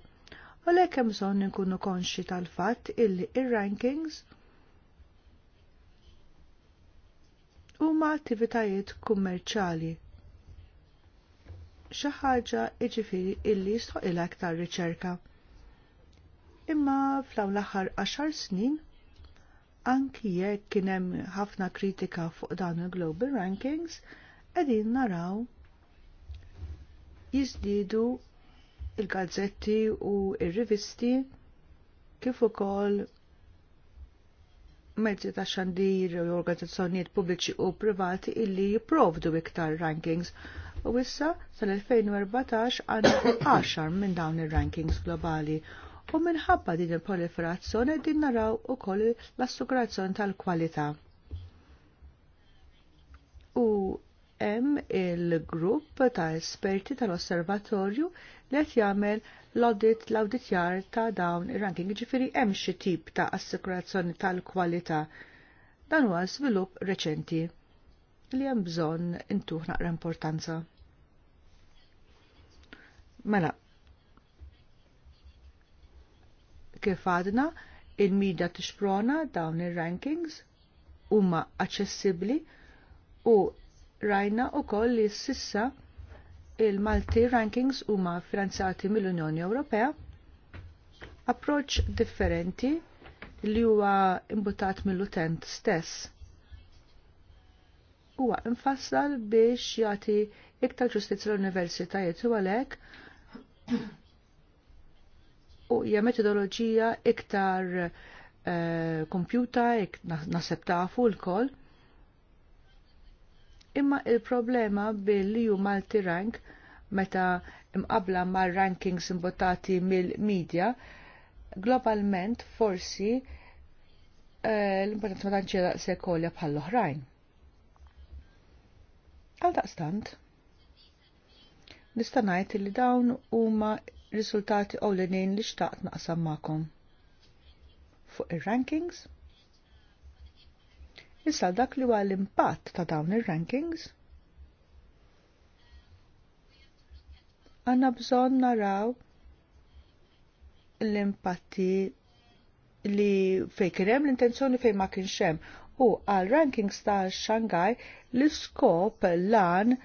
C: U lek hemm bżonn inkunu konxi tal-fatt illi ir-rankings huma attivitajiet kummerċali xi ħaġa jiġifieri illi jistħoq ilha aktar riċerka. Imma flaw l-aħħar 10 snin anki jekk kien hemm ħafna kritika fuq dawn il-global rankings, qegħdin naraw jiżdiedu il-gazzetti u il rivisti kif ukoll mezzi ta' xandir u organizzazzjonijiet pubbliċi u privati illi jipprovdu iktar rankings. U issa sal-2014 għandu 10 minn dawn ir-rankings globali u minħabba din il-proliferazzjoni din naraw ukoll l-assigurazzjoni tal-kwalità. U hemm il-grupp ta' esperti tal-osservatorju li qed jagħmel l-audit l-auditjar ta' dawn ir-ranking, ġifieri hemm xi tip ta' assikurazzjoni tal-kwalità. Dan huwa żvilupp reċenti li hemm bżonn intuħ naqra importanza. Mela, kif għadna il-mida tixprona dawn il rankings huma aċċessibbli u rajna wkoll li sissa il-Malti rankings huma finanzati mill-Unjoni Ewropea approċ differenti li huwa imbutat mill-utent stess. Huwa infassal biex jagħti iktar ġustizzja l-universitajiet u għalhekk u hija metodoloġija iktar eh, kompjuta, naħseb tafu l-koll. Imma il-problema billi ju multi-rank meta imqabla mar rankings imbotati mill-medja, globalment forsi eh, l-importanza ma tantx sekolja bħall-oħrajn. Għal daqstant, nista' ngħid li dawn huma riżultati ewlenin li xtaqt naqsam magħkom. Fuq ir-rankings, Issa dak li huwa l-impatt ta' dawn ir-rankings? Għanna bżonn naraw l-impatti li fej kien hemm l-intenzjoni fejn ma kienx hemm u għal rankings ta' Shanghai l-iskop lan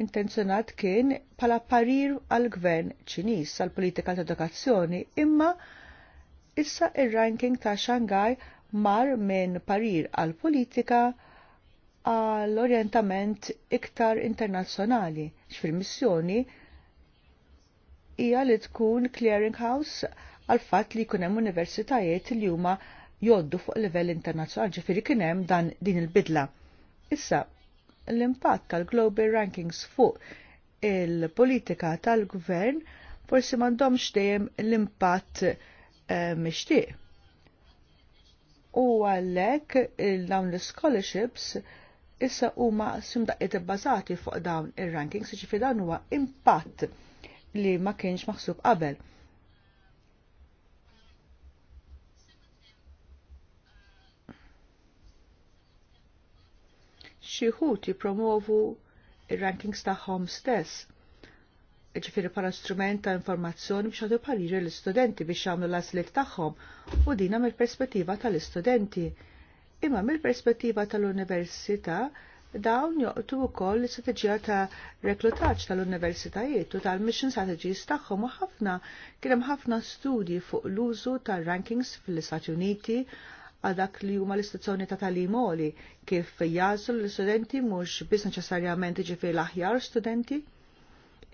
C: intenzjonat kien pala parir għal gvern ċinis għal politika ta' edukazzjoni imma issa ir-ranking ta' Shanghai mar minn parir għal politika għal orientament iktar internazzjonali x'fil-missjoni hija li tkun clearing house għal fatt li jkun hemm universitajiet li huma joddu fuq livell internazzjonali ġifieri kien hemm dan din il-bidla. Issa l-impatt tal-Global Rankings fuq il-politika tal-gvern forsi m'għandhomx dejjem l-impatt eh, mixtieq. U għalhekk dawn l-scholarships issa huma simdaqqiet ibbażati fuq dawn ir-rankings, ġifi jiġifieri dan huwa impatt li ma kienx maħsub qabel xi wħud jippromovu ir-rankings tagħhom stess. Ġifiri bħala strument ta' informazzjoni biex għadu palir l-istudenti biex jagħmlu l-għażliet tagħhom u dina mill-perspettiva tal-istudenti. Imma mill-perspettiva tal-università dawn joqtu wkoll l istrategija ta' reklutaġġ tal-universitajiet u tal-mission strategies tagħhom u ħafna kien hemm ħafna studji fuq l-użu tal rankings fl-Istati Uniti għal dak li huma l-istazzjoni ta' talim oli kif jaslu l istudenti mhux biss neċessarjament ġifier l-aħjar studenti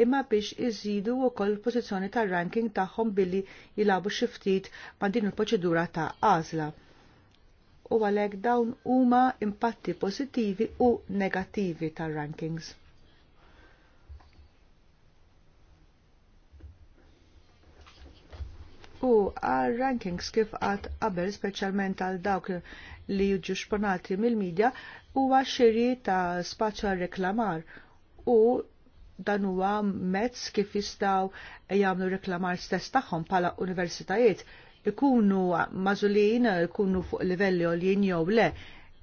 C: imma biex iżidu wkoll pożizzjoni tar-ranking tagħhom billi jilabu xi ftit ma' din il-proċedura ta' għażla. U għalhekk dawn huma impatti pożittivi u negattivi tar-rankings. u għal rankings kif għad qabel speċjalment għal dawk li jiġu xponati mill-medja huwa xiri ta' spaċċa reklamar u dan huwa mezz kif jistgħu jagħmlu reklamar stess tagħhom bħala universitajiet ikunu mażulin, ikunu fuq livelli għoljin jew le,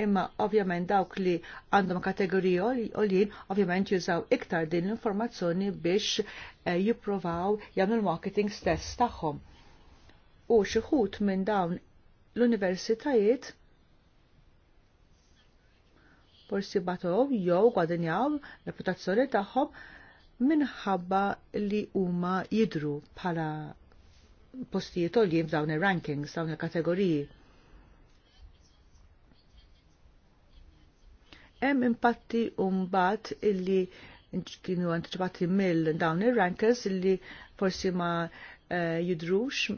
C: imma ovvjament dawk li għandhom kategoriji għoljin ovvjament jużaw iktar din l-informazzjoni biex eh, jipprovaw jagħmlu l-marketing stess tagħhom u xi minn dawn l-universitajiet forsi batow jew għadinjaw reputazzjoni tagħhom minħabba li huma jidru bħala postijiet għoljien f'dawn ir-rankings, dawn il-kategoriji. Hemm impatti mbagħad illi kienu anticipati mill dawn ir-rankers illi forsi ma eh, jidrux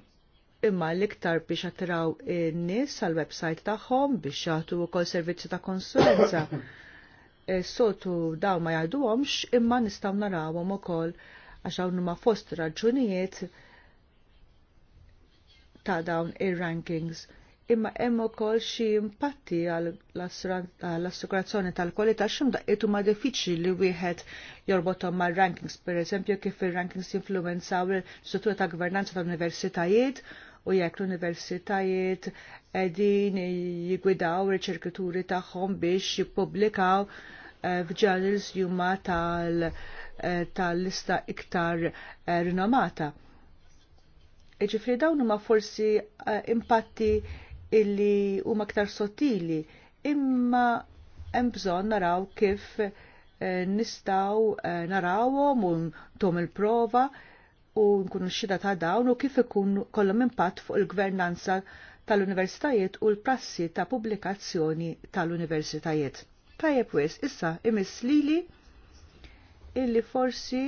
C: imma l-iktar biex attiraw n-nis għal website tagħhom biex jagħtu wkoll servizzi ta' konsulenza. [COUGHS] Eh, sotu daw ma jgħiduhomx imma nistgħu narawhom ukoll għax hawn ma fost raġunijiet ta' dawn ir-rankings. Imma hemm ukoll xi impatti għall-assikurazzjoni tal-kwalità x'imdaqqiet huma diffiċli li wieħed jorbothom mar-rankings, pereżempju kif ir-rankings jinfluwenzaw l-struttura ta' gvernanza tal-universitajiet, u jekk l-universitajiet edin jigwidaw riċerkaturi tagħhom biex jippubblikaw eh, f'ġurnals juma eh, tal-lista iktar eh, rinomata. Iġifri dawn huma forsi impatti illi huma aktar sottili, imma hemm bżonn naraw kif nistaw narawhom u tom il-prova u nkunu xida ta' dawn u kif ikun kollom impatt fuq il-gvernanza tal-universitajiet u l-prassi ta' pubblikazzjoni tal-universitajiet. Tajjeb wis, issa imiss lili illi forsi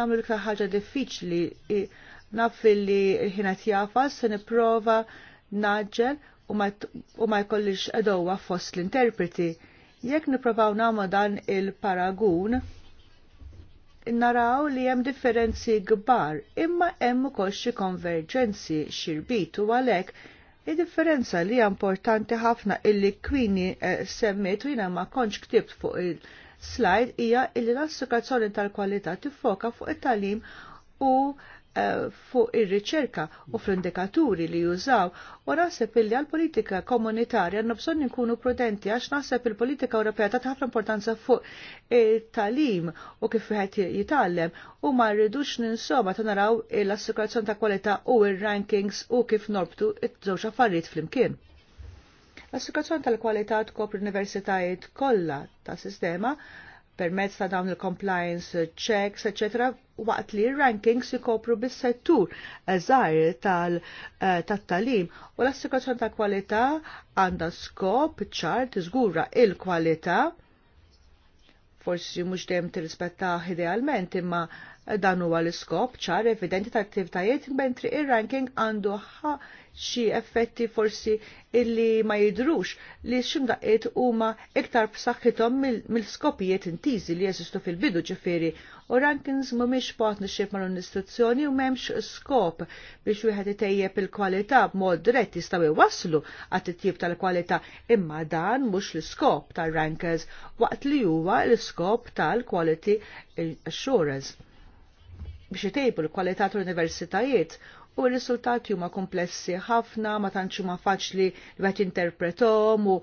C: namlu l ħaġa diffiċli naf li ħinat jafas se niprofa naġġel u ma jkollix edowa fost l-interpreti. Jekk niprofaw namlu dan il-paragun, naraw li hemm differenzi kbar, imma hemm ukoll xi konverġenzi xirbit u għalhekk Id-differenza li hija importanti ħafna illi kwini eh, u jiena ma konċ ktibt fuq il-slide hija illi l-assukazzjoni tal-kwalità tiffoka fuq it-talim u Eh, fuq ir-riċerka u fl-indikaturi li jużaw u naħseb illi għal-politika komunitarja nobżon nkunu prudenti għax naħseb il-politika Ewropea ta' ħafna importanza fuq it-talim u kif wieħed jitgħallem u ma rridux ninsoma ta' naraw l-assikurazzjoni ta' kwalità u il rankings u kif norbtu it-żewġ affarijiet flimkien. L-assikurazzjoni tal-kwalità tkopri universitajiet kollha ta' sistema permezz ta' dawn il-compliance checks, etc. waqt li rankings jikopru bis-settur żgħir tal-talim eh, u l-assikurazzjoni ta' kwalità għandha skop ċar tiżgura il-kwalità il il kwalità forsi mhux dejjem tirrispettah idealment imma dan huwa l-iskop ċar evidenti ta' attivitajiet mentri ir-ranking għandu xi effetti forsi illi ma jidrux li x'imdaqqiet huma iktar b'saħħithom mill-skopijiet intiżi li jeżistu fil-bidu ġifieri u rankings mhumiex partnership mal istituzzjoni u m'hemmx skop biex wieħed itejjeb il-kwalità b'mod dirett jistgħu iwasslu għat titjib tal-kwalità imma dan mhux l-iskop tal-rankers waqt li huwa l-iskop tal-quality assurance biex jtejbu l-kwalità tal-universitajiet u r-risultati huma komplessi ħafna, ma tantx huma faċli li qed interpretom u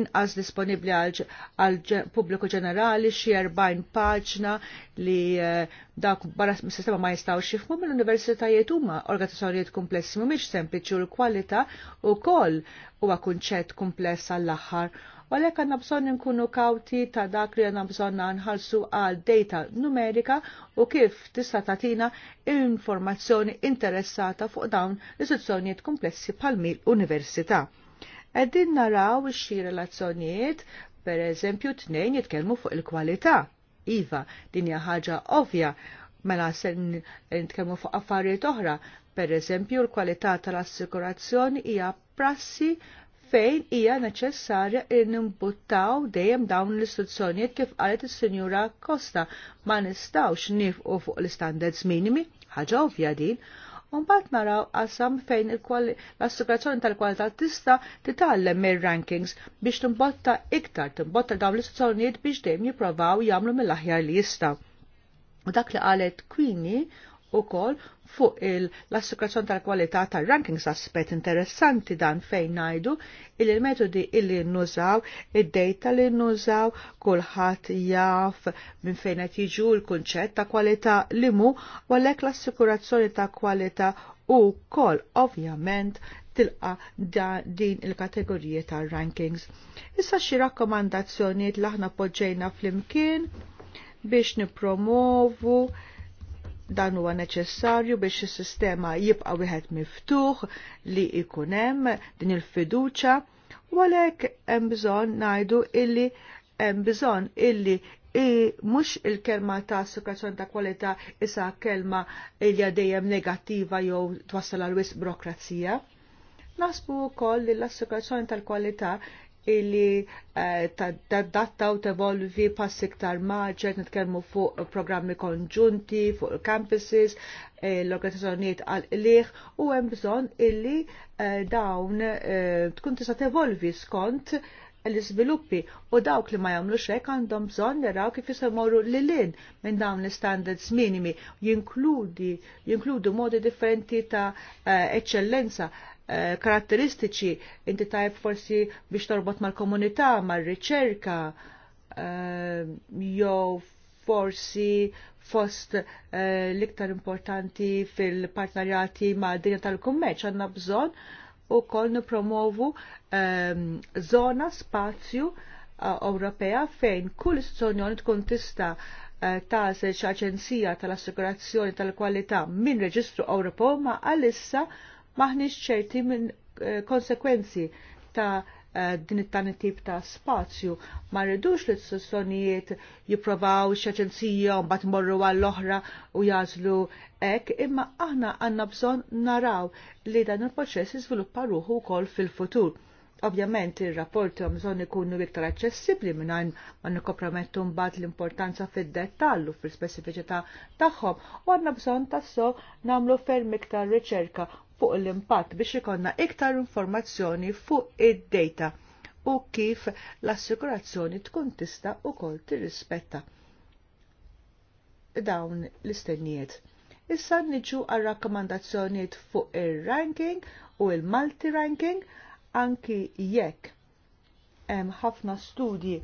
C: inqas disponibbli għal pubbliku ġenerali xi 40 paġna li eh, dak barra sistema ma jistgħux jifhmu mill-universitajiet huma organizzazzjonijiet komplessi mhumiex sempliċi u l-kwalità wkoll huwa kunċett kompless għall-aħħar U għalhekk għandna bżonn kawti ta' dak li għanna bżon nħallsu għal data numerika u kif tista' tagħtina informazzjoni interessata fuq dawn l-istituzzjonijiet komplessi bħal-mil università. Qegħdin naraw xi relazzjonijiet per eżempju tnejn jitkellmu fuq il-kwalità. Iva, din hija ħaġa ovvja, mela se nitkellmu fuq affarijiet oħra, per eżempju l-kwalità tal-assikurazzjoni hija prassi fejn hija neċessarja li nimbuttaw dejjem dawn l-istituzzjonijiet kif qalet is-Sinjura Costa ma nistgħux nifqu fuq l-istandards minimi, ħaġa ovvja din, bat naraw qasam fejn l-assigurazzjoni tal-kwalità tista' titgħallem mir-rankings biex timbotta iktar timbotta dawn l-istituzzjonijiet biex dejjem jipprovaw jagħmlu mill-aħjar li jista'. U dak li qalet Queenie u kol fuq l-assikurazzjoni tal-kwalità tal-rankings aspet interessanti dan fejn najdu il metodi illi nużaw, id-data li nużaw, kulħadd jaf minn fejn qed jiġu l-kunċett ta' kwalità li mu għalhekk l-assikurazzjoni ta' kwalità u kol ovvjament tilqa din il-kategorija tal-rankings. Issa xi rakkomandazzjonijiet l aħna poġġejna fl-imkien biex nipromovu dan huwa neċessarju biex is-sistema jibqa' wieħed miftuħ li jkun hemm din il-fiduċa u għalhekk hemm bżonn ngħidu illi hemm bżonn illi i mhux il-kelma ta' assukazzjoni ta' kwalità isa kelma ilja dejjem negattiva jew twassal għal wisq burokrazija. Nasbu wkoll li l-assukazzjoni tal-kwalità illi eh, tadatta u tevolvi pass iktar maġer, nitkellmu fuq programmi konġunti, fuq campuses, eh, l organizzazzjoniet għal liħ u hemm bżonn illi eh, dawn tkun tista' tevolvi skont l-iżviluppi u dawk li ma jagħmlux hekk għandhom bżonn jaraw kif jisemorru lilin minn dawn l-standards minimi jinkludi jinkludu modi differenti ta' eċċellenza Eh, karatteristiċi inti tajb forsi biex torbot mal-komunità, mal-riċerka, eh, jew forsi fost eh, l-iktar importanti fil-partnerjati ma' dinja tal-kummerċ għanna bżon u kol nipromovu zona spazju Ewropea fejn kull istituzzjoni tkun tista ta' xi aġenzija tal assikurazzjoni tal-kwalità minn Reġistru Ewropew ma għalissa maħniex ċerti minn eh, konsekwenzi ta' eh, din it tip ta' spazju. Ma rridux li t-sessonijiet jiprovaw xaċenzija un bat morru għall-oħra u jazlu ek, imma aħna għanna bżon naraw li dan il-proċess jizviluppa ruħu kol fil-futur. Ovvjament il għom bżon ikunu iktar aċċessibbli minn ma nikkompromettu mbagħad l-importanza fid-dettallu fil-speċifiċità tagħhom u għandna bżonn tasso nagħmlu ferm iktar riċerka fuq l-impatt biex ikonna iktar informazzjoni fuq id-data u kif l-assikurazzjoni tkun tista' ukoll tirrispetta dawn l-istennijiet. Issa niġu għal rakkomandazzjonijiet fuq ir-ranking u l-multi ranking anki jekk hemm ħafna studji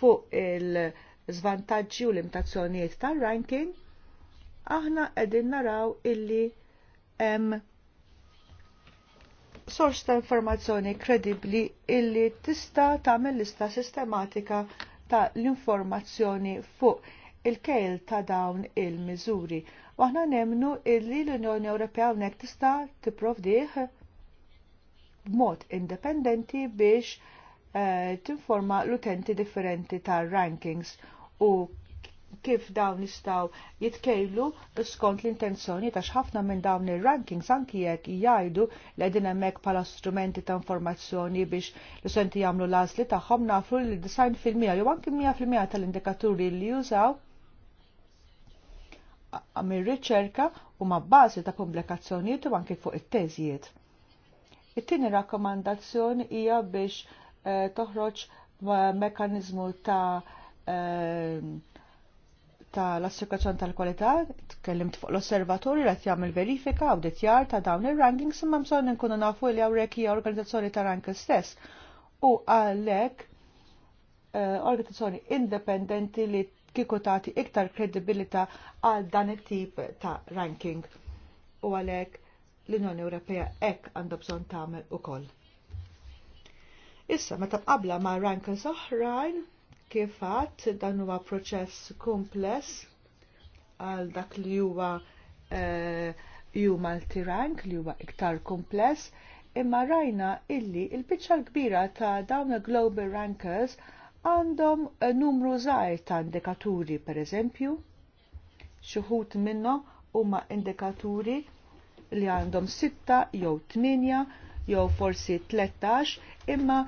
C: fuq il-żvantaġġi u limitazzjonijiet tar-ranking, aħna qegħdin naraw illi hemm sors ta' informazzjoni kredibbli illi tista' tagħmel lista sistematika ta' l-informazzjoni fuq il-kejl ta' dawn il-miżuri. Waħna nemnu illi l-Unjoni Ewropea hawnhekk tista' tipprovdih b'mod indipendenti biex eh, tinforma l-utenti differenti tar rankings u kif dawn nistaw jitkejlu skont l-intenzjoni ta' xafna minn dawn ir-rankings anki jekk jgħidu li qegħdin hemmhekk bħala strumenti ta' informazzjoni biex l-studenti jagħmlu l-għażli tagħhom nafu li design fil-mija jew anki mija filmija tal-indikaturi li jużaw mir riċerka u ma' bażi ta' pubblikazzjonijiet u anki fuq it-teżijiet. It-tieni rakkomandazzjoni hija biex eh, toħroġ eh, mekanizmu ta' eh, tal assikazzjoni tal-kwalità, tkellimt fuq l-osservatorju qed jagħmel verifika awditjar ta' dawn ir-rankings imma bżonn nkunu nafu li hawnhekk hija organizzazzjoni ta' rank stess. U għalhekk eh, organizzazzjoni indipendenti li kieku tagħti iktar kredibilità għal dan it-tip ta' ranking. U għalhekk l-Unjoni Ewropea hekk għandha bżonn tagħmel ukoll. Issa meta qabla ma' rankings oħrajn, Kif għat dan huwa proċess kumpless għal dak li huwa eh, human rank li huwa iktar kumpless imma rajna illi il-biċċa l-kbira ta' dawn il-global rankers għandhom eh, numru żgħar ta' indikaturi pereżempju, xi wħud minnhom huma indikaturi li għandhom sitta jew tminja jew forsi tlettax imma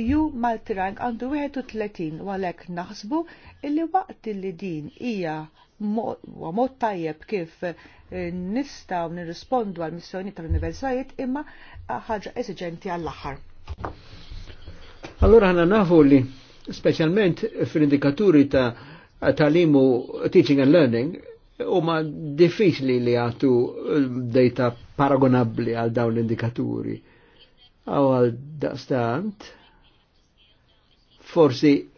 C: ju mal-trang għandu 31 u għalhekk naħsbu illi waqt li din hija mod tajjeb kif eh, nistaw nirrispondu għal missjoni tal universajiet imma ħaġa eżiġenti għall-aħħar.
B: Allora ħana nafu li specialment fil-indikaturi ta' talimu teaching and learning huma diffiċli li għatu eh, data paragonabli għal dawn l-indikaturi. għal daqstant, forsi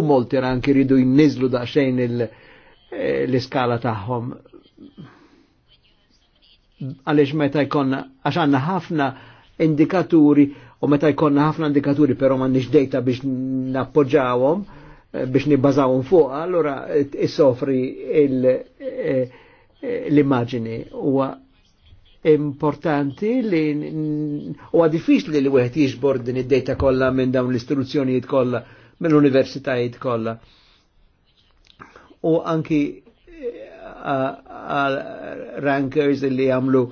B: molti ranki ridu da xejn eh, l-iskala tagħhom. Għaliex meta jkonna, għax għanna ħafna indikaturi u meta jkonna ħafna indikaturi però nix dejta biex nappoġġawhom eh, biex nibbażawhom fuq, allura issofri eh, l-immaġini importanti li u għadifix li li għet jiġbor din id-data kolla minn dawn l-istruzzjonijiet kolla, minn l-universitajiet kolla. U anki għal eh, rankers li għamlu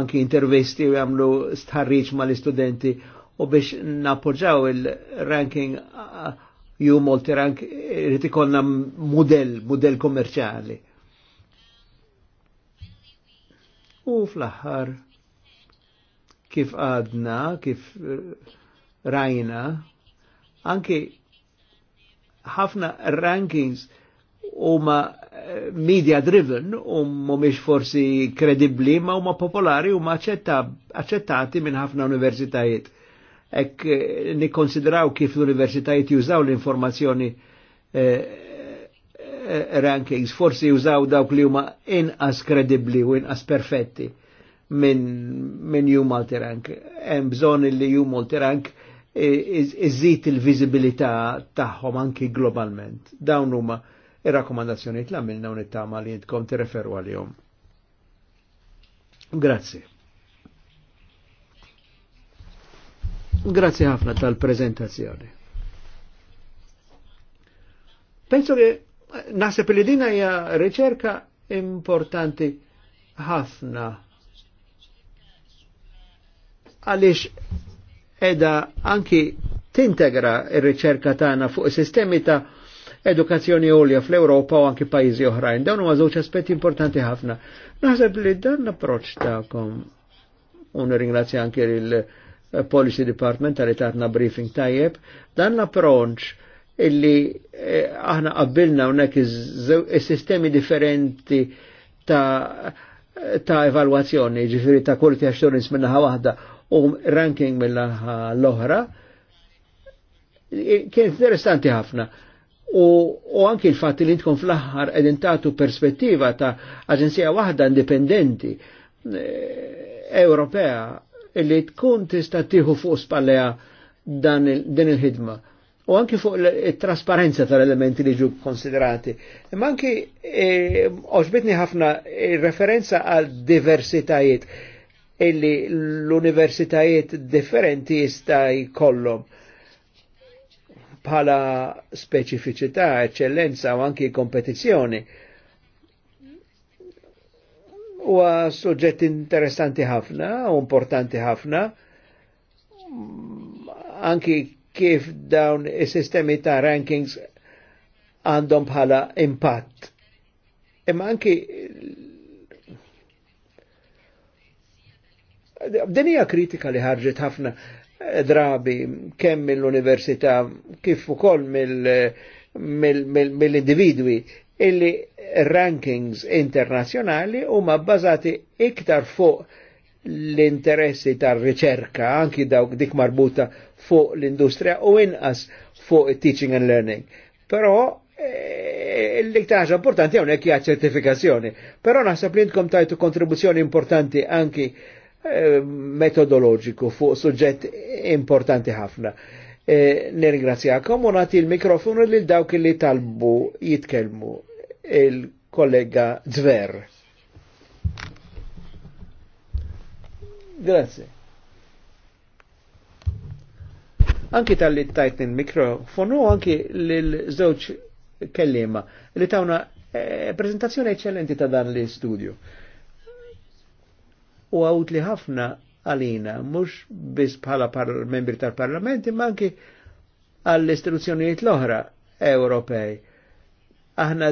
B: anki intervisti u għamlu stħarriċ ma l-istudenti u biex napoġaw il-ranking ju multi-rank rriti model, model komerċali. U fl-aħħar kif għadna, kif eh, rajna, anki ħafna rankings huma eh, media driven u miex forsi kredibbli ma huma popolari huma accettati minn ħafna universitajiet. Ek eh, nikkonsidraw kif l-universitajiet jużaw l-informazzjoni eh, Eh, rankings forsi jużaw dawk li huma inqas kredibbli u inqas perfetti minn min ju multirank. Hemm bżonn li ju multirank iżid il-viżibilità tagħhom anki globalment. Dawn huma ir-rakkomandazzjonijiet li għamilna u nittama li jintkom tirreferu għalihom. Grazzi. Grazzi ħafna tal-prezentazzjoni. Penso che Naħseb li dina hija riċerka importanti ħafna għaliex edha anki tintegra ir-riċerka tagħna fuq sistemi ta' edukazzjoni għolja fl-Europa u anki pajjiżi oħrajn. Dawn huma żewġ aspetti importanti ħafna. Naħseb li dan l-approċċ tagħkom u nirringrazzja anke il-Policy Department tal etatna briefing tajjeb, dan l-approċċ illi eh, aħna qabbilna unek sistemi differenti ta' ta' evalwazzjoni, ġifiri ta' quality assurance minnaħa waħda u ranking minnaħa l-oħra, kien interessanti ħafna. U, anki il-fat li intkom fl-aħħar edin perspettiva ta' aġenzija waħda indipendenti eh, Ewropea li tkun tista' tieħu fuq spalleja dan il-ħidma u anki fuq il-trasparenza tal-elementi li ġu konsiderati. Ma anki e, oġbitni ħafna referenza għal diversitajiet illi l-universitajiet differenti jista jkollhom bħala speċifiċità, eccellenza u anki kompetizjoni. U suġġett interessanti ħafna u importanti ħafna anki kif dawn is-sistemi ta' rankings għandhom bħala impatt. Imma anki Din hija kritika li ħarġet ħafna drabi kemm mill-università kif ukoll mill-individwi illi rankings internazzjonali huma bbażati iktar fuq l-interessi tar-riċerka anki dawk dik marbuta fuq l-industrija u inqas fuq teaching and learning. Però eh, l-iktar importanti hawnhekk hija ċertifikazzjoni. Però naħseb li intkom tajtu kontribuzzjoni importanti anki eh, metodoloġiku fuq suġġett importanti ħafna. Eh, nirringrazzjakom u nagħti l-mikrofonu lil dawk li talbu jitkellmu il-kollega Zver. Grazie. Anki tal-li tajt mikrofonu, anki l-żewġ kellima li tawna eh, prezentazzjoni eccellenti ta' dan l-studio. U għawt li ħafna għalina, mux bis bħala par membri tal-parlament, imma anki għall-istituzzjonijiet l-oħra Ewropej. Aħna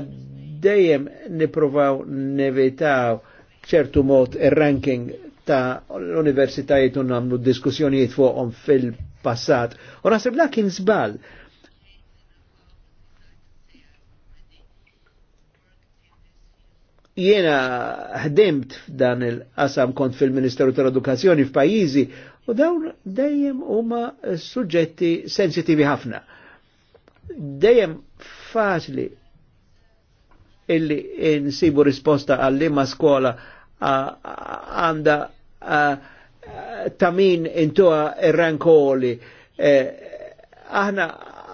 B: dejjem niprofaw nevitaw ċertu mod ir-ranking ta' l-universitajiet u namlu diskussjonijiet fuqhom fil-passat. U nasib la kien zbal. Jena ħdimt dan il-qasam kont fil-Ministeru tal-Edukazzjoni f'pajjiżi u dawn dejjem huma suġġetti sensitivi ħafna. Dejjem faċli illi insibu risposta għall imma skola għanda ta' min intuwa ir-rankoli. E, aħna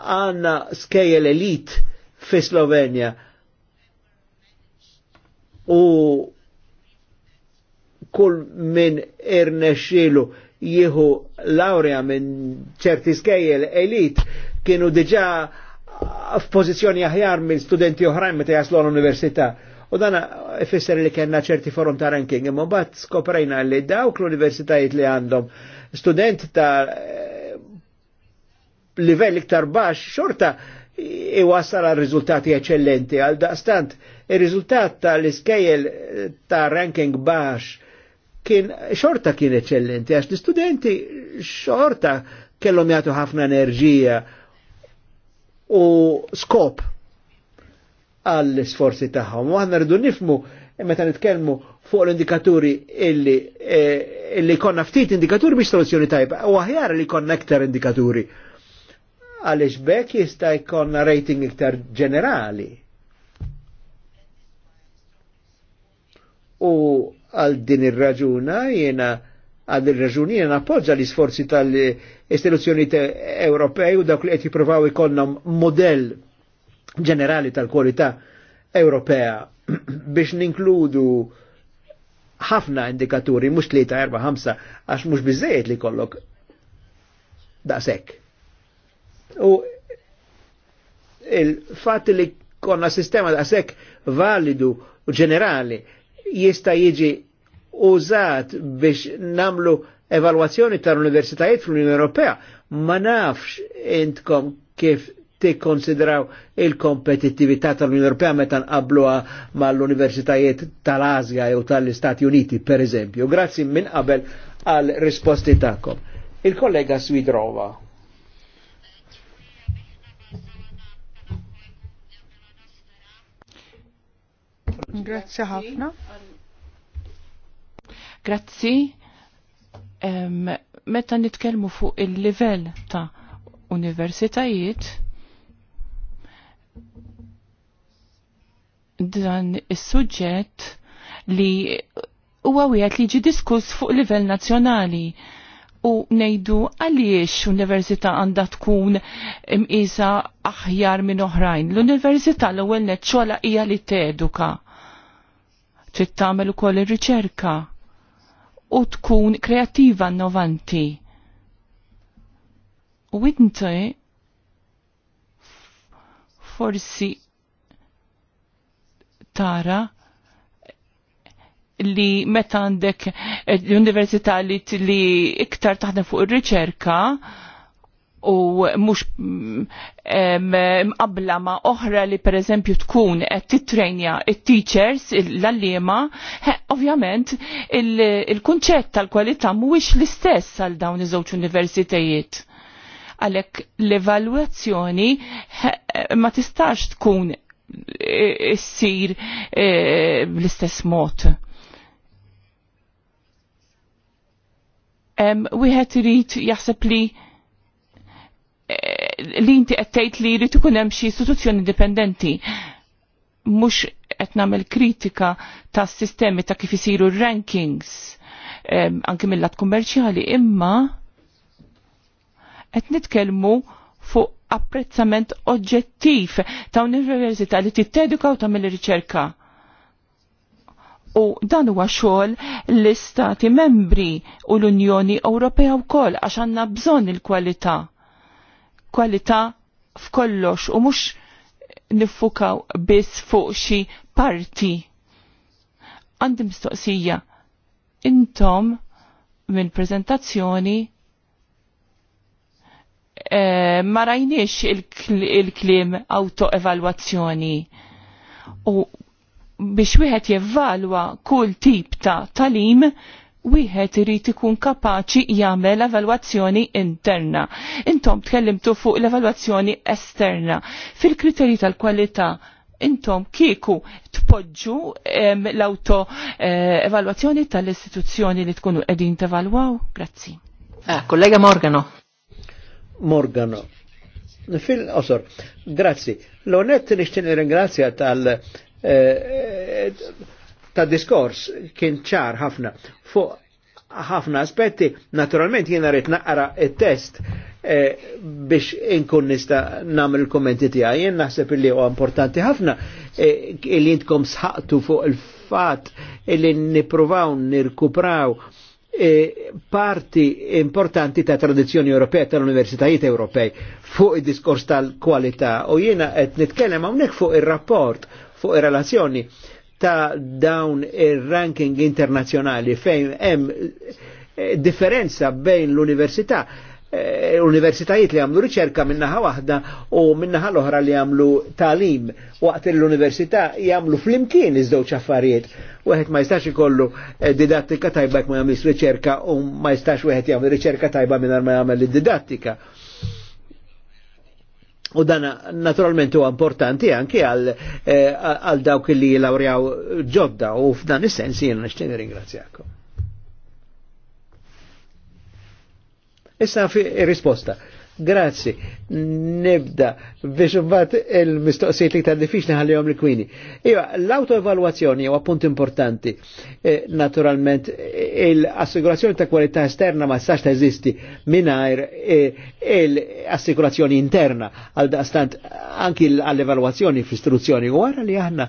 B: għanna skejjel elit fi Slovenja u kull minn irnexilu jieħu laurea minn ċerti skejjel elit kienu diġa f'pożizzjoni aħjar minn studenti oħrajn meta jaslu l-università. U dan ifisser li kena ċerti forum ta' ranking, imma bat skoprajna li dawk l-universitajiet li għandhom student ta' livell iktar baxx, xorta iwassal għal riżultati eccellenti, għal daqstant il-riżultat tal-iskejjel ta' ranking bax kien xorta kien eccellenti, għax l-studenti xorta kellhom jagħtu ħafna enerġija u skop għall-sforzi tagħhom. U aħna rridu nifmu meta nitkellmu fuq l-indikaturi e, illi konna ftit indikaturi biex soluzzjoni tajba. U aħjar li konna iktar indikaturi. Għaliex bekk jista' jkollna rating iktar ġenerali. U għal din ir-raġuna jiena għad il-raġuni jena appoġġa l-isforzi tal-istituzzjoni Ewropej u dawk li qed jippruvaw ikollhom modell ġenerali tal-kwalità Ewropea biex ninkludu ħafna indikaturi, mux ta' erba 5, għax mux bizzejiet li kollok da' sekk. U il-fat li konna sistema da' sekk validu u ġenerali jista jiġi użat biex namlu evalwazzjoni tal-universitajiet fl-Unjoni Ewropea. Ma nafx intkom kif tikkonsidraw il-kompetittività tal-Unjoni Ewropea meta nqabluha mal-Universitajiet tal-Asja jew tal-Istati Uniti, per eżempju. Grazzi minn qabel għal risposti tagħkom. Il-kollega Swidrova.
A: Grazzi ħafna. Grazzi. meta nitkellmu fuq il-livell ta' universitajiet, dan is-suġġett li huwa wieħed li jiġi diskuss fuq livell nazzjonali u nejdu għaliex università għandha tkun imqisa aħjar minn oħrajn. L-università l-ewwel neċċola hija li teduka. Trid tagħmel ukoll ir-riċerka u tkun kreattiva innovanti. U inti forsi tara li meta għandek eh, l-università li, li iktar taħdem fuq ir-riċerka u mhux mm, eh, mqabbla ma oħra li pereżempju tkun qed titrejnja it-teachers l-allima, ovvjament il-kunċett il tal-kwalità mhuwiex l-istess għal dawn iż-żewġ universitajiet għalhekk l evalwazzjoni ma tistax tkun Eh, issir eh, bl-istess mod. Wieħed irid jaħseb li eh, li inti qed tgħid li jrid ikun hemm xi istituzzjoni indipendenti. Mhux qed nagħmel kritika tas sistemi ta' kif isiru rankings anke mill-lat kummerċjali, imma qed nitkellmu fuq apprezzament oġġettiv ta' università li titteduka u tagħmel riċerka. U dan huwa xogħol l-istati membri u l-Unjoni Ewropea wkoll għax għandna bżonn il-kwalità. Kwalità f'kollox u mhux niffukaw biss fuq xi parti. Għandi mistoqsija. Intom minn prezentazzjoni Eh, ma rajniex il-klim auto evalwazzjoni. U biex wieħed jevalwa kull tip ta' talim, wieħed irid ikun kapaċi jagħmel evalwazzjoni interna. Intom tkellimtu fuq l-evalwazzjoni esterna. Fil-kriterji tal-kwalità intom kieku tpoġġu l-auto eh, evalwazzjoni tal-istituzzjoni li tkunu qegħdin tevalwaw? Grazzi.
B: Ah, kollega Morgano. Morgano. Fil-osor, grazzi. L-onet nishtin ringrazja tal- eh, ta' diskors kien ċar ħafna fuq ħafna aspetti, naturalment jiena rrit naqra il-test eh, biex inkun nista namel il-kommenti tiegħi. Jien naħseb li huwa importanti ħafna eh, il jintkom sħaqtu fuq il-fat li nippruvaw nirkupraw E parti importanti ta' tradizjoni Ewropea tal-Universitajiet Ewropej fuq id-diskors tal-kwalità u jiena qed nitkellem hawnhekk fuq ir-rapport fuq ir-relazzjoni ta' dawn ir-ranking internazzjonali fejn hemm e, differenza bejn l-università Eh, universitajiet li għamlu riċerka minnaħa waħda u minnaħa l-oħra li għamlu talim waqt l-università jagħmlu flimkien iż-żewġ affarijiet. Wieħed ma jistax ikollu eh, didattika tajba jekk ma jagħmilx riċerka u ma jistax wieħed jagħmel riċerka tajba mingħajr ma jagħmel id-didattika. U dan naturalment huwa importanti anke għal, eh, għal dawk li lawrjaw ġodda u f'dan is-sens jiena nixtieq ringrazzjakom. Issa fi risposta. Grazzi, nibda biex imbagħad il-mistoqsijiet li iktar diffiċli ħallihom li kwini. Iva, l-autoevalwazzjoni huwa punt importanti. E, naturalment, l-assigurazzjoni ta' kwalità esterna ma tistax teżisti mingħajr e, l-assigurazzjoni interna għal daqstant anki għall-evalwazzjoni fl-istruzzjoni wara li aħna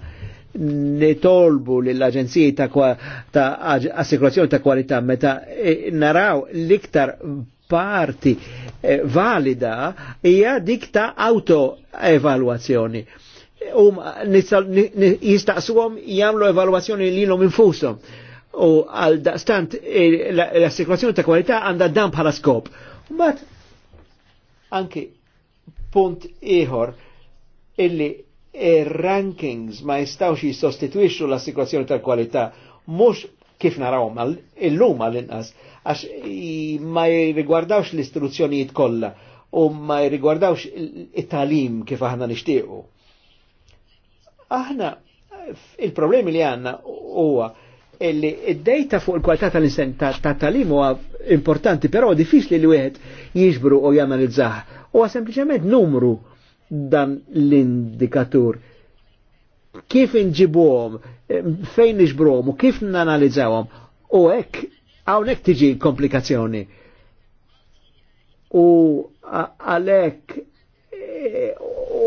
B: nitolbu l-Aġenziji ta assikurazzjoni ta' kwalità meta e, naraw l-iktar parti eh, valida hija dik ta' auto-evaluazzjoni. Um, jistaqsuhom jagħmlu evalwazzjoni lilhom infushom. U għal daqstant eh, la situazzjoni ta' kwalità għandha dan bħala skop. Mbagħad anki punt ieħor illi rankings ma jistawx jistostitwixxu la situazzjoni tal-kwalità mhux kif narawhom illum għall-inqas għax ma jirrigwardawx l-istruzzjonijiet kollha u ma jirrigwardawx it-talim kif aħna nixtiequ. Aħna il-problemi li għanna huwa illi id-dejta fuq il-kwalità tal-insen tat talim huwa importanti, però diffiċli li wieħed jiġbru u jagħmel iż-żaħ. Huwa sempliċement numru dan l-indikatur kif inġibuhom, eh, fejn nixbruhom u kif nanalizzawhom u hekk hawnhekk tiġi komplikazzjoni. U għalhekk eh,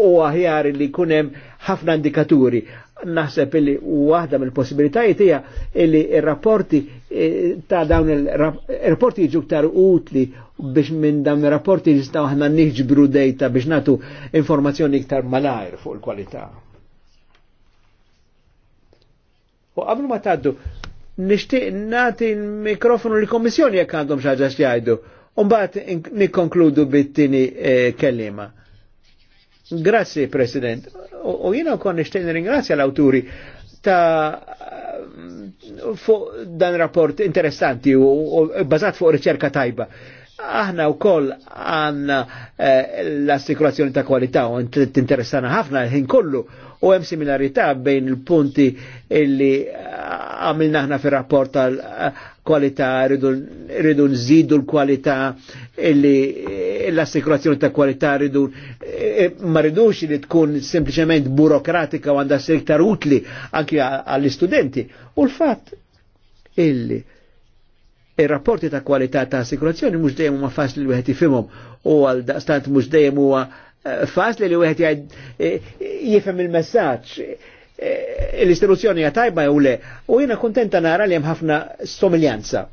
B: u aħjar li kunem ħafna indikaturi. Naħseb li waħda mill possibilitajiet hija li r-rapporti eh, ta' dawn il-rapporti jiġu ktar utli biex minn dawn ir-rapporti jistgħu aħna niġbru dejta biex natu informazzjoni iktar malajr fuq il-kwalità. U qabel ma taddu, nishtiq nati mikrofonu li komissjoni jek għandhom xaġa ħaġa Umbat nikonkludu bittini eh, kellima. Grazie, President. U jina kon nishtiq ringrazja l-awturi ta' fuq dan rapport interessanti u bazat fuq riċerka tajba. Aħna u koll għanna eh, l-assikurazzjoni ta' kwalità u t-interessana ħafna l-ħin kollu u hemm similarità bejn il-punti illi eh, għamilna aħna fir-rapport tal-kwalità rridu nżidu l-kwalità illi eh, l-assikurazzjoni ta' kwalità rridu eh, ma rridux li tkun sempliċement burokratika u għandha iktar utli anki għall-istudenti. U l-fatt illi il-rapporti ta' kwalità ta' assikurazzjoni mhux dejjem huma faċli li wieħed u għal daqstant mhux dejjem huwa fasli li wieħed jgħid eh, jifhem il-messaġġ eh, l-istituzzjoni hija tajba jew le u jiena kuntenta nara li hemm ħafna somiljanza.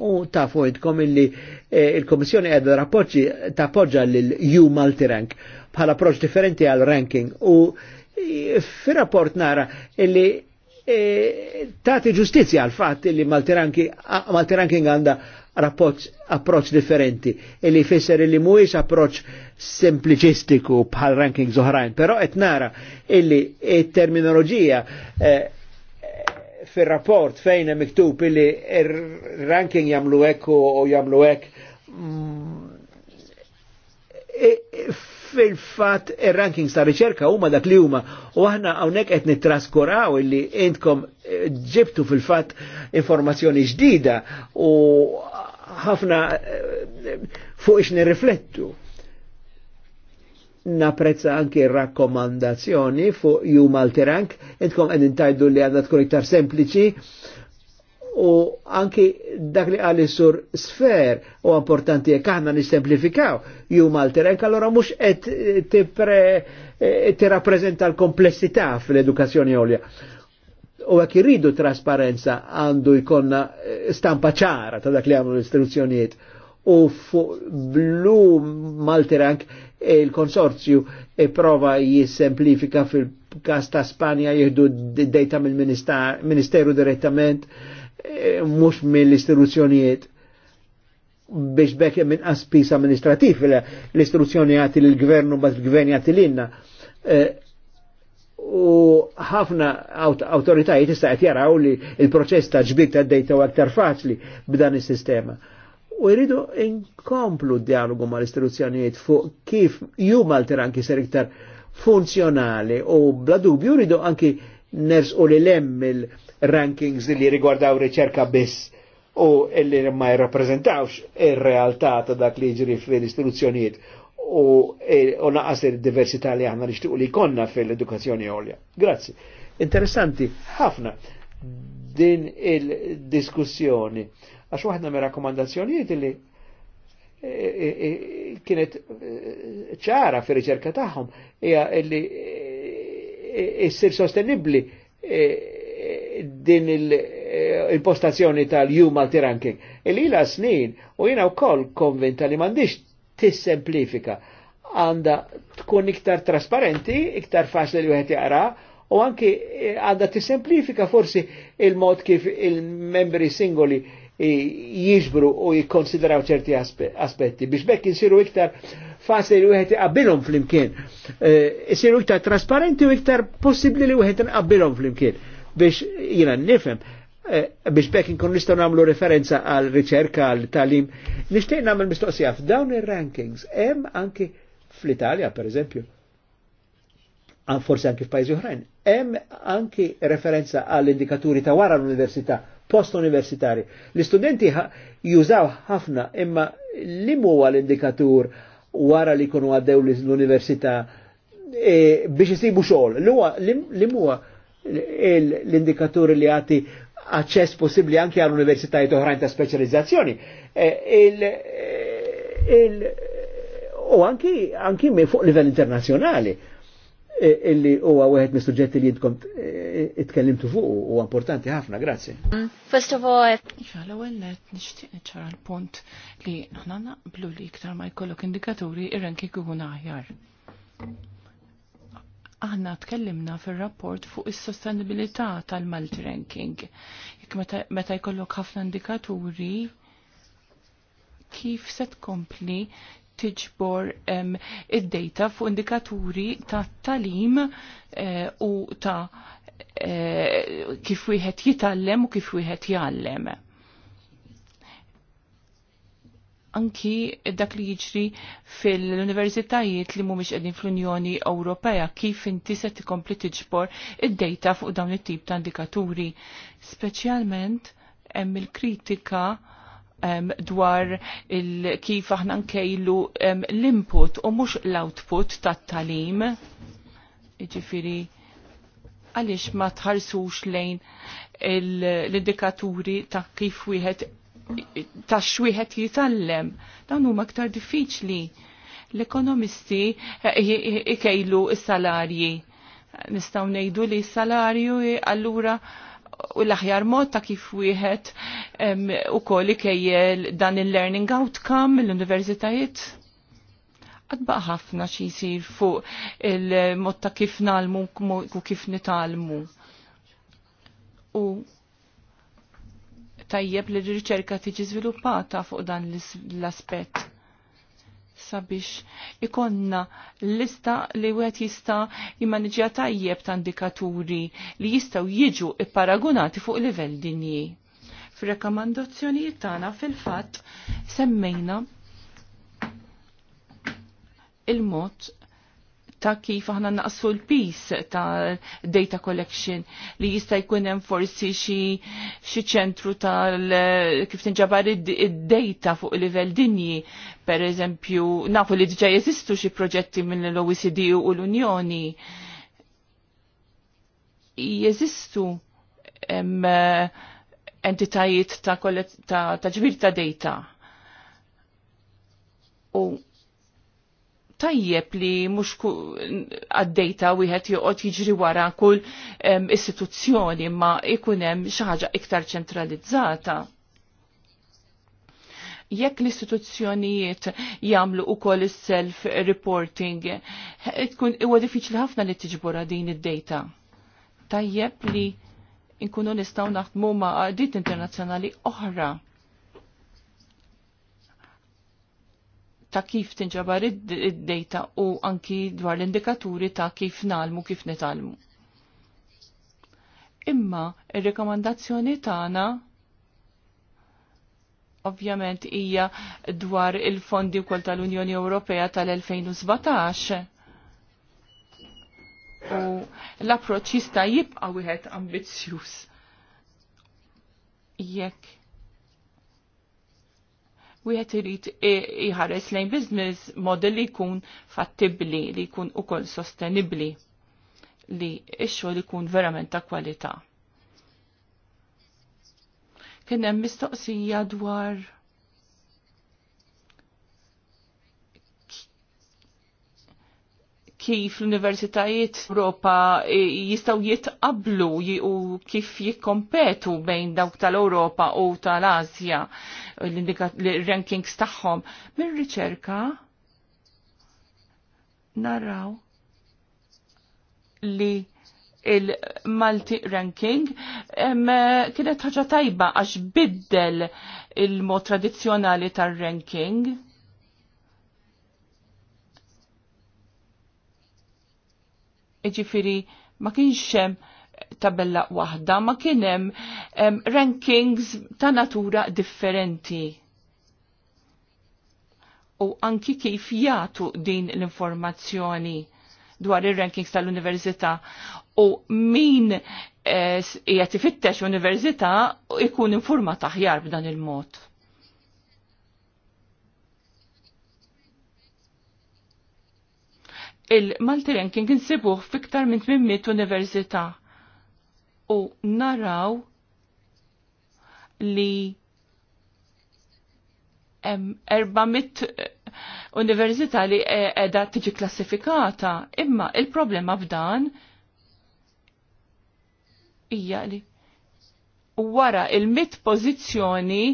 B: U ta' fuqitkom illi eh, il-Komissjoni qiegħda rapporti tappoġġa lil U Multirank bħala approċċ differenti għal ranking u fir-rapport nara illi tagħti ġustizzja għal fatt illi Ranking għandha approċ differenti illi fisser illi mhuwiex approċ sempliċistiku bħal ranking zoħrajn, però qed nara illi it-terminoloġija eh, fir-rapport fejn hemm miktub illi ranking jagħmlu hekk u jagħmlu hekk mm, fil-fat il-rankings ta' riċerka huma dak li huma u aħna hawnhekk qed nittraskuraw illi intkom eh, ġibtu fil-fat informazzjoni ġdida u ħafna eh, fuq ix nirriflettu. Naprezza anki rakkomandazzjoni fuq jum alterank, intkom għedin intajdu li għadha tkun iktar sempliċi, u anki dak li għalli sur sfer u importanti jek aħna nisemplifikaw jum alterank, allora mux qed tirrappreżenta eh, l-komplessità fl-edukazzjoni għolja u għak irridu trasparenza għandu jkonna eh, stampa ċara ta' dak li għamlu l-istituzzjonijiet u fuq blu Malterank eh, il-konsorzju e prova jissemplifika fil-kas ta' Spanja jihdu d-dejta mill-ministeru direttament mux mill-istituzzjonijiet biex bekk minn aspis amministrativ l-istruzzjoni għati l-gvernu bat l-gvern għati l-inna u ħafna autoritajiet issa qed jaraw li l proċess ta' ġbir ta' dejta aktar faċli b'dan is-sistema. U jridu inkomplu dialogu mal istituzzjonijiet fuq kif jum alter anki ser iktar funzjonali u bla dubju jridu anki ners u li lemm il-rankings li rigwardaw riċerka biss u illi ma jirrappreżentawx ir-realtà ta' dak li jiġri fil-istituzzjonijiet u, e, u naqas il-diversità li għanna nixtiqu li konna fil-edukazzjoni għolja. Grazzi. Interessanti, ħafna din il-diskussjoni. Għax waħda me rakkomandazzjonijiet li e, e, e, kienet ċara fi riċerka tagħhom hija li issir sostenibbli din il-postazzjoni il postazzjoni tal human tiranking. Il-ila snin u jina u koll konvinta li mandiġ tissemplifika. Għanda tkun iktar trasparenti, iktar faċli li wieħed jaqra, u anki eh, għanda tissemplifika forsi il-mod kif il-membri singoli eh, jiġbru u jikkonsidraw ċerti aspetti biex bekk insiru iktar faċli li wieħed iqabbilhom flimkien. Eh, Isiru iktar trasparenti u iktar possibbli li wieħed inqabbilhom flimkien biex jiena nifhem Eh, biex bekk nkun nistgħu nagħmlu referenza għal riċerka għal talim. Nixtieq nagħmel mistoqsija f'dawn ir-rankings hemm anki fl-Italja pereżempju. Forsi anki f'pajjiżi oħrajn. Hemm anki referenza għall indikaturi ta' wara l-università, post universitari. L-istudenti jużaw ħafna imma li huwa l-indikatur wara li jkunu għaddew l-università e, biex isibu xogħol. Li huwa l-indikatur li għati aċċess possibbli anke għal universitajiet oħrajn ta' speċjalizzazzjoni. Eh, il, eh, il, u anki, anki minn fuq livell internazzjonali eh, illi u wieħed mis-suġġetti li jidkom it-kellimtu fuq u importanti ħafna, grazie.
A: Mm, first of all, iva, l-ewwel qed nixtieq niċċara l-punt li aħna naqblu li iktar ma jkollok indikaturi ir-ranking ikun aħjar aħna tkellimna fil-rapport fuq is-sostenibilità tal-multi ranking. Jek meta jkollok ħafna indikaturi kif se tkompli tiġbor id-data fuq indikaturi ta' talim eh, u ta' eh, kif wieħed jitallem u kif wieħed jgħallem. anki dak li jiġri fil-universitajiet li mhumiex qegħdin fl-Unjoni Ewropea kif inti se tikompli tiġbor id-dejta fuq dawn it-tip ta' indikaturi. Speċjalment hemm il-kritika dwar il kif aħna nkejlu l-input u mhux l-output tat-talim. Jiġifieri għaliex ma tħarsux lejn l-indikaturi ta' kif wieħed ta' wieħed jitallem. Dan huma aktar diffiċli. L-ekonomisti eh, ikejlu s-salarji. Nistgħu ngħidu li s-salarju eh, allura u l-aħjar mod ta' kif wieħed u koll ikejjel dan il-learning outcome mill-universitajiet. Għadbaq ħafna xi jsir fuq il-mod ta' kif nalmu u kif nitalmu. U tajjeb li r-riċerka tiġi żviluppata fuq dan l-aspett sabiex ikonna lista li wieħed jista' jimmanġja tajjeb ta' indikaturi li jistgħu jiġu ipparagunati fuq livell dinji. fir rekomandazzjoni tagħna fil-fatt semmejna il-mod ta' kif aħna naqsfu l-pis ta' data collection li jista' jkun hemm forsi xi ċentru tal kif tinġabar id-data fuq livell dinji. Per eżempju, nafu li diġà jeżistu xi proġetti minn l-OECD u l-Unjoni. Jeżistu hemm entitajiet ta' ġbir ta' data. U tajjeb li mhux għaddejta wieħed joqgħod jiġri wara kull istituzzjoni ma ikunem hemm xi ħaġa iktar ċentralizzata jekk l-istituzzjonijiet jagħmlu u is-self reporting, tkun huwa diffiċli ħafna li tiġbora din id-data. Tajjeb li nkunu nistgħu naħdmu ma' qdiet internazzjonali oħra ta' kif tinġabar id-data u anki dwar l-indikaturi ta' kif nalmu kif nitalmu. Imma il rekomandazzjoni tagħna ovvjament hija dwar il-fondi wkoll tal-Unjoni Ewropea tal-2017 u l-approċċ jista' jibqa' wieħed ambizzjuż. Jekk wieħed irid iħares lejn biznis model li jkun fattibli, li jkun ukoll sostenibbli li x-xogħol ikun verament ta' kwalità. Kien hemm mistoqsija dwar kif l-universitajiet Ewropa e, jistaw jitqablu u kif jikkompetu bejn dawk tal-Ewropa u tal azja l-rankings tagħhom minn riċerka narraw li il-Malti ranking kienet ħaġa tajba għax biddel il-mod tradizzjonali tar-ranking Iġifiri, ma kienx hemm tabella waħda, ma kien hemm rankings ta' natura differenti. U anki kif jagħtu din l-informazzjoni dwar ir-rankings tal-università u min qiegħed eh, ifittex università ikun informat aħjar b'dan il-mod. il-Malti ranking insibuh fiktar minn 800 università u naraw li 400 eh, università li eh, edha tiġi klassifikata imma il-problema b'dan hija li wara il-mit pozizjoni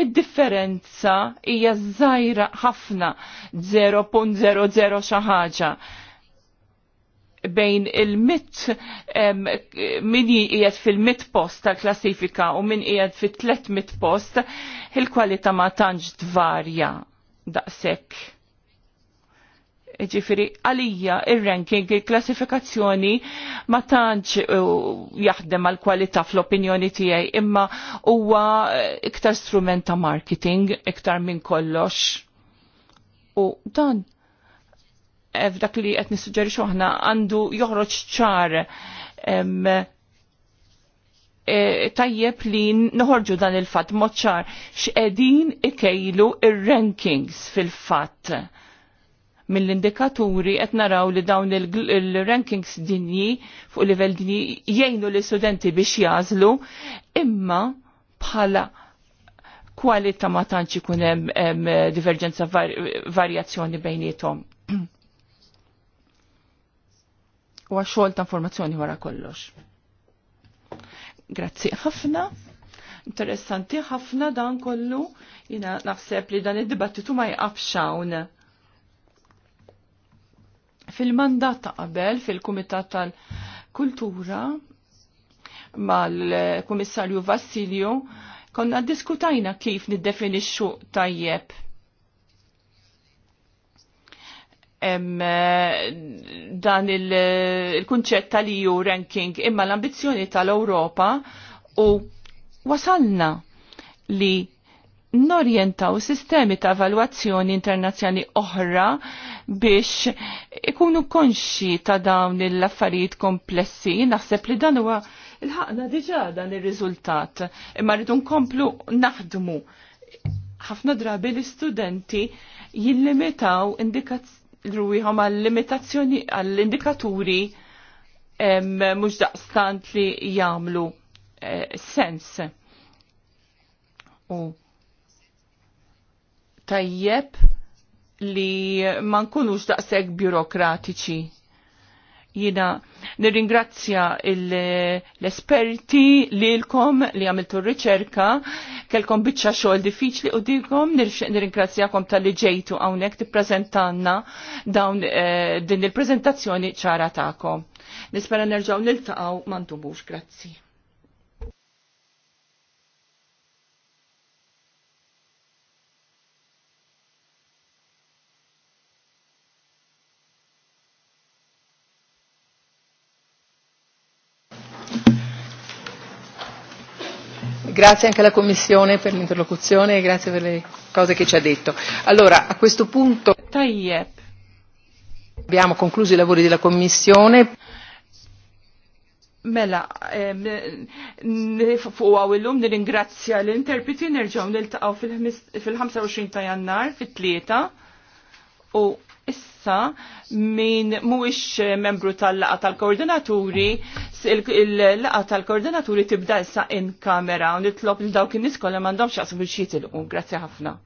A: id-differenza hija żgħira ħafna 0.00 xi ħaġa bejn il-mit min qiegħed fil-mit post tal-klassifika u min qiegħed fit-tlet mit post il-kwalità ma tantx tvarja daqshekk ġifiri għalija il-ranking, il-klassifikazzjoni ma tantx uh, jaħdem għal kwalità fl-opinjoni tiegħi imma huwa iktar strument ta' marketing iktar minn kollox. U dan eh, f'dak li qed nissuġġerixu xoħna għandu joħroġ ċar eh, tajjeb li noħorġu dan il-fat moċċar x'qegħdin ikejlu ir-rankings fil-fatt mill-indikaturi qed naraw li dawn il-rankings dinji fuq livell dinji jgħinu l-istudenti biex jażlu imma bħala kwalità ma tantx ikun hemm eh, diverġenza var varjazzjoni bejnietom. [CLEARS THROAT] U għaxol ta' informazzjoni wara kollox. Grazzi ħafna interessanti ħafna dan kollu, jina naħseb li dan id-dibattitu ma hawn. Fil-mandat ta' qabel, fil-Kumitat tal-Kultura, mal-Kummissarju Vassilju, konna diskutajna kif niddefinixxu tajjeb em, dan il-kunċett il tal-EU ranking imma l-ambizjoni tal-Europa u wasalna li norjentaw sistemi ta' evalwazzjoni internazzjoni oħra biex ikunu konxi ta' dawn l-affarijiet komplessi, naħseb li dan huwa il-ħaqna diġa dan ir-riżultat. Imma rridu nkomplu naħdmu. Ħafna drabi l-istudenti jillimitaw ruwiħom għal limitazzjoni għall-indikaturi mhux daqstant li jagħmlu eh, sens. U tajjeb li ma nkunux daqshekk birokratiċi. Jina nirringrazzja l-esperti lilkom li għamiltu r-riċerka, kelkom biċċa xogħol diffiċli u nirringrazzja nirringrazzjakom tal-li ġejtu hawnhekk prezentanna dawn eh, din il-preżentazzjoni ċara tagħkom. Nispera nerġgħu niltaqgħu m'għandhomux grazzi. Grazie anche alla Commissione per l'interlocuzione e grazie per le cose che ci ha detto. Allora, a questo punto abbiamo concluso i lavori della Commissione. Mela, ehm, fuq għaw il-lum nir-ingrazzja l-interpreti nerġaw nil-taqaw fil-25 ta' jannar, fil tlieta u issa min mhuwiex membru tal-laqa tal-koordinaturi, il-laqa tal-koordinaturi tibda issa in kamera u nitlob li dawk in-nies kollha m'għandhomx jaqsmu biex jitilqu. Grazzi ħafna.